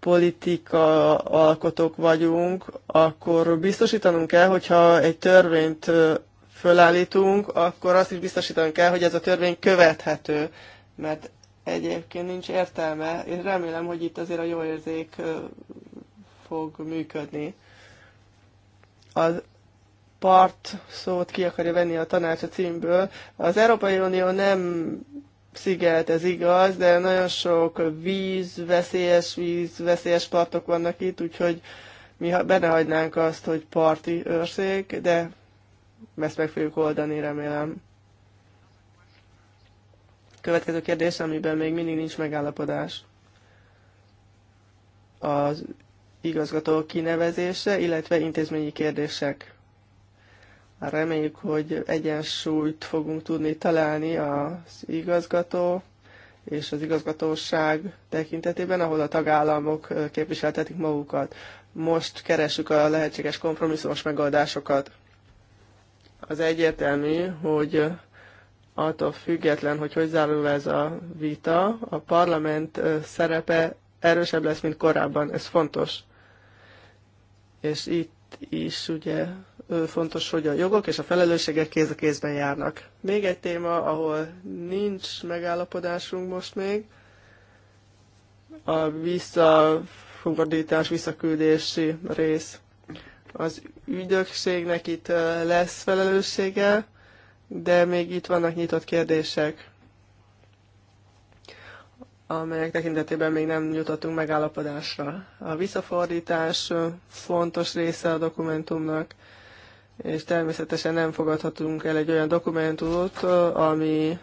politika alkotók vagyunk, akkor biztosítanunk kell, hogyha egy törvényt fölállítunk, akkor azt is biztosítanunk kell, hogy ez a törvény követhető, mert egyébként nincs értelme. Én remélem, hogy itt azért a jó érzék fog működni. Az part szót ki akarja venni a tanács a címből. Az Európai Unió nem sziget, ez igaz, de nagyon sok víz, veszélyes víz, veszélyes partok vannak itt, úgyhogy mi benne hagynánk azt, hogy parti őrség, de ezt meg fogjuk oldani, remélem. Következő kérdés, amiben még mindig nincs megállapodás. Az igazgató kinevezése, illetve intézményi kérdések. Reméljük, hogy egyensúlyt fogunk tudni találni az igazgató és az igazgatóság tekintetében, ahol a tagállamok képviseltetik magukat. Most keressük a lehetséges kompromisszumos megoldásokat. Az egyértelmű, hogy attól független, hogy hogy zárul ez a vita, a parlament szerepe erősebb lesz, mint korábban. Ez fontos. És itt is ugye fontos, hogy a jogok és a felelősségek kéz a kézben járnak. Még egy téma, ahol nincs megállapodásunk most még, a visszafogadítás, visszaküldési rész. Az ügyökségnek itt lesz felelőssége, de még itt vannak nyitott kérdések, amelyek tekintetében még nem jutottunk megállapodásra. A visszafordítás fontos része a dokumentumnak, és természetesen nem fogadhatunk el egy olyan dokumentumot, ami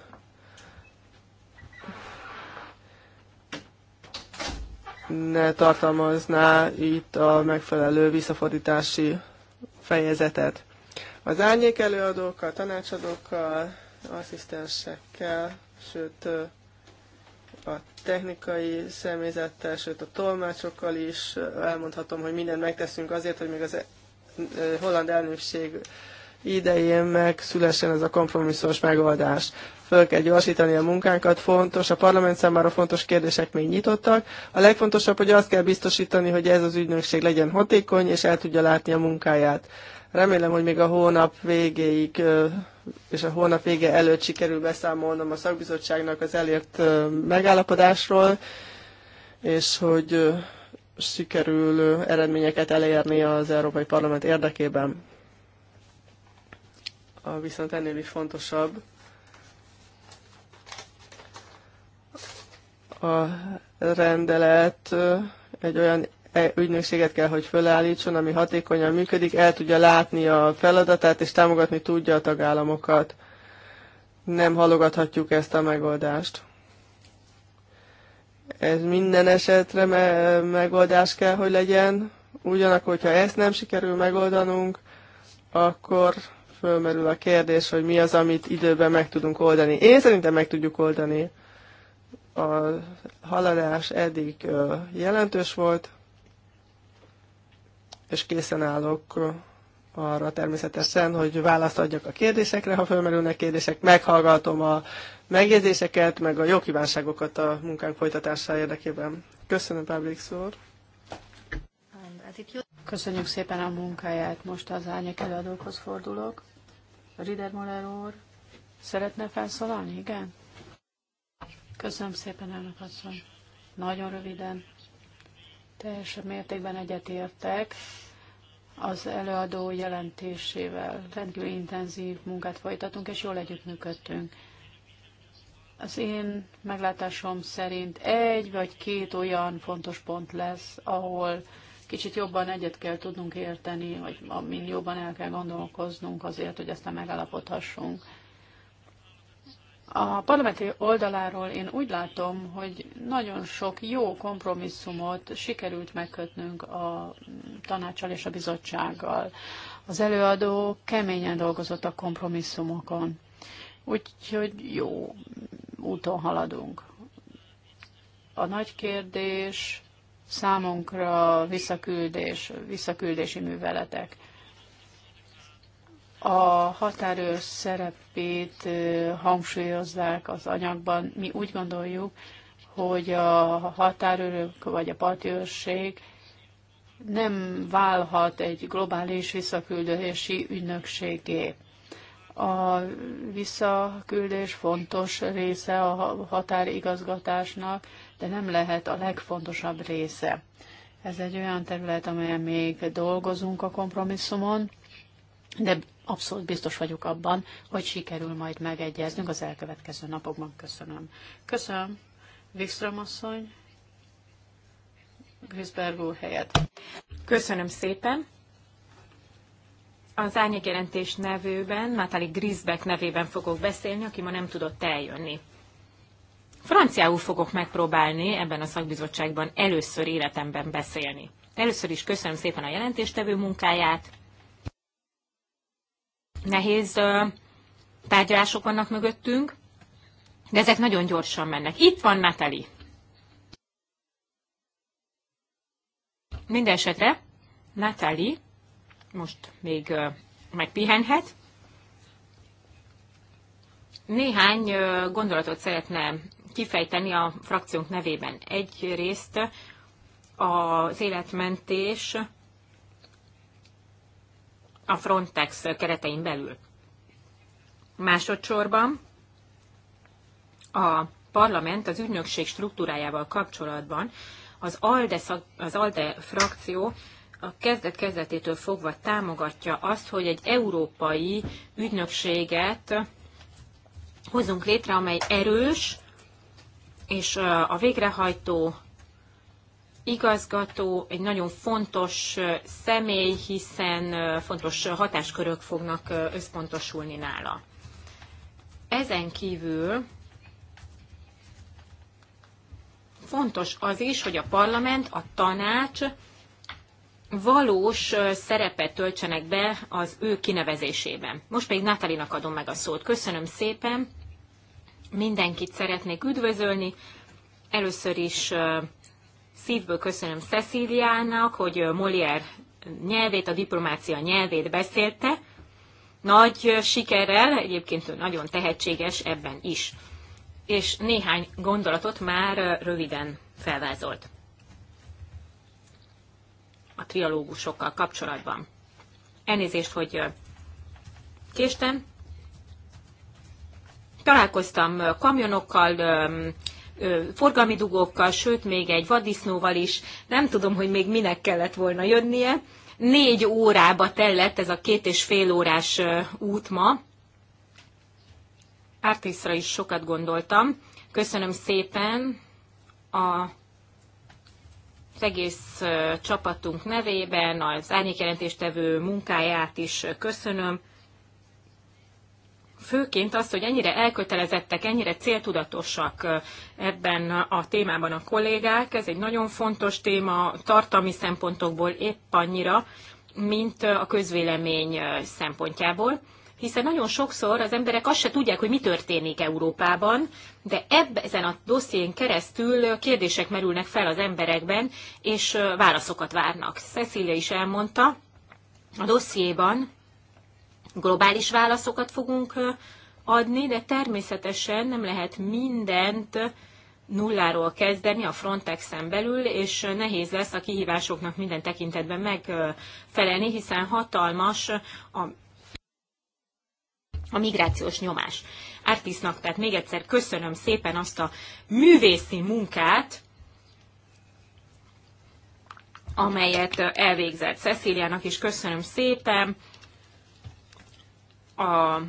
ne tartalmazná itt a megfelelő visszafordítási fejezetet. Az árnyék előadókkal, tanácsadókkal, asszisztensekkel, sőt a technikai személyzettel, sőt a tolmácsokkal is elmondhatom, hogy mindent megteszünk azért, hogy még az holland elnökség idején megszülessen ez a kompromisszós megoldás. Föl kell gyorsítani a munkánkat, fontos, a parlament számára fontos kérdések még nyitottak. A legfontosabb, hogy azt kell biztosítani, hogy ez az ügynökség legyen hatékony, és el tudja látni a munkáját. Remélem, hogy még a hónap végéig és a hónap vége előtt sikerül beszámolnom a szakbizottságnak az elért megállapodásról, és hogy sikerül eredményeket elérni az Európai Parlament érdekében. A viszont ennél is fontosabb a rendelet egy olyan e, ügynökséget kell, hogy fölállítson, ami hatékonyan működik, el tudja látni a feladatát, és támogatni tudja a tagállamokat. Nem halogathatjuk ezt a megoldást. Ez minden esetre me- megoldás kell, hogy legyen. Ugyanakkor, hogyha ezt nem sikerül megoldanunk, akkor fölmerül a kérdés, hogy mi az, amit időben meg tudunk oldani. Én szerintem meg tudjuk oldani. A haladás eddig jelentős volt, és készen állok arra természetesen, hogy választ adjak a kérdésekre, ha fölmerülnek kérdések, meghallgatom a megjegyzéseket, meg a jó kívánságokat a munkánk folytatása érdekében. Köszönöm, Pablik Szór! Köszönjük szépen a munkáját. Most az árnyék előadókhoz fordulok. Rider Moller úr, szeretne felszólalni? Igen? Köszönöm szépen, elnök asszony. Nagyon röviden. Teljes mértékben egyetértek az előadó jelentésével rendkívül intenzív munkát folytatunk, és jól együttműködtünk. Az én meglátásom szerint egy vagy két olyan fontos pont lesz, ahol kicsit jobban egyet kell tudnunk érteni, vagy amin jobban el kell gondolkoznunk azért, hogy ezt megállapodhassunk. A parlamenti oldaláról én úgy látom, hogy nagyon sok jó kompromisszumot sikerült megkötnünk a tanácsal és a bizottsággal. Az előadó keményen dolgozott a kompromisszumokon, úgyhogy jó úton haladunk. A nagy kérdés számunkra visszaküldés, visszaküldési műveletek a határőr szerepét hangsúlyozzák az anyagban. Mi úgy gondoljuk, hogy a határőrök vagy a partiőrség nem válhat egy globális visszaküldési ügynökségé. A visszaküldés fontos része a határigazgatásnak, de nem lehet a legfontosabb része. Ez egy olyan terület, amelyen még dolgozunk a kompromisszumon, de abszolút biztos vagyok abban, hogy sikerül majd megegyeznünk az elkövetkező napokban. Köszönöm. Köszönöm, Wikström asszony, Grisberg úr helyett. Köszönöm szépen. Az árnyékjelentés nevőben, Natali Grisbeck nevében fogok beszélni, aki ma nem tudott eljönni. Franciául fogok megpróbálni ebben a szakbizottságban először életemben beszélni. Először is köszönöm szépen a jelentéstevő munkáját, nehéz tárgyalások vannak mögöttünk, de ezek nagyon gyorsan mennek. Itt van Natali. Mindenesetre Natali most még megpihenhet. Néhány gondolatot szeretne kifejteni a frakciónk nevében. Egyrészt az életmentés a Frontex keretein belül. Másodszorban a parlament az ügynökség struktúrájával kapcsolatban az ALDE, szak, az ALDE frakció a kezdet-kezdetétől fogva támogatja azt, hogy egy európai ügynökséget hozunk létre, amely erős, és a végrehajtó igazgató egy nagyon fontos személy, hiszen fontos hatáskörök fognak összpontosulni nála. Ezen kívül fontos az is, hogy a parlament, a tanács valós szerepet töltsenek be az ő kinevezésében. Most pedig Natalinak adom meg a szót. Köszönöm szépen, mindenkit szeretnék üdvözölni. Először is Szívből köszönöm Cecíliának, hogy Molière nyelvét, a diplomácia nyelvét beszélte. Nagy sikerrel, egyébként ő nagyon tehetséges ebben is. És néhány gondolatot már röviden felvázolt a trialógusokkal kapcsolatban. Elnézést, hogy késtem. Találkoztam kamionokkal, forgalmi dugókkal, sőt még egy vaddisznóval is, nem tudom, hogy még minek kellett volna jönnie. Négy órába tellett ez a két és fél órás út ma. Artisra is sokat gondoltam. Köszönöm szépen a egész csapatunk nevében, az árnyékjelentéstevő munkáját is köszönöm főként az, hogy ennyire elkötelezettek, ennyire céltudatosak ebben a témában a kollégák. Ez egy nagyon fontos téma tartalmi szempontokból épp annyira, mint a közvélemény szempontjából hiszen nagyon sokszor az emberek azt se tudják, hogy mi történik Európában, de ebben a dosszién keresztül kérdések merülnek fel az emberekben, és válaszokat várnak. Cecília is elmondta, a dossziéban globális válaszokat fogunk adni, de természetesen nem lehet mindent nulláról kezdeni a Frontexen belül, és nehéz lesz a kihívásoknak minden tekintetben megfelelni, hiszen hatalmas a, a migrációs nyomás. Artisnak, tehát még egyszer köszönöm szépen azt a művészi munkát, amelyet elvégzett Ceciliának, is köszönöm szépen, a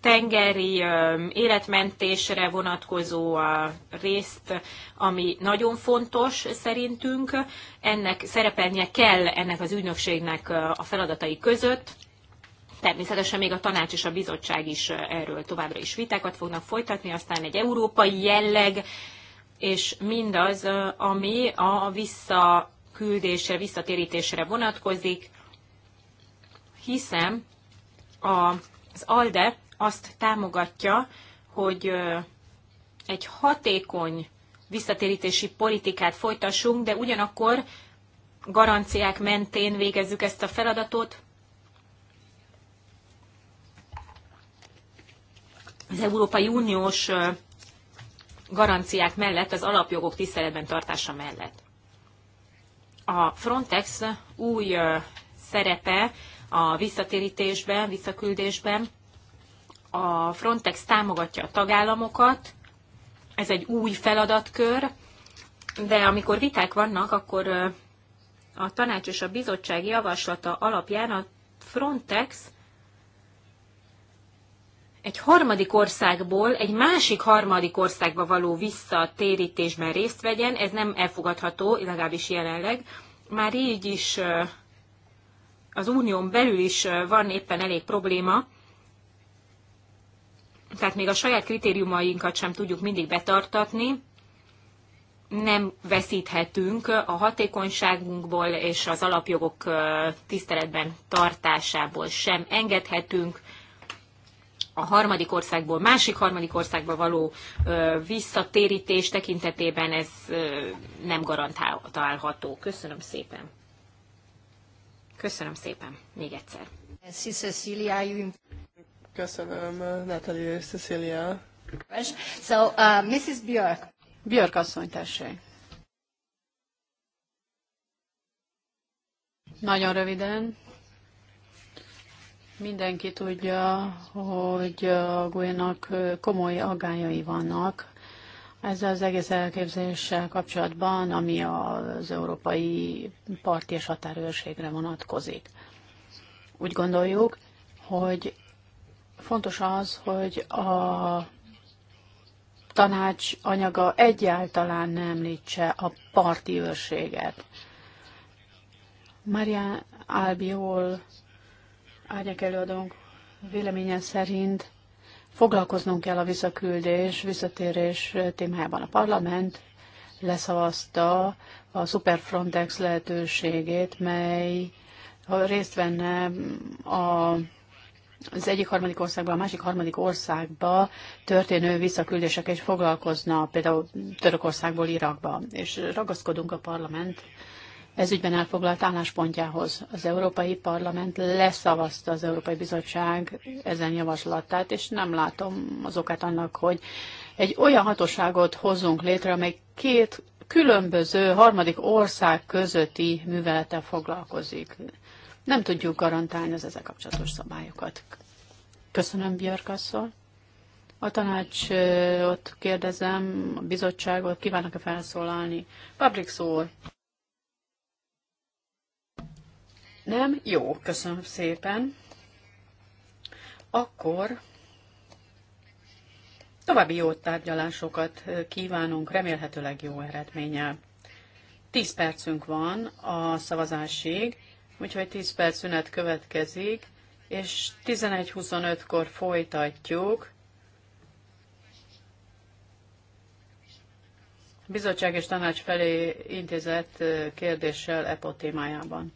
tengeri életmentésre vonatkozó a részt, ami nagyon fontos szerintünk. Ennek szerepelnie kell ennek az ügynökségnek a feladatai között. Természetesen még a tanács és a bizottság is erről továbbra is vitákat fognak folytatni, aztán egy európai jelleg, és mindaz, ami a visszaküldésre, visszatérítésre vonatkozik, hiszem, az ALDE azt támogatja, hogy egy hatékony visszatérítési politikát folytassunk, de ugyanakkor garanciák mentén végezzük ezt a feladatot. Az Európai Uniós garanciák mellett, az alapjogok tiszteletben tartása mellett. A Frontex új szerepe a visszatérítésben, visszaküldésben. A Frontex támogatja a tagállamokat, ez egy új feladatkör, de amikor viták vannak, akkor a tanács és a bizottság javaslata alapján a Frontex egy harmadik országból egy másik harmadik országba való visszatérítésben részt vegyen, ez nem elfogadható, legalábbis jelenleg. Már így is az unión belül is van éppen elég probléma, tehát még a saját kritériumainkat sem tudjuk mindig betartatni, nem veszíthetünk a hatékonyságunkból és az alapjogok tiszteletben tartásából sem engedhetünk. A harmadik országból, másik harmadik országba való visszatérítés tekintetében ez nem garantálható. Köszönöm szépen. Köszönöm szépen, még egyszer. Köszönöm, Natalie Cecilia. So, uh, Mrs. Björk. Björk asszony, tessék. Nagyon röviden. Mindenki tudja, hogy a uh, Guénak uh, komoly aggályai vannak ezzel az egész elképzeléssel kapcsolatban, ami az európai parti és határőrségre vonatkozik. Úgy gondoljuk, hogy fontos az, hogy a tanács anyaga egyáltalán nem említse a parti őrséget. Maria Albiol árnyék előadónk véleménye szerint Foglalkoznunk kell a visszaküldés, visszatérés témájában a parlament leszavazta a Super Frontex lehetőségét, mely részt venne a, az egyik harmadik országban, a másik harmadik országba történő visszaküldések és foglalkozna, például Törökországból Irakba, és ragaszkodunk a parlament ez ügyben elfoglalt álláspontjához. Az Európai Parlament leszavazta az Európai Bizottság ezen javaslatát, és nem látom az okát annak, hogy egy olyan hatóságot hozzunk létre, amely két különböző harmadik ország közötti művelete foglalkozik. Nem tudjuk garantálni az ezzel kapcsolatos szabályokat. Köszönöm, Björk asszony. A tanácsot kérdezem, a bizottságot, kívánok-e felszólalni? Public szól. Nem? Jó, köszönöm szépen. Akkor további jó tárgyalásokat kívánunk, remélhetőleg jó eredménnyel. Tíz percünk van a szavazásig, úgyhogy 10 perc szünet következik, és 11.25-kor folytatjuk. Bizottság és tanács felé intézett kérdéssel EPO témájában.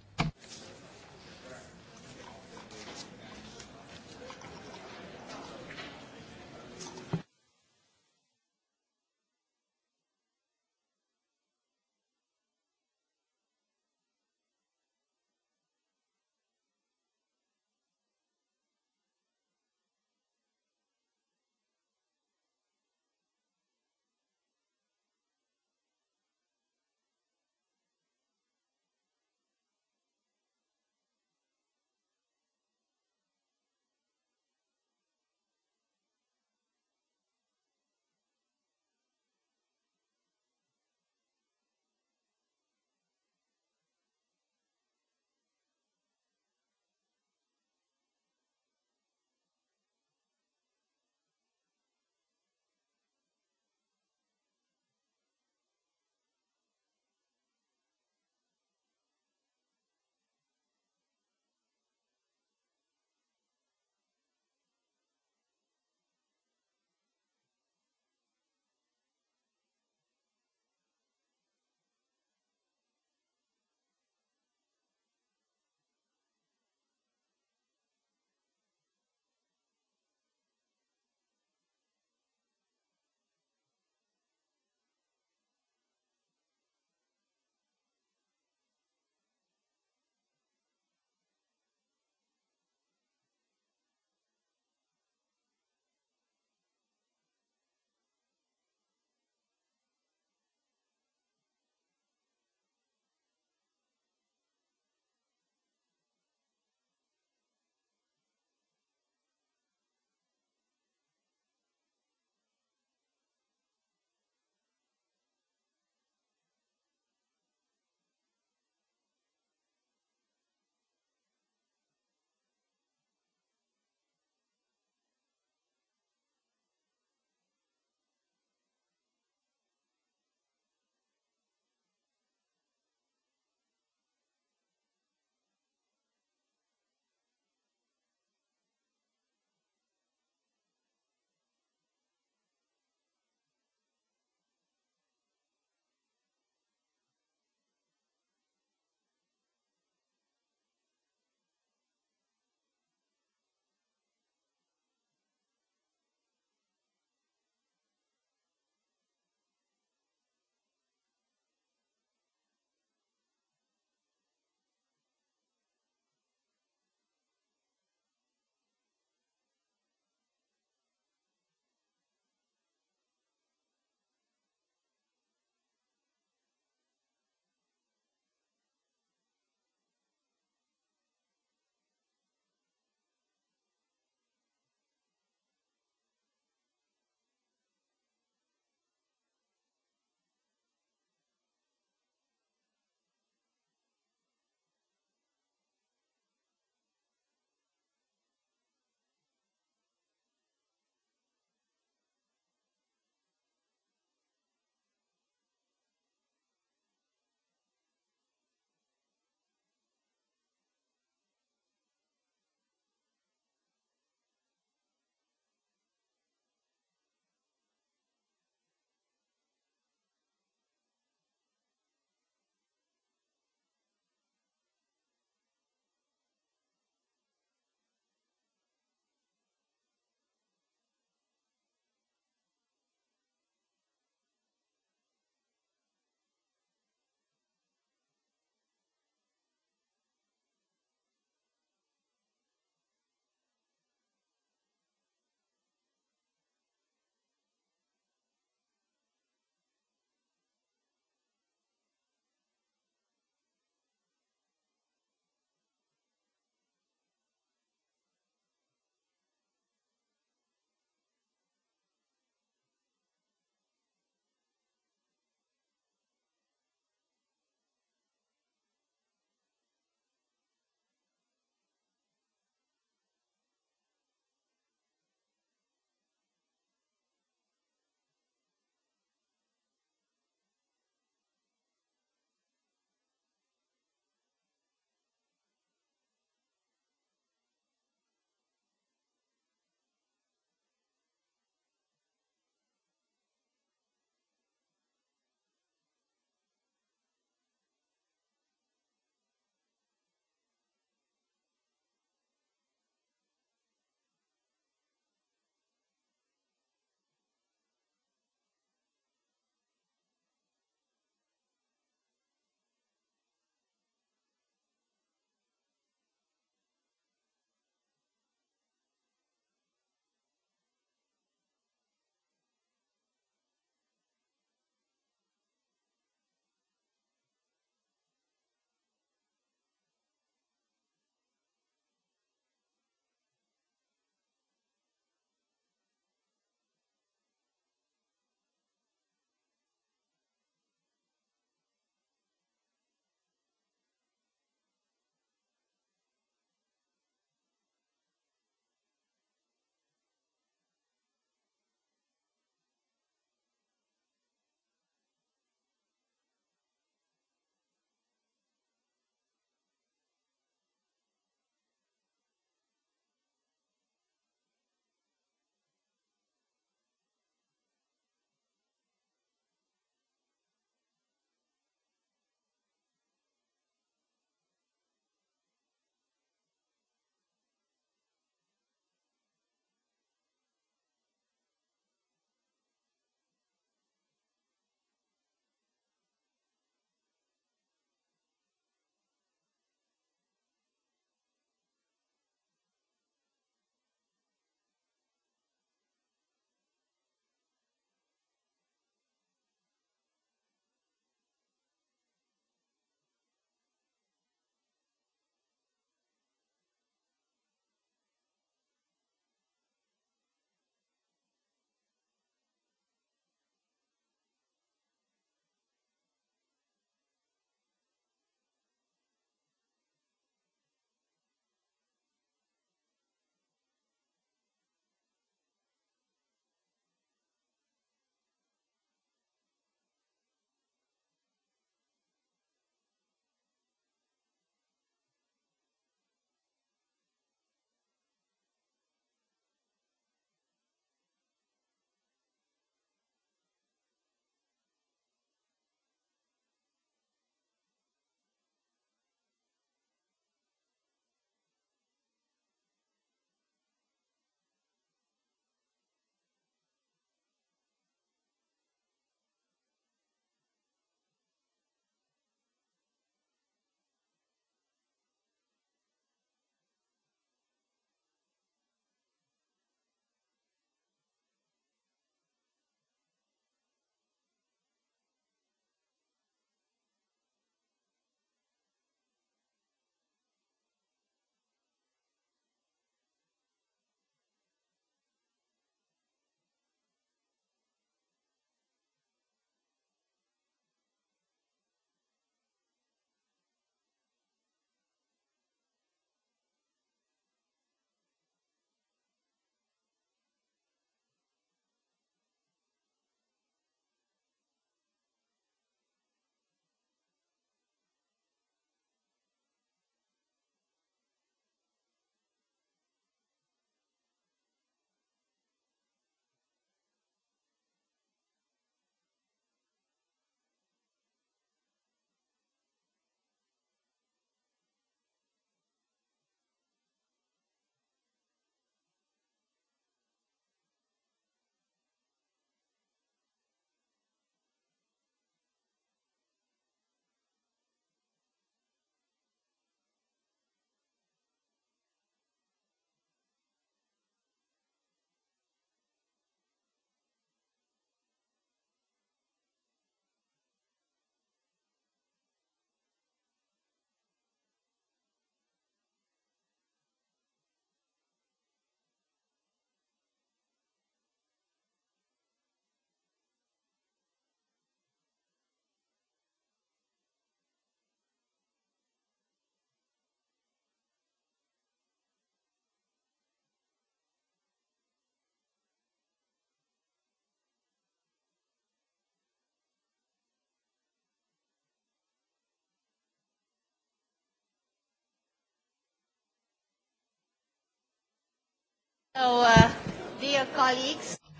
Uh,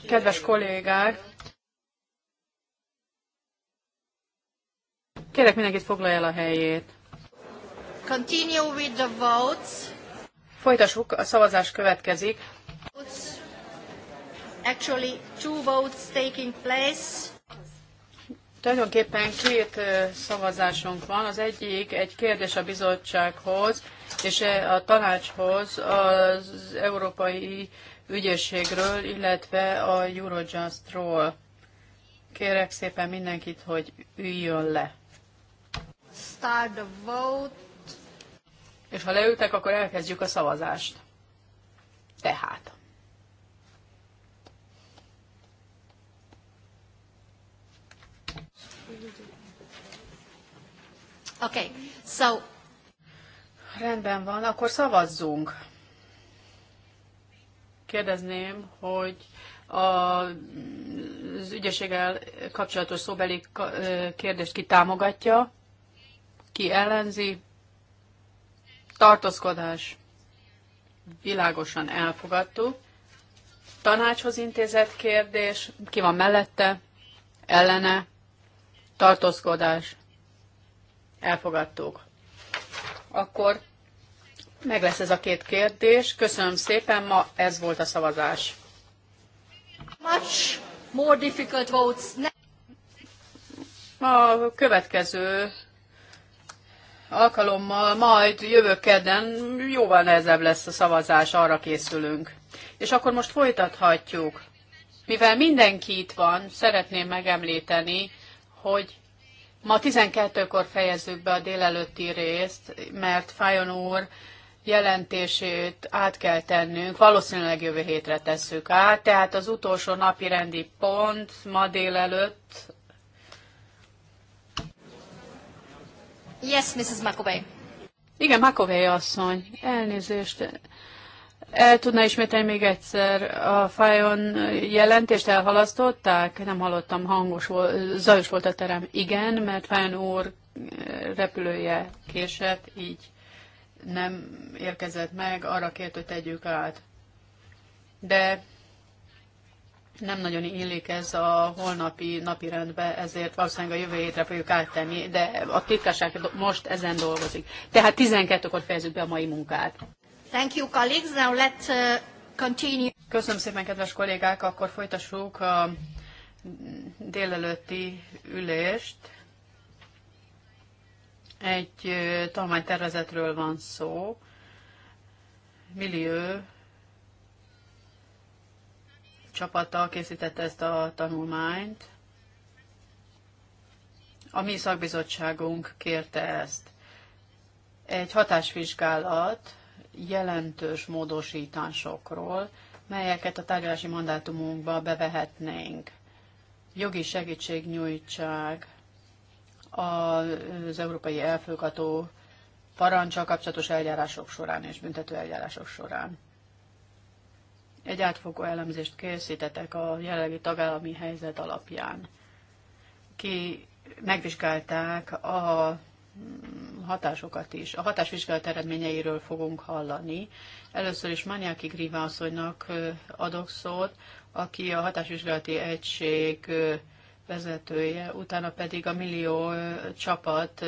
Kedves kollégák! Kérek mindenkit foglalja el a helyét. Continue with the votes. Folytassuk, a szavazás következik. Actually, two votes taking place. Tulajdonképpen két szavazásunk van. Az egyik egy kérdés a bizottsághoz és a tanácshoz az Európai Ügyészségről, illetve a Eurojustról. Kérek szépen mindenkit, hogy üljön le. Start the vote. És ha leültek, akkor elkezdjük a szavazást. Tehát. Okay, so... Rendben van, akkor szavazzunk. Kérdezném, hogy az ügyeséggel kapcsolatos szóbeli kérdést ki támogatja, ki ellenzi, tartózkodás világosan elfogadtuk. Tanácshoz intézett kérdés, ki van mellette, ellene, tartózkodás elfogadtuk. Akkor meg lesz ez a két kérdés. Köszönöm szépen, ma ez volt a szavazás. Much more difficult votes. A következő alkalommal, majd jövő kedden jóval nehezebb lesz a szavazás, arra készülünk. És akkor most folytathatjuk. Mivel mindenki itt van, szeretném megemlíteni, hogy Ma 12-kor fejezzük be a délelőtti részt, mert Fajon úr jelentését át kell tennünk, valószínűleg jövő hétre tesszük át, tehát az utolsó napi rendi pont ma délelőtt. Yes, Mrs. McAvey. Igen, McAvey asszony, elnézést. El tudna ismételni még egyszer, a fájon jelentést elhalasztották? Nem hallottam, hangos volt, zajos volt a terem. Igen, mert fájon úr eh, repülője késett, így nem érkezett meg, arra kért, hogy tegyük át. De nem nagyon illik ez a holnapi napi rendbe, ezért valószínűleg a jövő hétre fogjuk áttenni, de a titkárság most ezen dolgozik. Tehát 12-kor fejezzük be a mai munkát. Thank you, colleagues. Now let's uh, continue. Köszönöm szépen, kedves kollégák, akkor folytassuk a délelőtti ülést. Egy tanulmánytervezetről van szó, millió csapata készítette ezt a tanulmányt. A mi szakbizottságunk kérte ezt. Egy hatásvizsgálat jelentős módosításokról, melyeket a tárgyalási mandátumunkba bevehetnénk. Jogi segítség az európai elfőgató parancsal kapcsolatos eljárások során és büntető eljárások során. Egy átfogó elemzést készítetek a jelenlegi tagállami helyzet alapján. Ki megvizsgálták a hatásokat is. A hatásvizsgálat eredményeiről fogunk hallani. Először is Maniaki Griva asszonynak adok szót, aki a hatásvizsgálati egység vezetője, utána pedig a millió csapat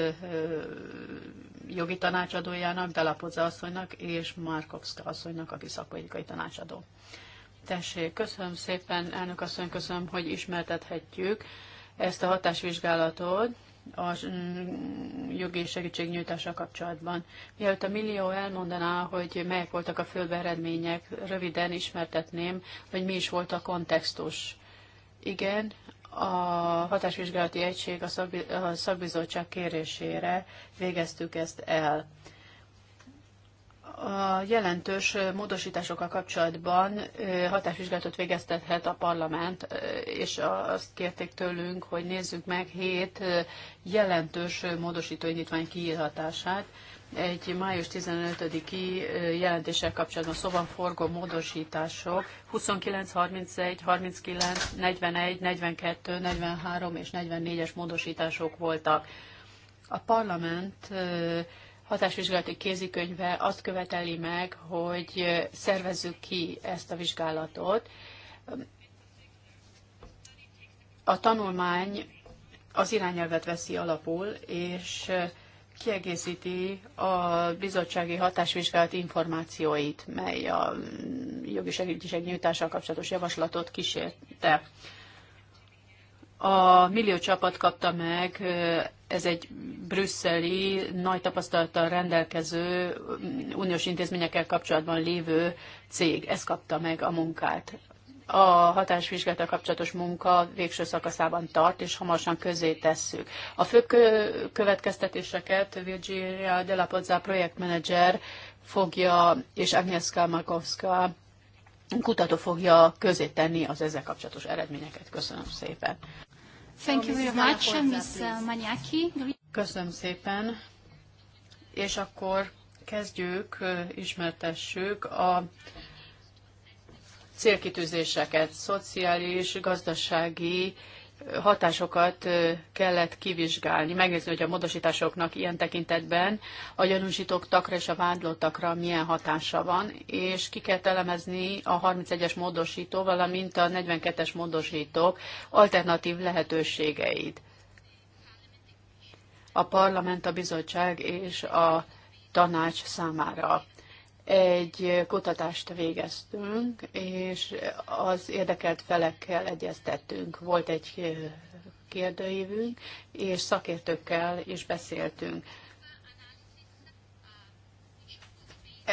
jogi tanácsadójának, Delapodza asszonynak és Markovska asszonynak, aki szakpolitikai tanácsadó. Tessék, köszönöm szépen, elnök asszony, köszönöm, hogy ismertethetjük ezt a hatásvizsgálatot a mm, jogi segítségnyújtással kapcsolatban. Mielőtt a millió elmondaná, hogy melyek voltak a főbb eredmények, röviden ismertetném, hogy mi is volt a kontextus. Igen, a hatásvizsgálati egység a, szakbizottság kérésére végeztük ezt el a jelentős módosításokkal kapcsolatban hatásvizsgálatot végeztethet a parlament, és azt kérték tőlünk, hogy nézzük meg hét jelentős módosító indítvány kiírhatását. Egy május 15-i jelentéssel kapcsolatban szóban forgó módosítások 29, 31, 39, 41, 42, 43 és 44-es módosítások voltak. A parlament hatásvizsgálati kézikönyve azt követeli meg, hogy szervezzük ki ezt a vizsgálatot. A tanulmány az irányelvet veszi alapul, és kiegészíti a bizottsági hatásvizsgálat információit, mely a jogi segítségnyújtással kapcsolatos javaslatot kísérte. A millió csapat kapta meg, ez egy brüsszeli, nagy tapasztalattal rendelkező, mm, uniós intézményekkel kapcsolatban lévő cég. Ez kapta meg a munkát. A hatásvizsgálata kapcsolatos munka végső szakaszában tart, és hamarosan közé tesszük. A fő következtetéseket Virginia Delapozza projektmenedzser fogja, és Agnieszka Markovska kutató fogja közé tenni az ezzel kapcsolatos eredményeket. Köszönöm szépen. Thank you very much, Ms. Uh, Maniaki. Köszönöm szépen. És akkor kezdjük, uh, ismertessük a célkitűzéseket, szociális, gazdasági hatásokat kellett kivizsgálni, megnézni, hogy a módosításoknak ilyen tekintetben a gyanúsítottakra és a vádlottakra milyen hatása van, és ki kell elemezni a 31-es módosító, valamint a 42-es módosítók alternatív lehetőségeit. A parlament, a bizottság és a tanács számára egy kutatást végeztünk, és az érdekelt felekkel egyeztettünk. Volt egy kérdőívünk, és szakértőkkel is beszéltünk.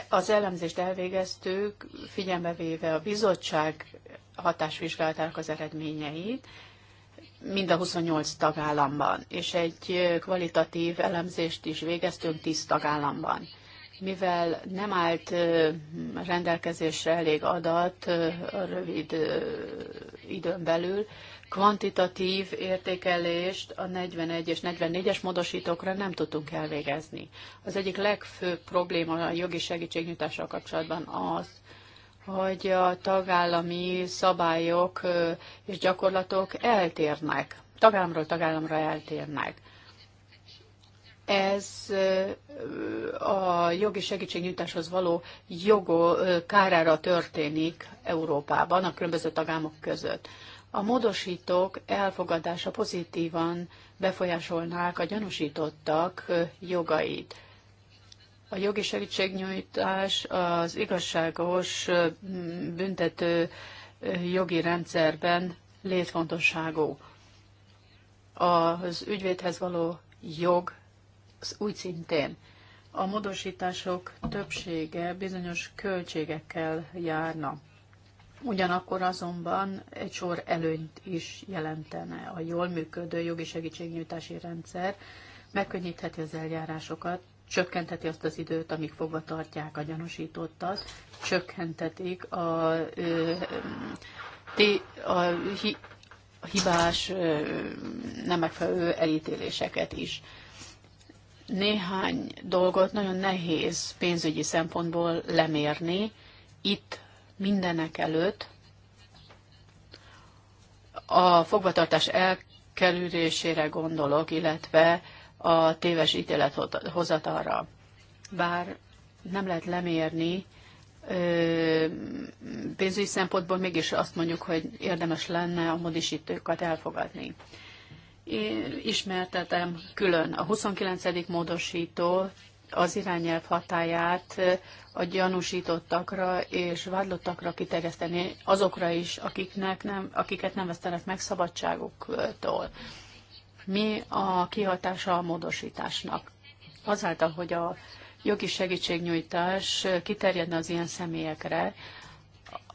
Az elemzést elvégeztük, figyelembe véve a bizottság hatásvizsgálatának az eredményeit, mind a 28 tagállamban, és egy kvalitatív elemzést is végeztünk 10 tagállamban mivel nem állt rendelkezésre elég adat a rövid időn belül, kvantitatív értékelést a 41 és 44-es módosítókra nem tudtunk elvégezni. Az egyik legfőbb probléma a jogi segítségnyújtással kapcsolatban az, hogy a tagállami szabályok és gyakorlatok eltérnek, tagállamról tagállamra eltérnek ez a jogi segítségnyújtáshoz való jogó kárára történik Európában, a különböző tagállamok között. A módosítók elfogadása pozitívan befolyásolnák a gyanúsítottak jogait. A jogi segítségnyújtás az igazságos büntető jogi rendszerben létfontosságú. Az ügyvédhez való jog úgy szintén. A módosítások többsége bizonyos költségekkel járna. Ugyanakkor azonban egy sor előnyt is jelentene. A jól működő jogi segítségnyújtási rendszer megkönnyítheti az eljárásokat, csökkentheti azt az időt, amíg fogva tartják a gyanúsítottat, csökkentetik a, a, a, a hibás, nem megfelelő elítéléseket is néhány dolgot nagyon nehéz pénzügyi szempontból lemérni. Itt mindenek előtt a fogvatartás elkerülésére gondolok, illetve a téves ítélethozatalra. Bár nem lehet lemérni, pénzügyi szempontból mégis azt mondjuk, hogy érdemes lenne a modisítőkat elfogadni ismertetem külön. A 29. módosító az irányelv hatáját eh, a gyanúsítottakra és vádlottakra kiterjeszteni azokra is, akiknek nem, akiket nem vesztenek meg szabadságuktól. Mi a kihatása a módosításnak? Azáltal, hogy a jogi segítségnyújtás kiterjedne az ilyen személyekre,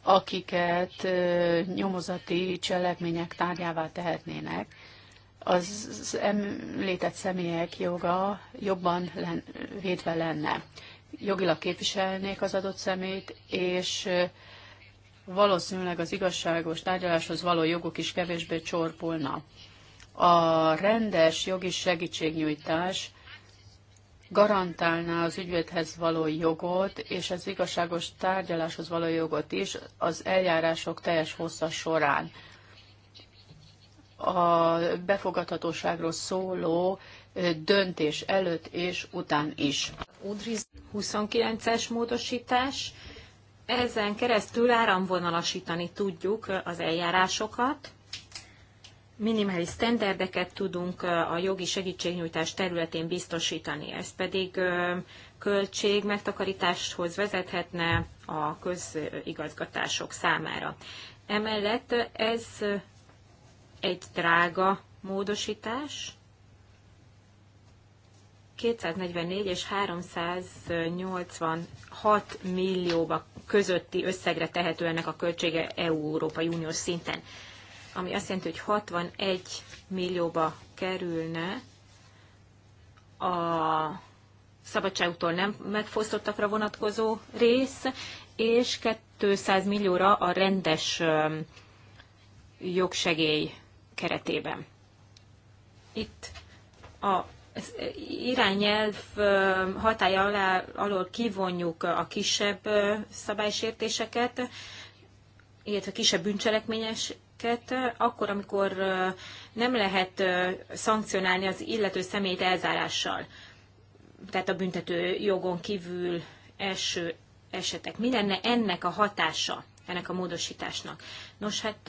akiket eh, nyomozati cselekmények tárgyává tehetnének, az említett személyek joga jobban len, védve lenne. Jogilag képviselnék az adott szemét, és valószínűleg az igazságos tárgyaláshoz való jogok is kevésbé csorpulna. A rendes jogi segítségnyújtás garantálná az ügyvédhez való jogot, és az igazságos tárgyaláshoz való jogot is az eljárások teljes hossza során a befogadhatóságról szóló döntés előtt és után is. Udriz 29-es módosítás. Ezen keresztül áramvonalasítani tudjuk az eljárásokat, minimális sztenderdeket tudunk a jogi segítségnyújtás területén biztosítani. Ez pedig költség megtakarításhoz vezethetne a közigazgatások számára. Emellett ez egy drága módosítás, 244 és 386 millióba közötti összegre tehető ennek a költsége Európai Uniós szinten, ami azt jelenti, hogy 61 millióba kerülne a szabadságútól nem megfosztottakra vonatkozó rész, és 200 millióra a rendes jogsegély keretében. Itt a az irányelv hatája alá, alól kivonjuk a kisebb szabálysértéseket, illetve kisebb bűncselekményeseket, akkor, amikor nem lehet szankcionálni az illető személyt elzárással, tehát a büntető jogon kívül eső esetek. Mi lenne ennek a hatása, ennek a módosításnak? Nos, hát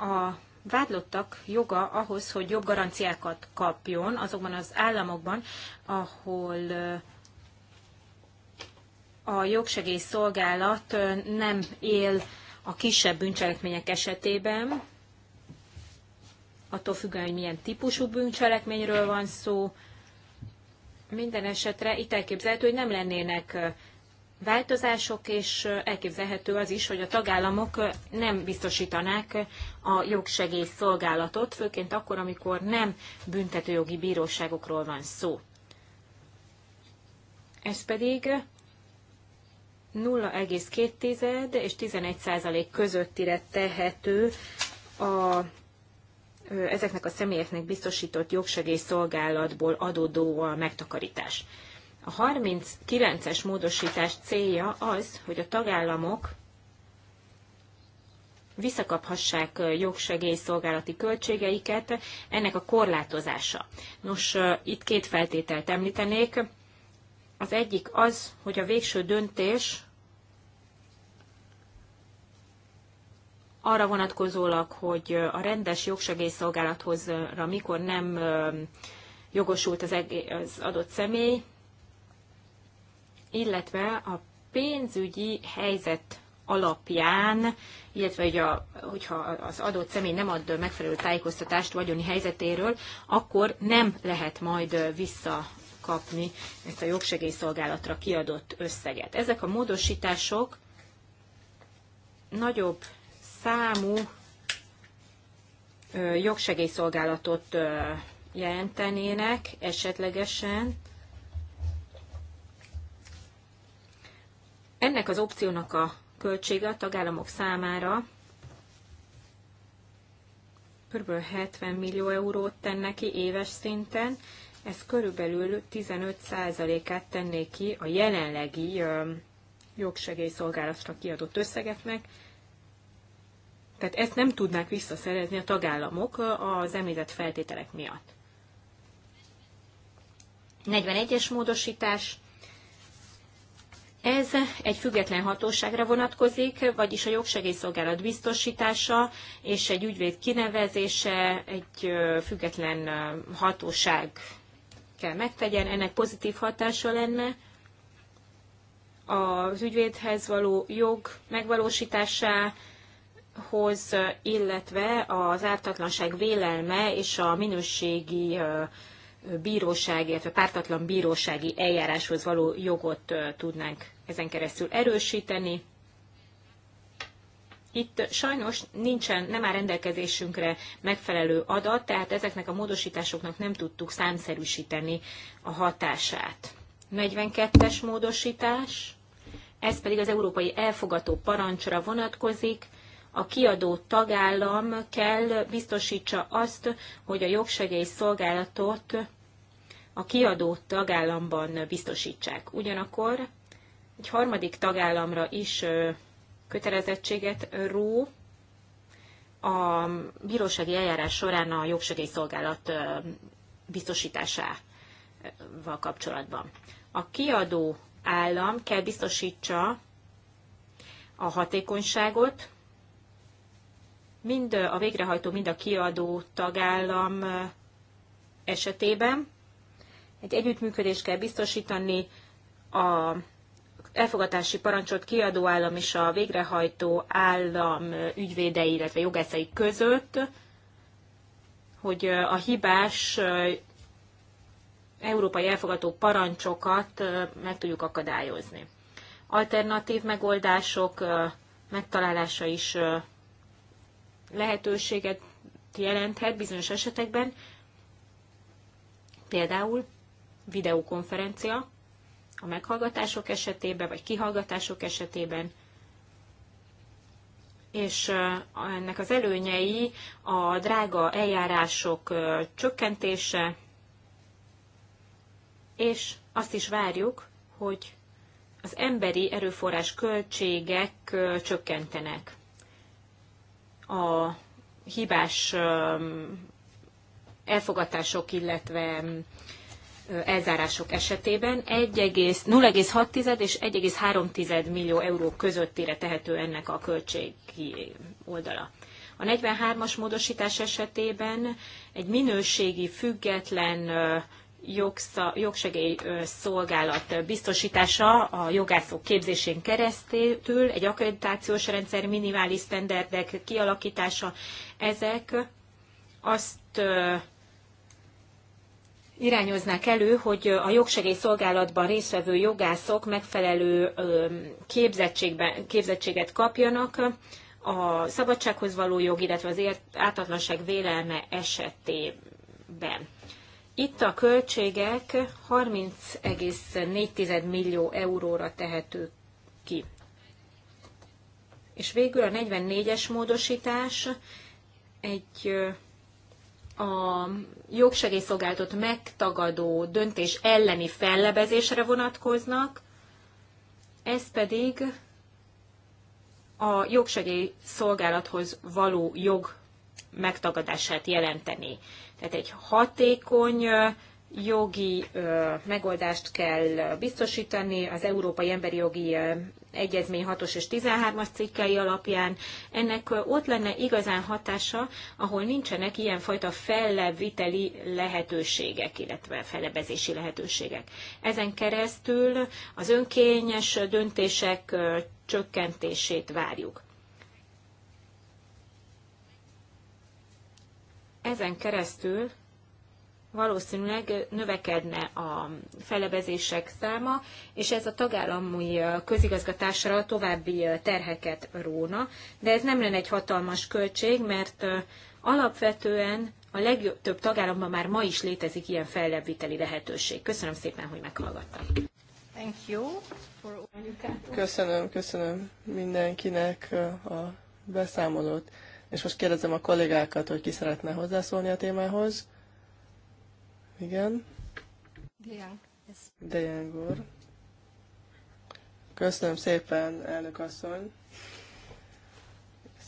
a vádlottak joga ahhoz, hogy jobb garanciákat kapjon azokban az államokban, ahol a jogsegély nem él a kisebb bűncselekmények esetében, attól függően, hogy milyen típusú bűncselekményről van szó. Minden esetre itt elképzelhető, hogy nem lennének változások, és elképzelhető az is, hogy a tagállamok nem biztosítanák a jogsegély szolgálatot, főként akkor, amikor nem büntetőjogi bíróságokról van szó. Ez pedig 0,2 és 11 százalék közöttire tehető a, ezeknek a személyeknek biztosított szolgálatból adódó a megtakarítás. A 39-es módosítás célja az, hogy a tagállamok visszakaphassák jogsegélyszolgálati költségeiket, ennek a korlátozása. Nos, itt két feltételt említenék. Az egyik az, hogy a végső döntés arra vonatkozólag, hogy a rendes jogsegélyszolgálathozra mikor nem jogosult az, az adott személy, illetve a pénzügyi helyzet alapján, illetve hogy a, hogyha az adott személy nem ad megfelelő tájékoztatást vagyoni helyzetéről, akkor nem lehet majd visszakapni ezt a jogsegélyszolgálatra kiadott összeget. Ezek a módosítások nagyobb számú jogsegélyszolgálatot jelentenének esetlegesen, Ennek az opciónak a költsége a tagállamok számára kb. 70 millió eurót tenne ki éves szinten, ez körülbelül 15%-át tenné ki a jelenlegi jogsegélyszolgálatra kiadott összegeknek, tehát ezt nem tudnák visszaszerezni a tagállamok az említett feltételek miatt. 41-es módosítás ez egy független hatóságra vonatkozik, vagyis a jogsegélyszolgálat biztosítása és egy ügyvéd kinevezése egy független hatóság kell megtegyen. Ennek pozitív hatása lenne az ügyvédhez való jog megvalósításához, illetve az ártatlanság vélelme és a minőségi bíróság, illetve pártatlan bírósági eljáráshoz való jogot tudnánk ezen keresztül erősíteni. Itt sajnos nincsen, nem áll rendelkezésünkre megfelelő adat, tehát ezeknek a módosításoknak nem tudtuk számszerűsíteni a hatását. 42-es módosítás, ez pedig az európai elfogató parancsra vonatkozik, a kiadó tagállam kell biztosítsa azt, hogy a jogsegély szolgálatot a kiadó tagállamban biztosítsák. Ugyanakkor egy harmadik tagállamra is kötelezettséget ró a bírósági eljárás során a jogsegélyszolgálat biztosításával kapcsolatban. A kiadó állam kell biztosítsa a hatékonyságot, mind a végrehajtó, mind a kiadó tagállam esetében. Egy együttműködést kell biztosítani a Elfogadási parancsot kiadó állam és a végrehajtó állam ügyvédei, illetve jogászai között, hogy a hibás európai elfogadó parancsokat meg tudjuk akadályozni. Alternatív megoldások megtalálása is lehetőséget jelenthet bizonyos esetekben, például videokonferencia, a meghallgatások esetében, vagy kihallgatások esetében, és ennek az előnyei a drága eljárások csökkentése, és azt is várjuk, hogy az emberi erőforrás költségek csökkentenek. A hibás elfogatások, illetve elzárások esetében 0,6 és 1,3 millió euró közöttire tehető ennek a költségi oldala. A 43-as módosítás esetében egy minőségi, független jogsegély szolgálat biztosítása a jogászok képzésén keresztül, egy akkreditációs rendszer, minimális sztenderdek kialakítása, ezek azt irányoznák elő, hogy a jogsegélyszolgálatban résztvevő jogászok megfelelő képzettséget kapjanak a szabadsághoz való jog, illetve az ártatlanság vélelme esetében. Itt a költségek 30,4 millió euróra tehető ki. És végül a 44-es módosítás egy a jogsegélyszolgáltat megtagadó döntés elleni fellebezésre vonatkoznak, ez pedig a jogsegélyszolgálathoz való jog megtagadását jelenteni. Tehát egy hatékony jogi megoldást kell biztosítani az Európai Emberi Jogi Egyezmény 6-os és 13-as cikkei alapján. Ennek ott lenne igazán hatása, ahol nincsenek ilyenfajta felleviteli lehetőségek, illetve felebezési lehetőségek. Ezen keresztül az önkényes döntések csökkentését várjuk. Ezen keresztül valószínűleg növekedne a felebezések száma, és ez a tagállami közigazgatásra további terheket róna, de ez nem lenne egy hatalmas költség, mert alapvetően a legtöbb tagállamban már ma is létezik ilyen fellebbviteli lehetőség. Köszönöm szépen, hogy meghallgattam. Thank you for... Köszönöm, köszönöm mindenkinek a beszámolót. És most kérdezem a kollégákat, hogy ki szeretne hozzászólni a témához. Igen. Dejang Köszönöm szépen, elnök asszony.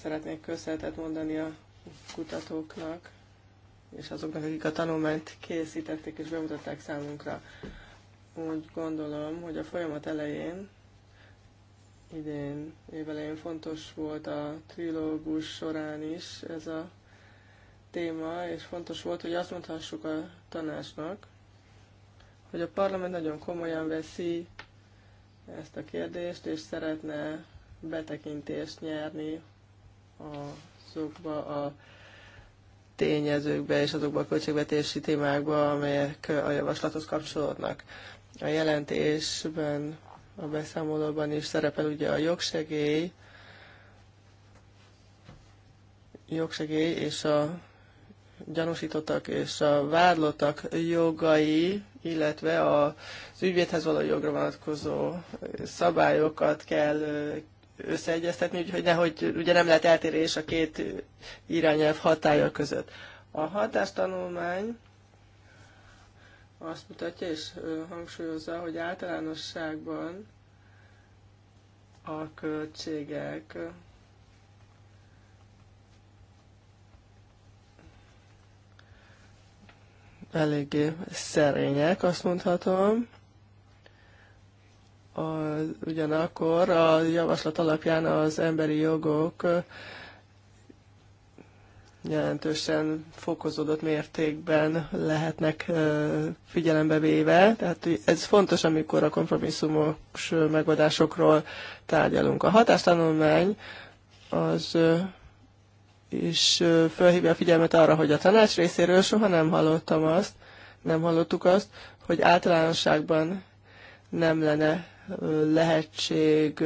Szeretnék köszönetet mondani a kutatóknak és azoknak, akik a tanulmányt készítették és bemutatták számunkra. Úgy gondolom, hogy a folyamat elején, idén, évelején fontos volt a trilógus során is ez a téma, és fontos volt, hogy azt mondhassuk a tanácsnak, hogy a parlament nagyon komolyan veszi ezt a kérdést, és szeretne betekintést nyerni azokba a tényezőkbe és azokba a költségvetési témákba, amelyek a javaslathoz kapcsolódnak. A jelentésben, a beszámolóban is szerepel ugye a jogsegély, jogsegély és a gyanúsítottak és a vádlottak jogai, illetve az ügyvédhez való jogra vonatkozó szabályokat kell összeegyeztetni, úgyhogy nehogy, ugye nem lehet eltérés a két irányelv hatája között. A hatástanulmány azt mutatja és hangsúlyozza, hogy általánosságban a költségek eléggé szerények, azt mondhatom. A, ugyanakkor a javaslat alapján az emberi jogok jelentősen fokozódott mértékben lehetnek figyelembe véve. Tehát ez fontos, amikor a kompromisszumos megoldásokról tárgyalunk. A hatástanulmány az és felhívja a figyelmet arra, hogy a tanács részéről soha nem hallottam azt, nem hallottuk azt, hogy általánosságban nem lenne lehetség,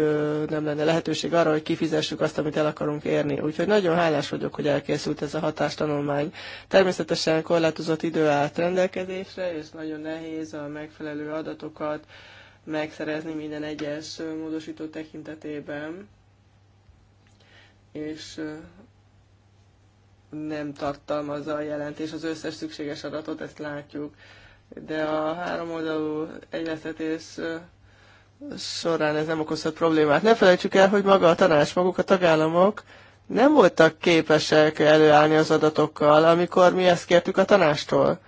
nem lenne lehetőség arra, hogy kifizessük azt, amit el akarunk érni. Úgyhogy nagyon hálás vagyok, hogy elkészült ez a hatástanulmány. Természetesen korlátozott idő állt rendelkezésre, és nagyon nehéz a megfelelő adatokat megszerezni minden egyes módosító tekintetében. És nem tartalmazza a jelentés az összes szükséges adatot, ezt látjuk. De a három oldalú egyeztetés során ez nem okozhat problémát. Ne felejtsük el, hogy maga a tanács, maguk a tagállamok nem voltak képesek előállni az adatokkal, amikor mi ezt kértük a tanástól.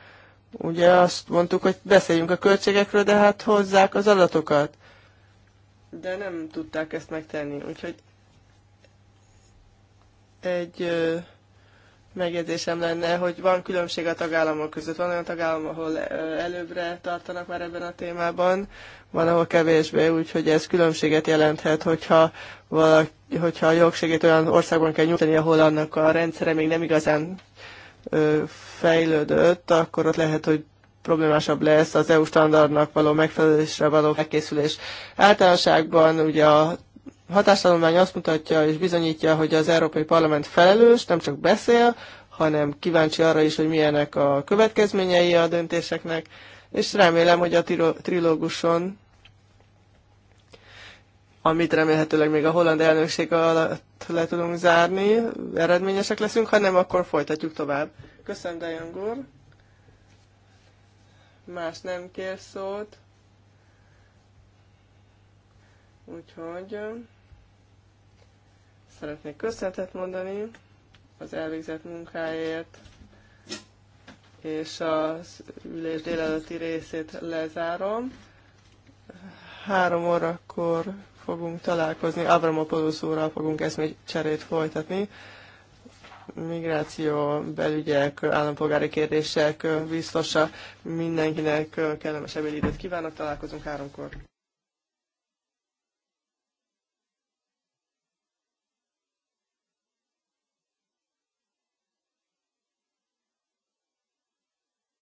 Ugye azt mondtuk, hogy beszéljünk a költségekről, de hát hozzák az adatokat. De nem tudták ezt megtenni, úgyhogy egy megjegyzésem lenne, hogy van különbség a tagállamok között. Van olyan tagállam, ahol előbbre tartanak már ebben a témában, van, ahol kevésbé, úgyhogy ez különbséget jelenthet, hogyha, valaki, hogyha a jogségét olyan országban kell nyújtani, ahol annak a rendszere még nem igazán fejlődött, akkor ott lehet, hogy problémásabb lesz az EU standardnak való megfelelésre való elkészülés. Általánoságban ugye a hatástanulmány azt mutatja és bizonyítja, hogy az Európai Parlament felelős, nem csak beszél, hanem kíváncsi arra is, hogy milyenek a következményei a döntéseknek, és remélem, hogy a trilóguson, amit remélhetőleg még a holland elnökség alatt le tudunk zárni, eredményesek leszünk, ha nem, akkor folytatjuk tovább. Köszönöm, Dajan Gur. Más nem kér szót. Úgyhogy... Szeretnék köszönetet mondani az elvégzett munkáért, és az ülés délelőtti részét lezárom. Három órakor fogunk találkozni, Avramopoulos úrral fogunk még cserét folytatni. Migráció, belügyek, állampolgári kérdések biztosa. Mindenkinek kellemes ebédidőt kívánok, találkozunk háromkor.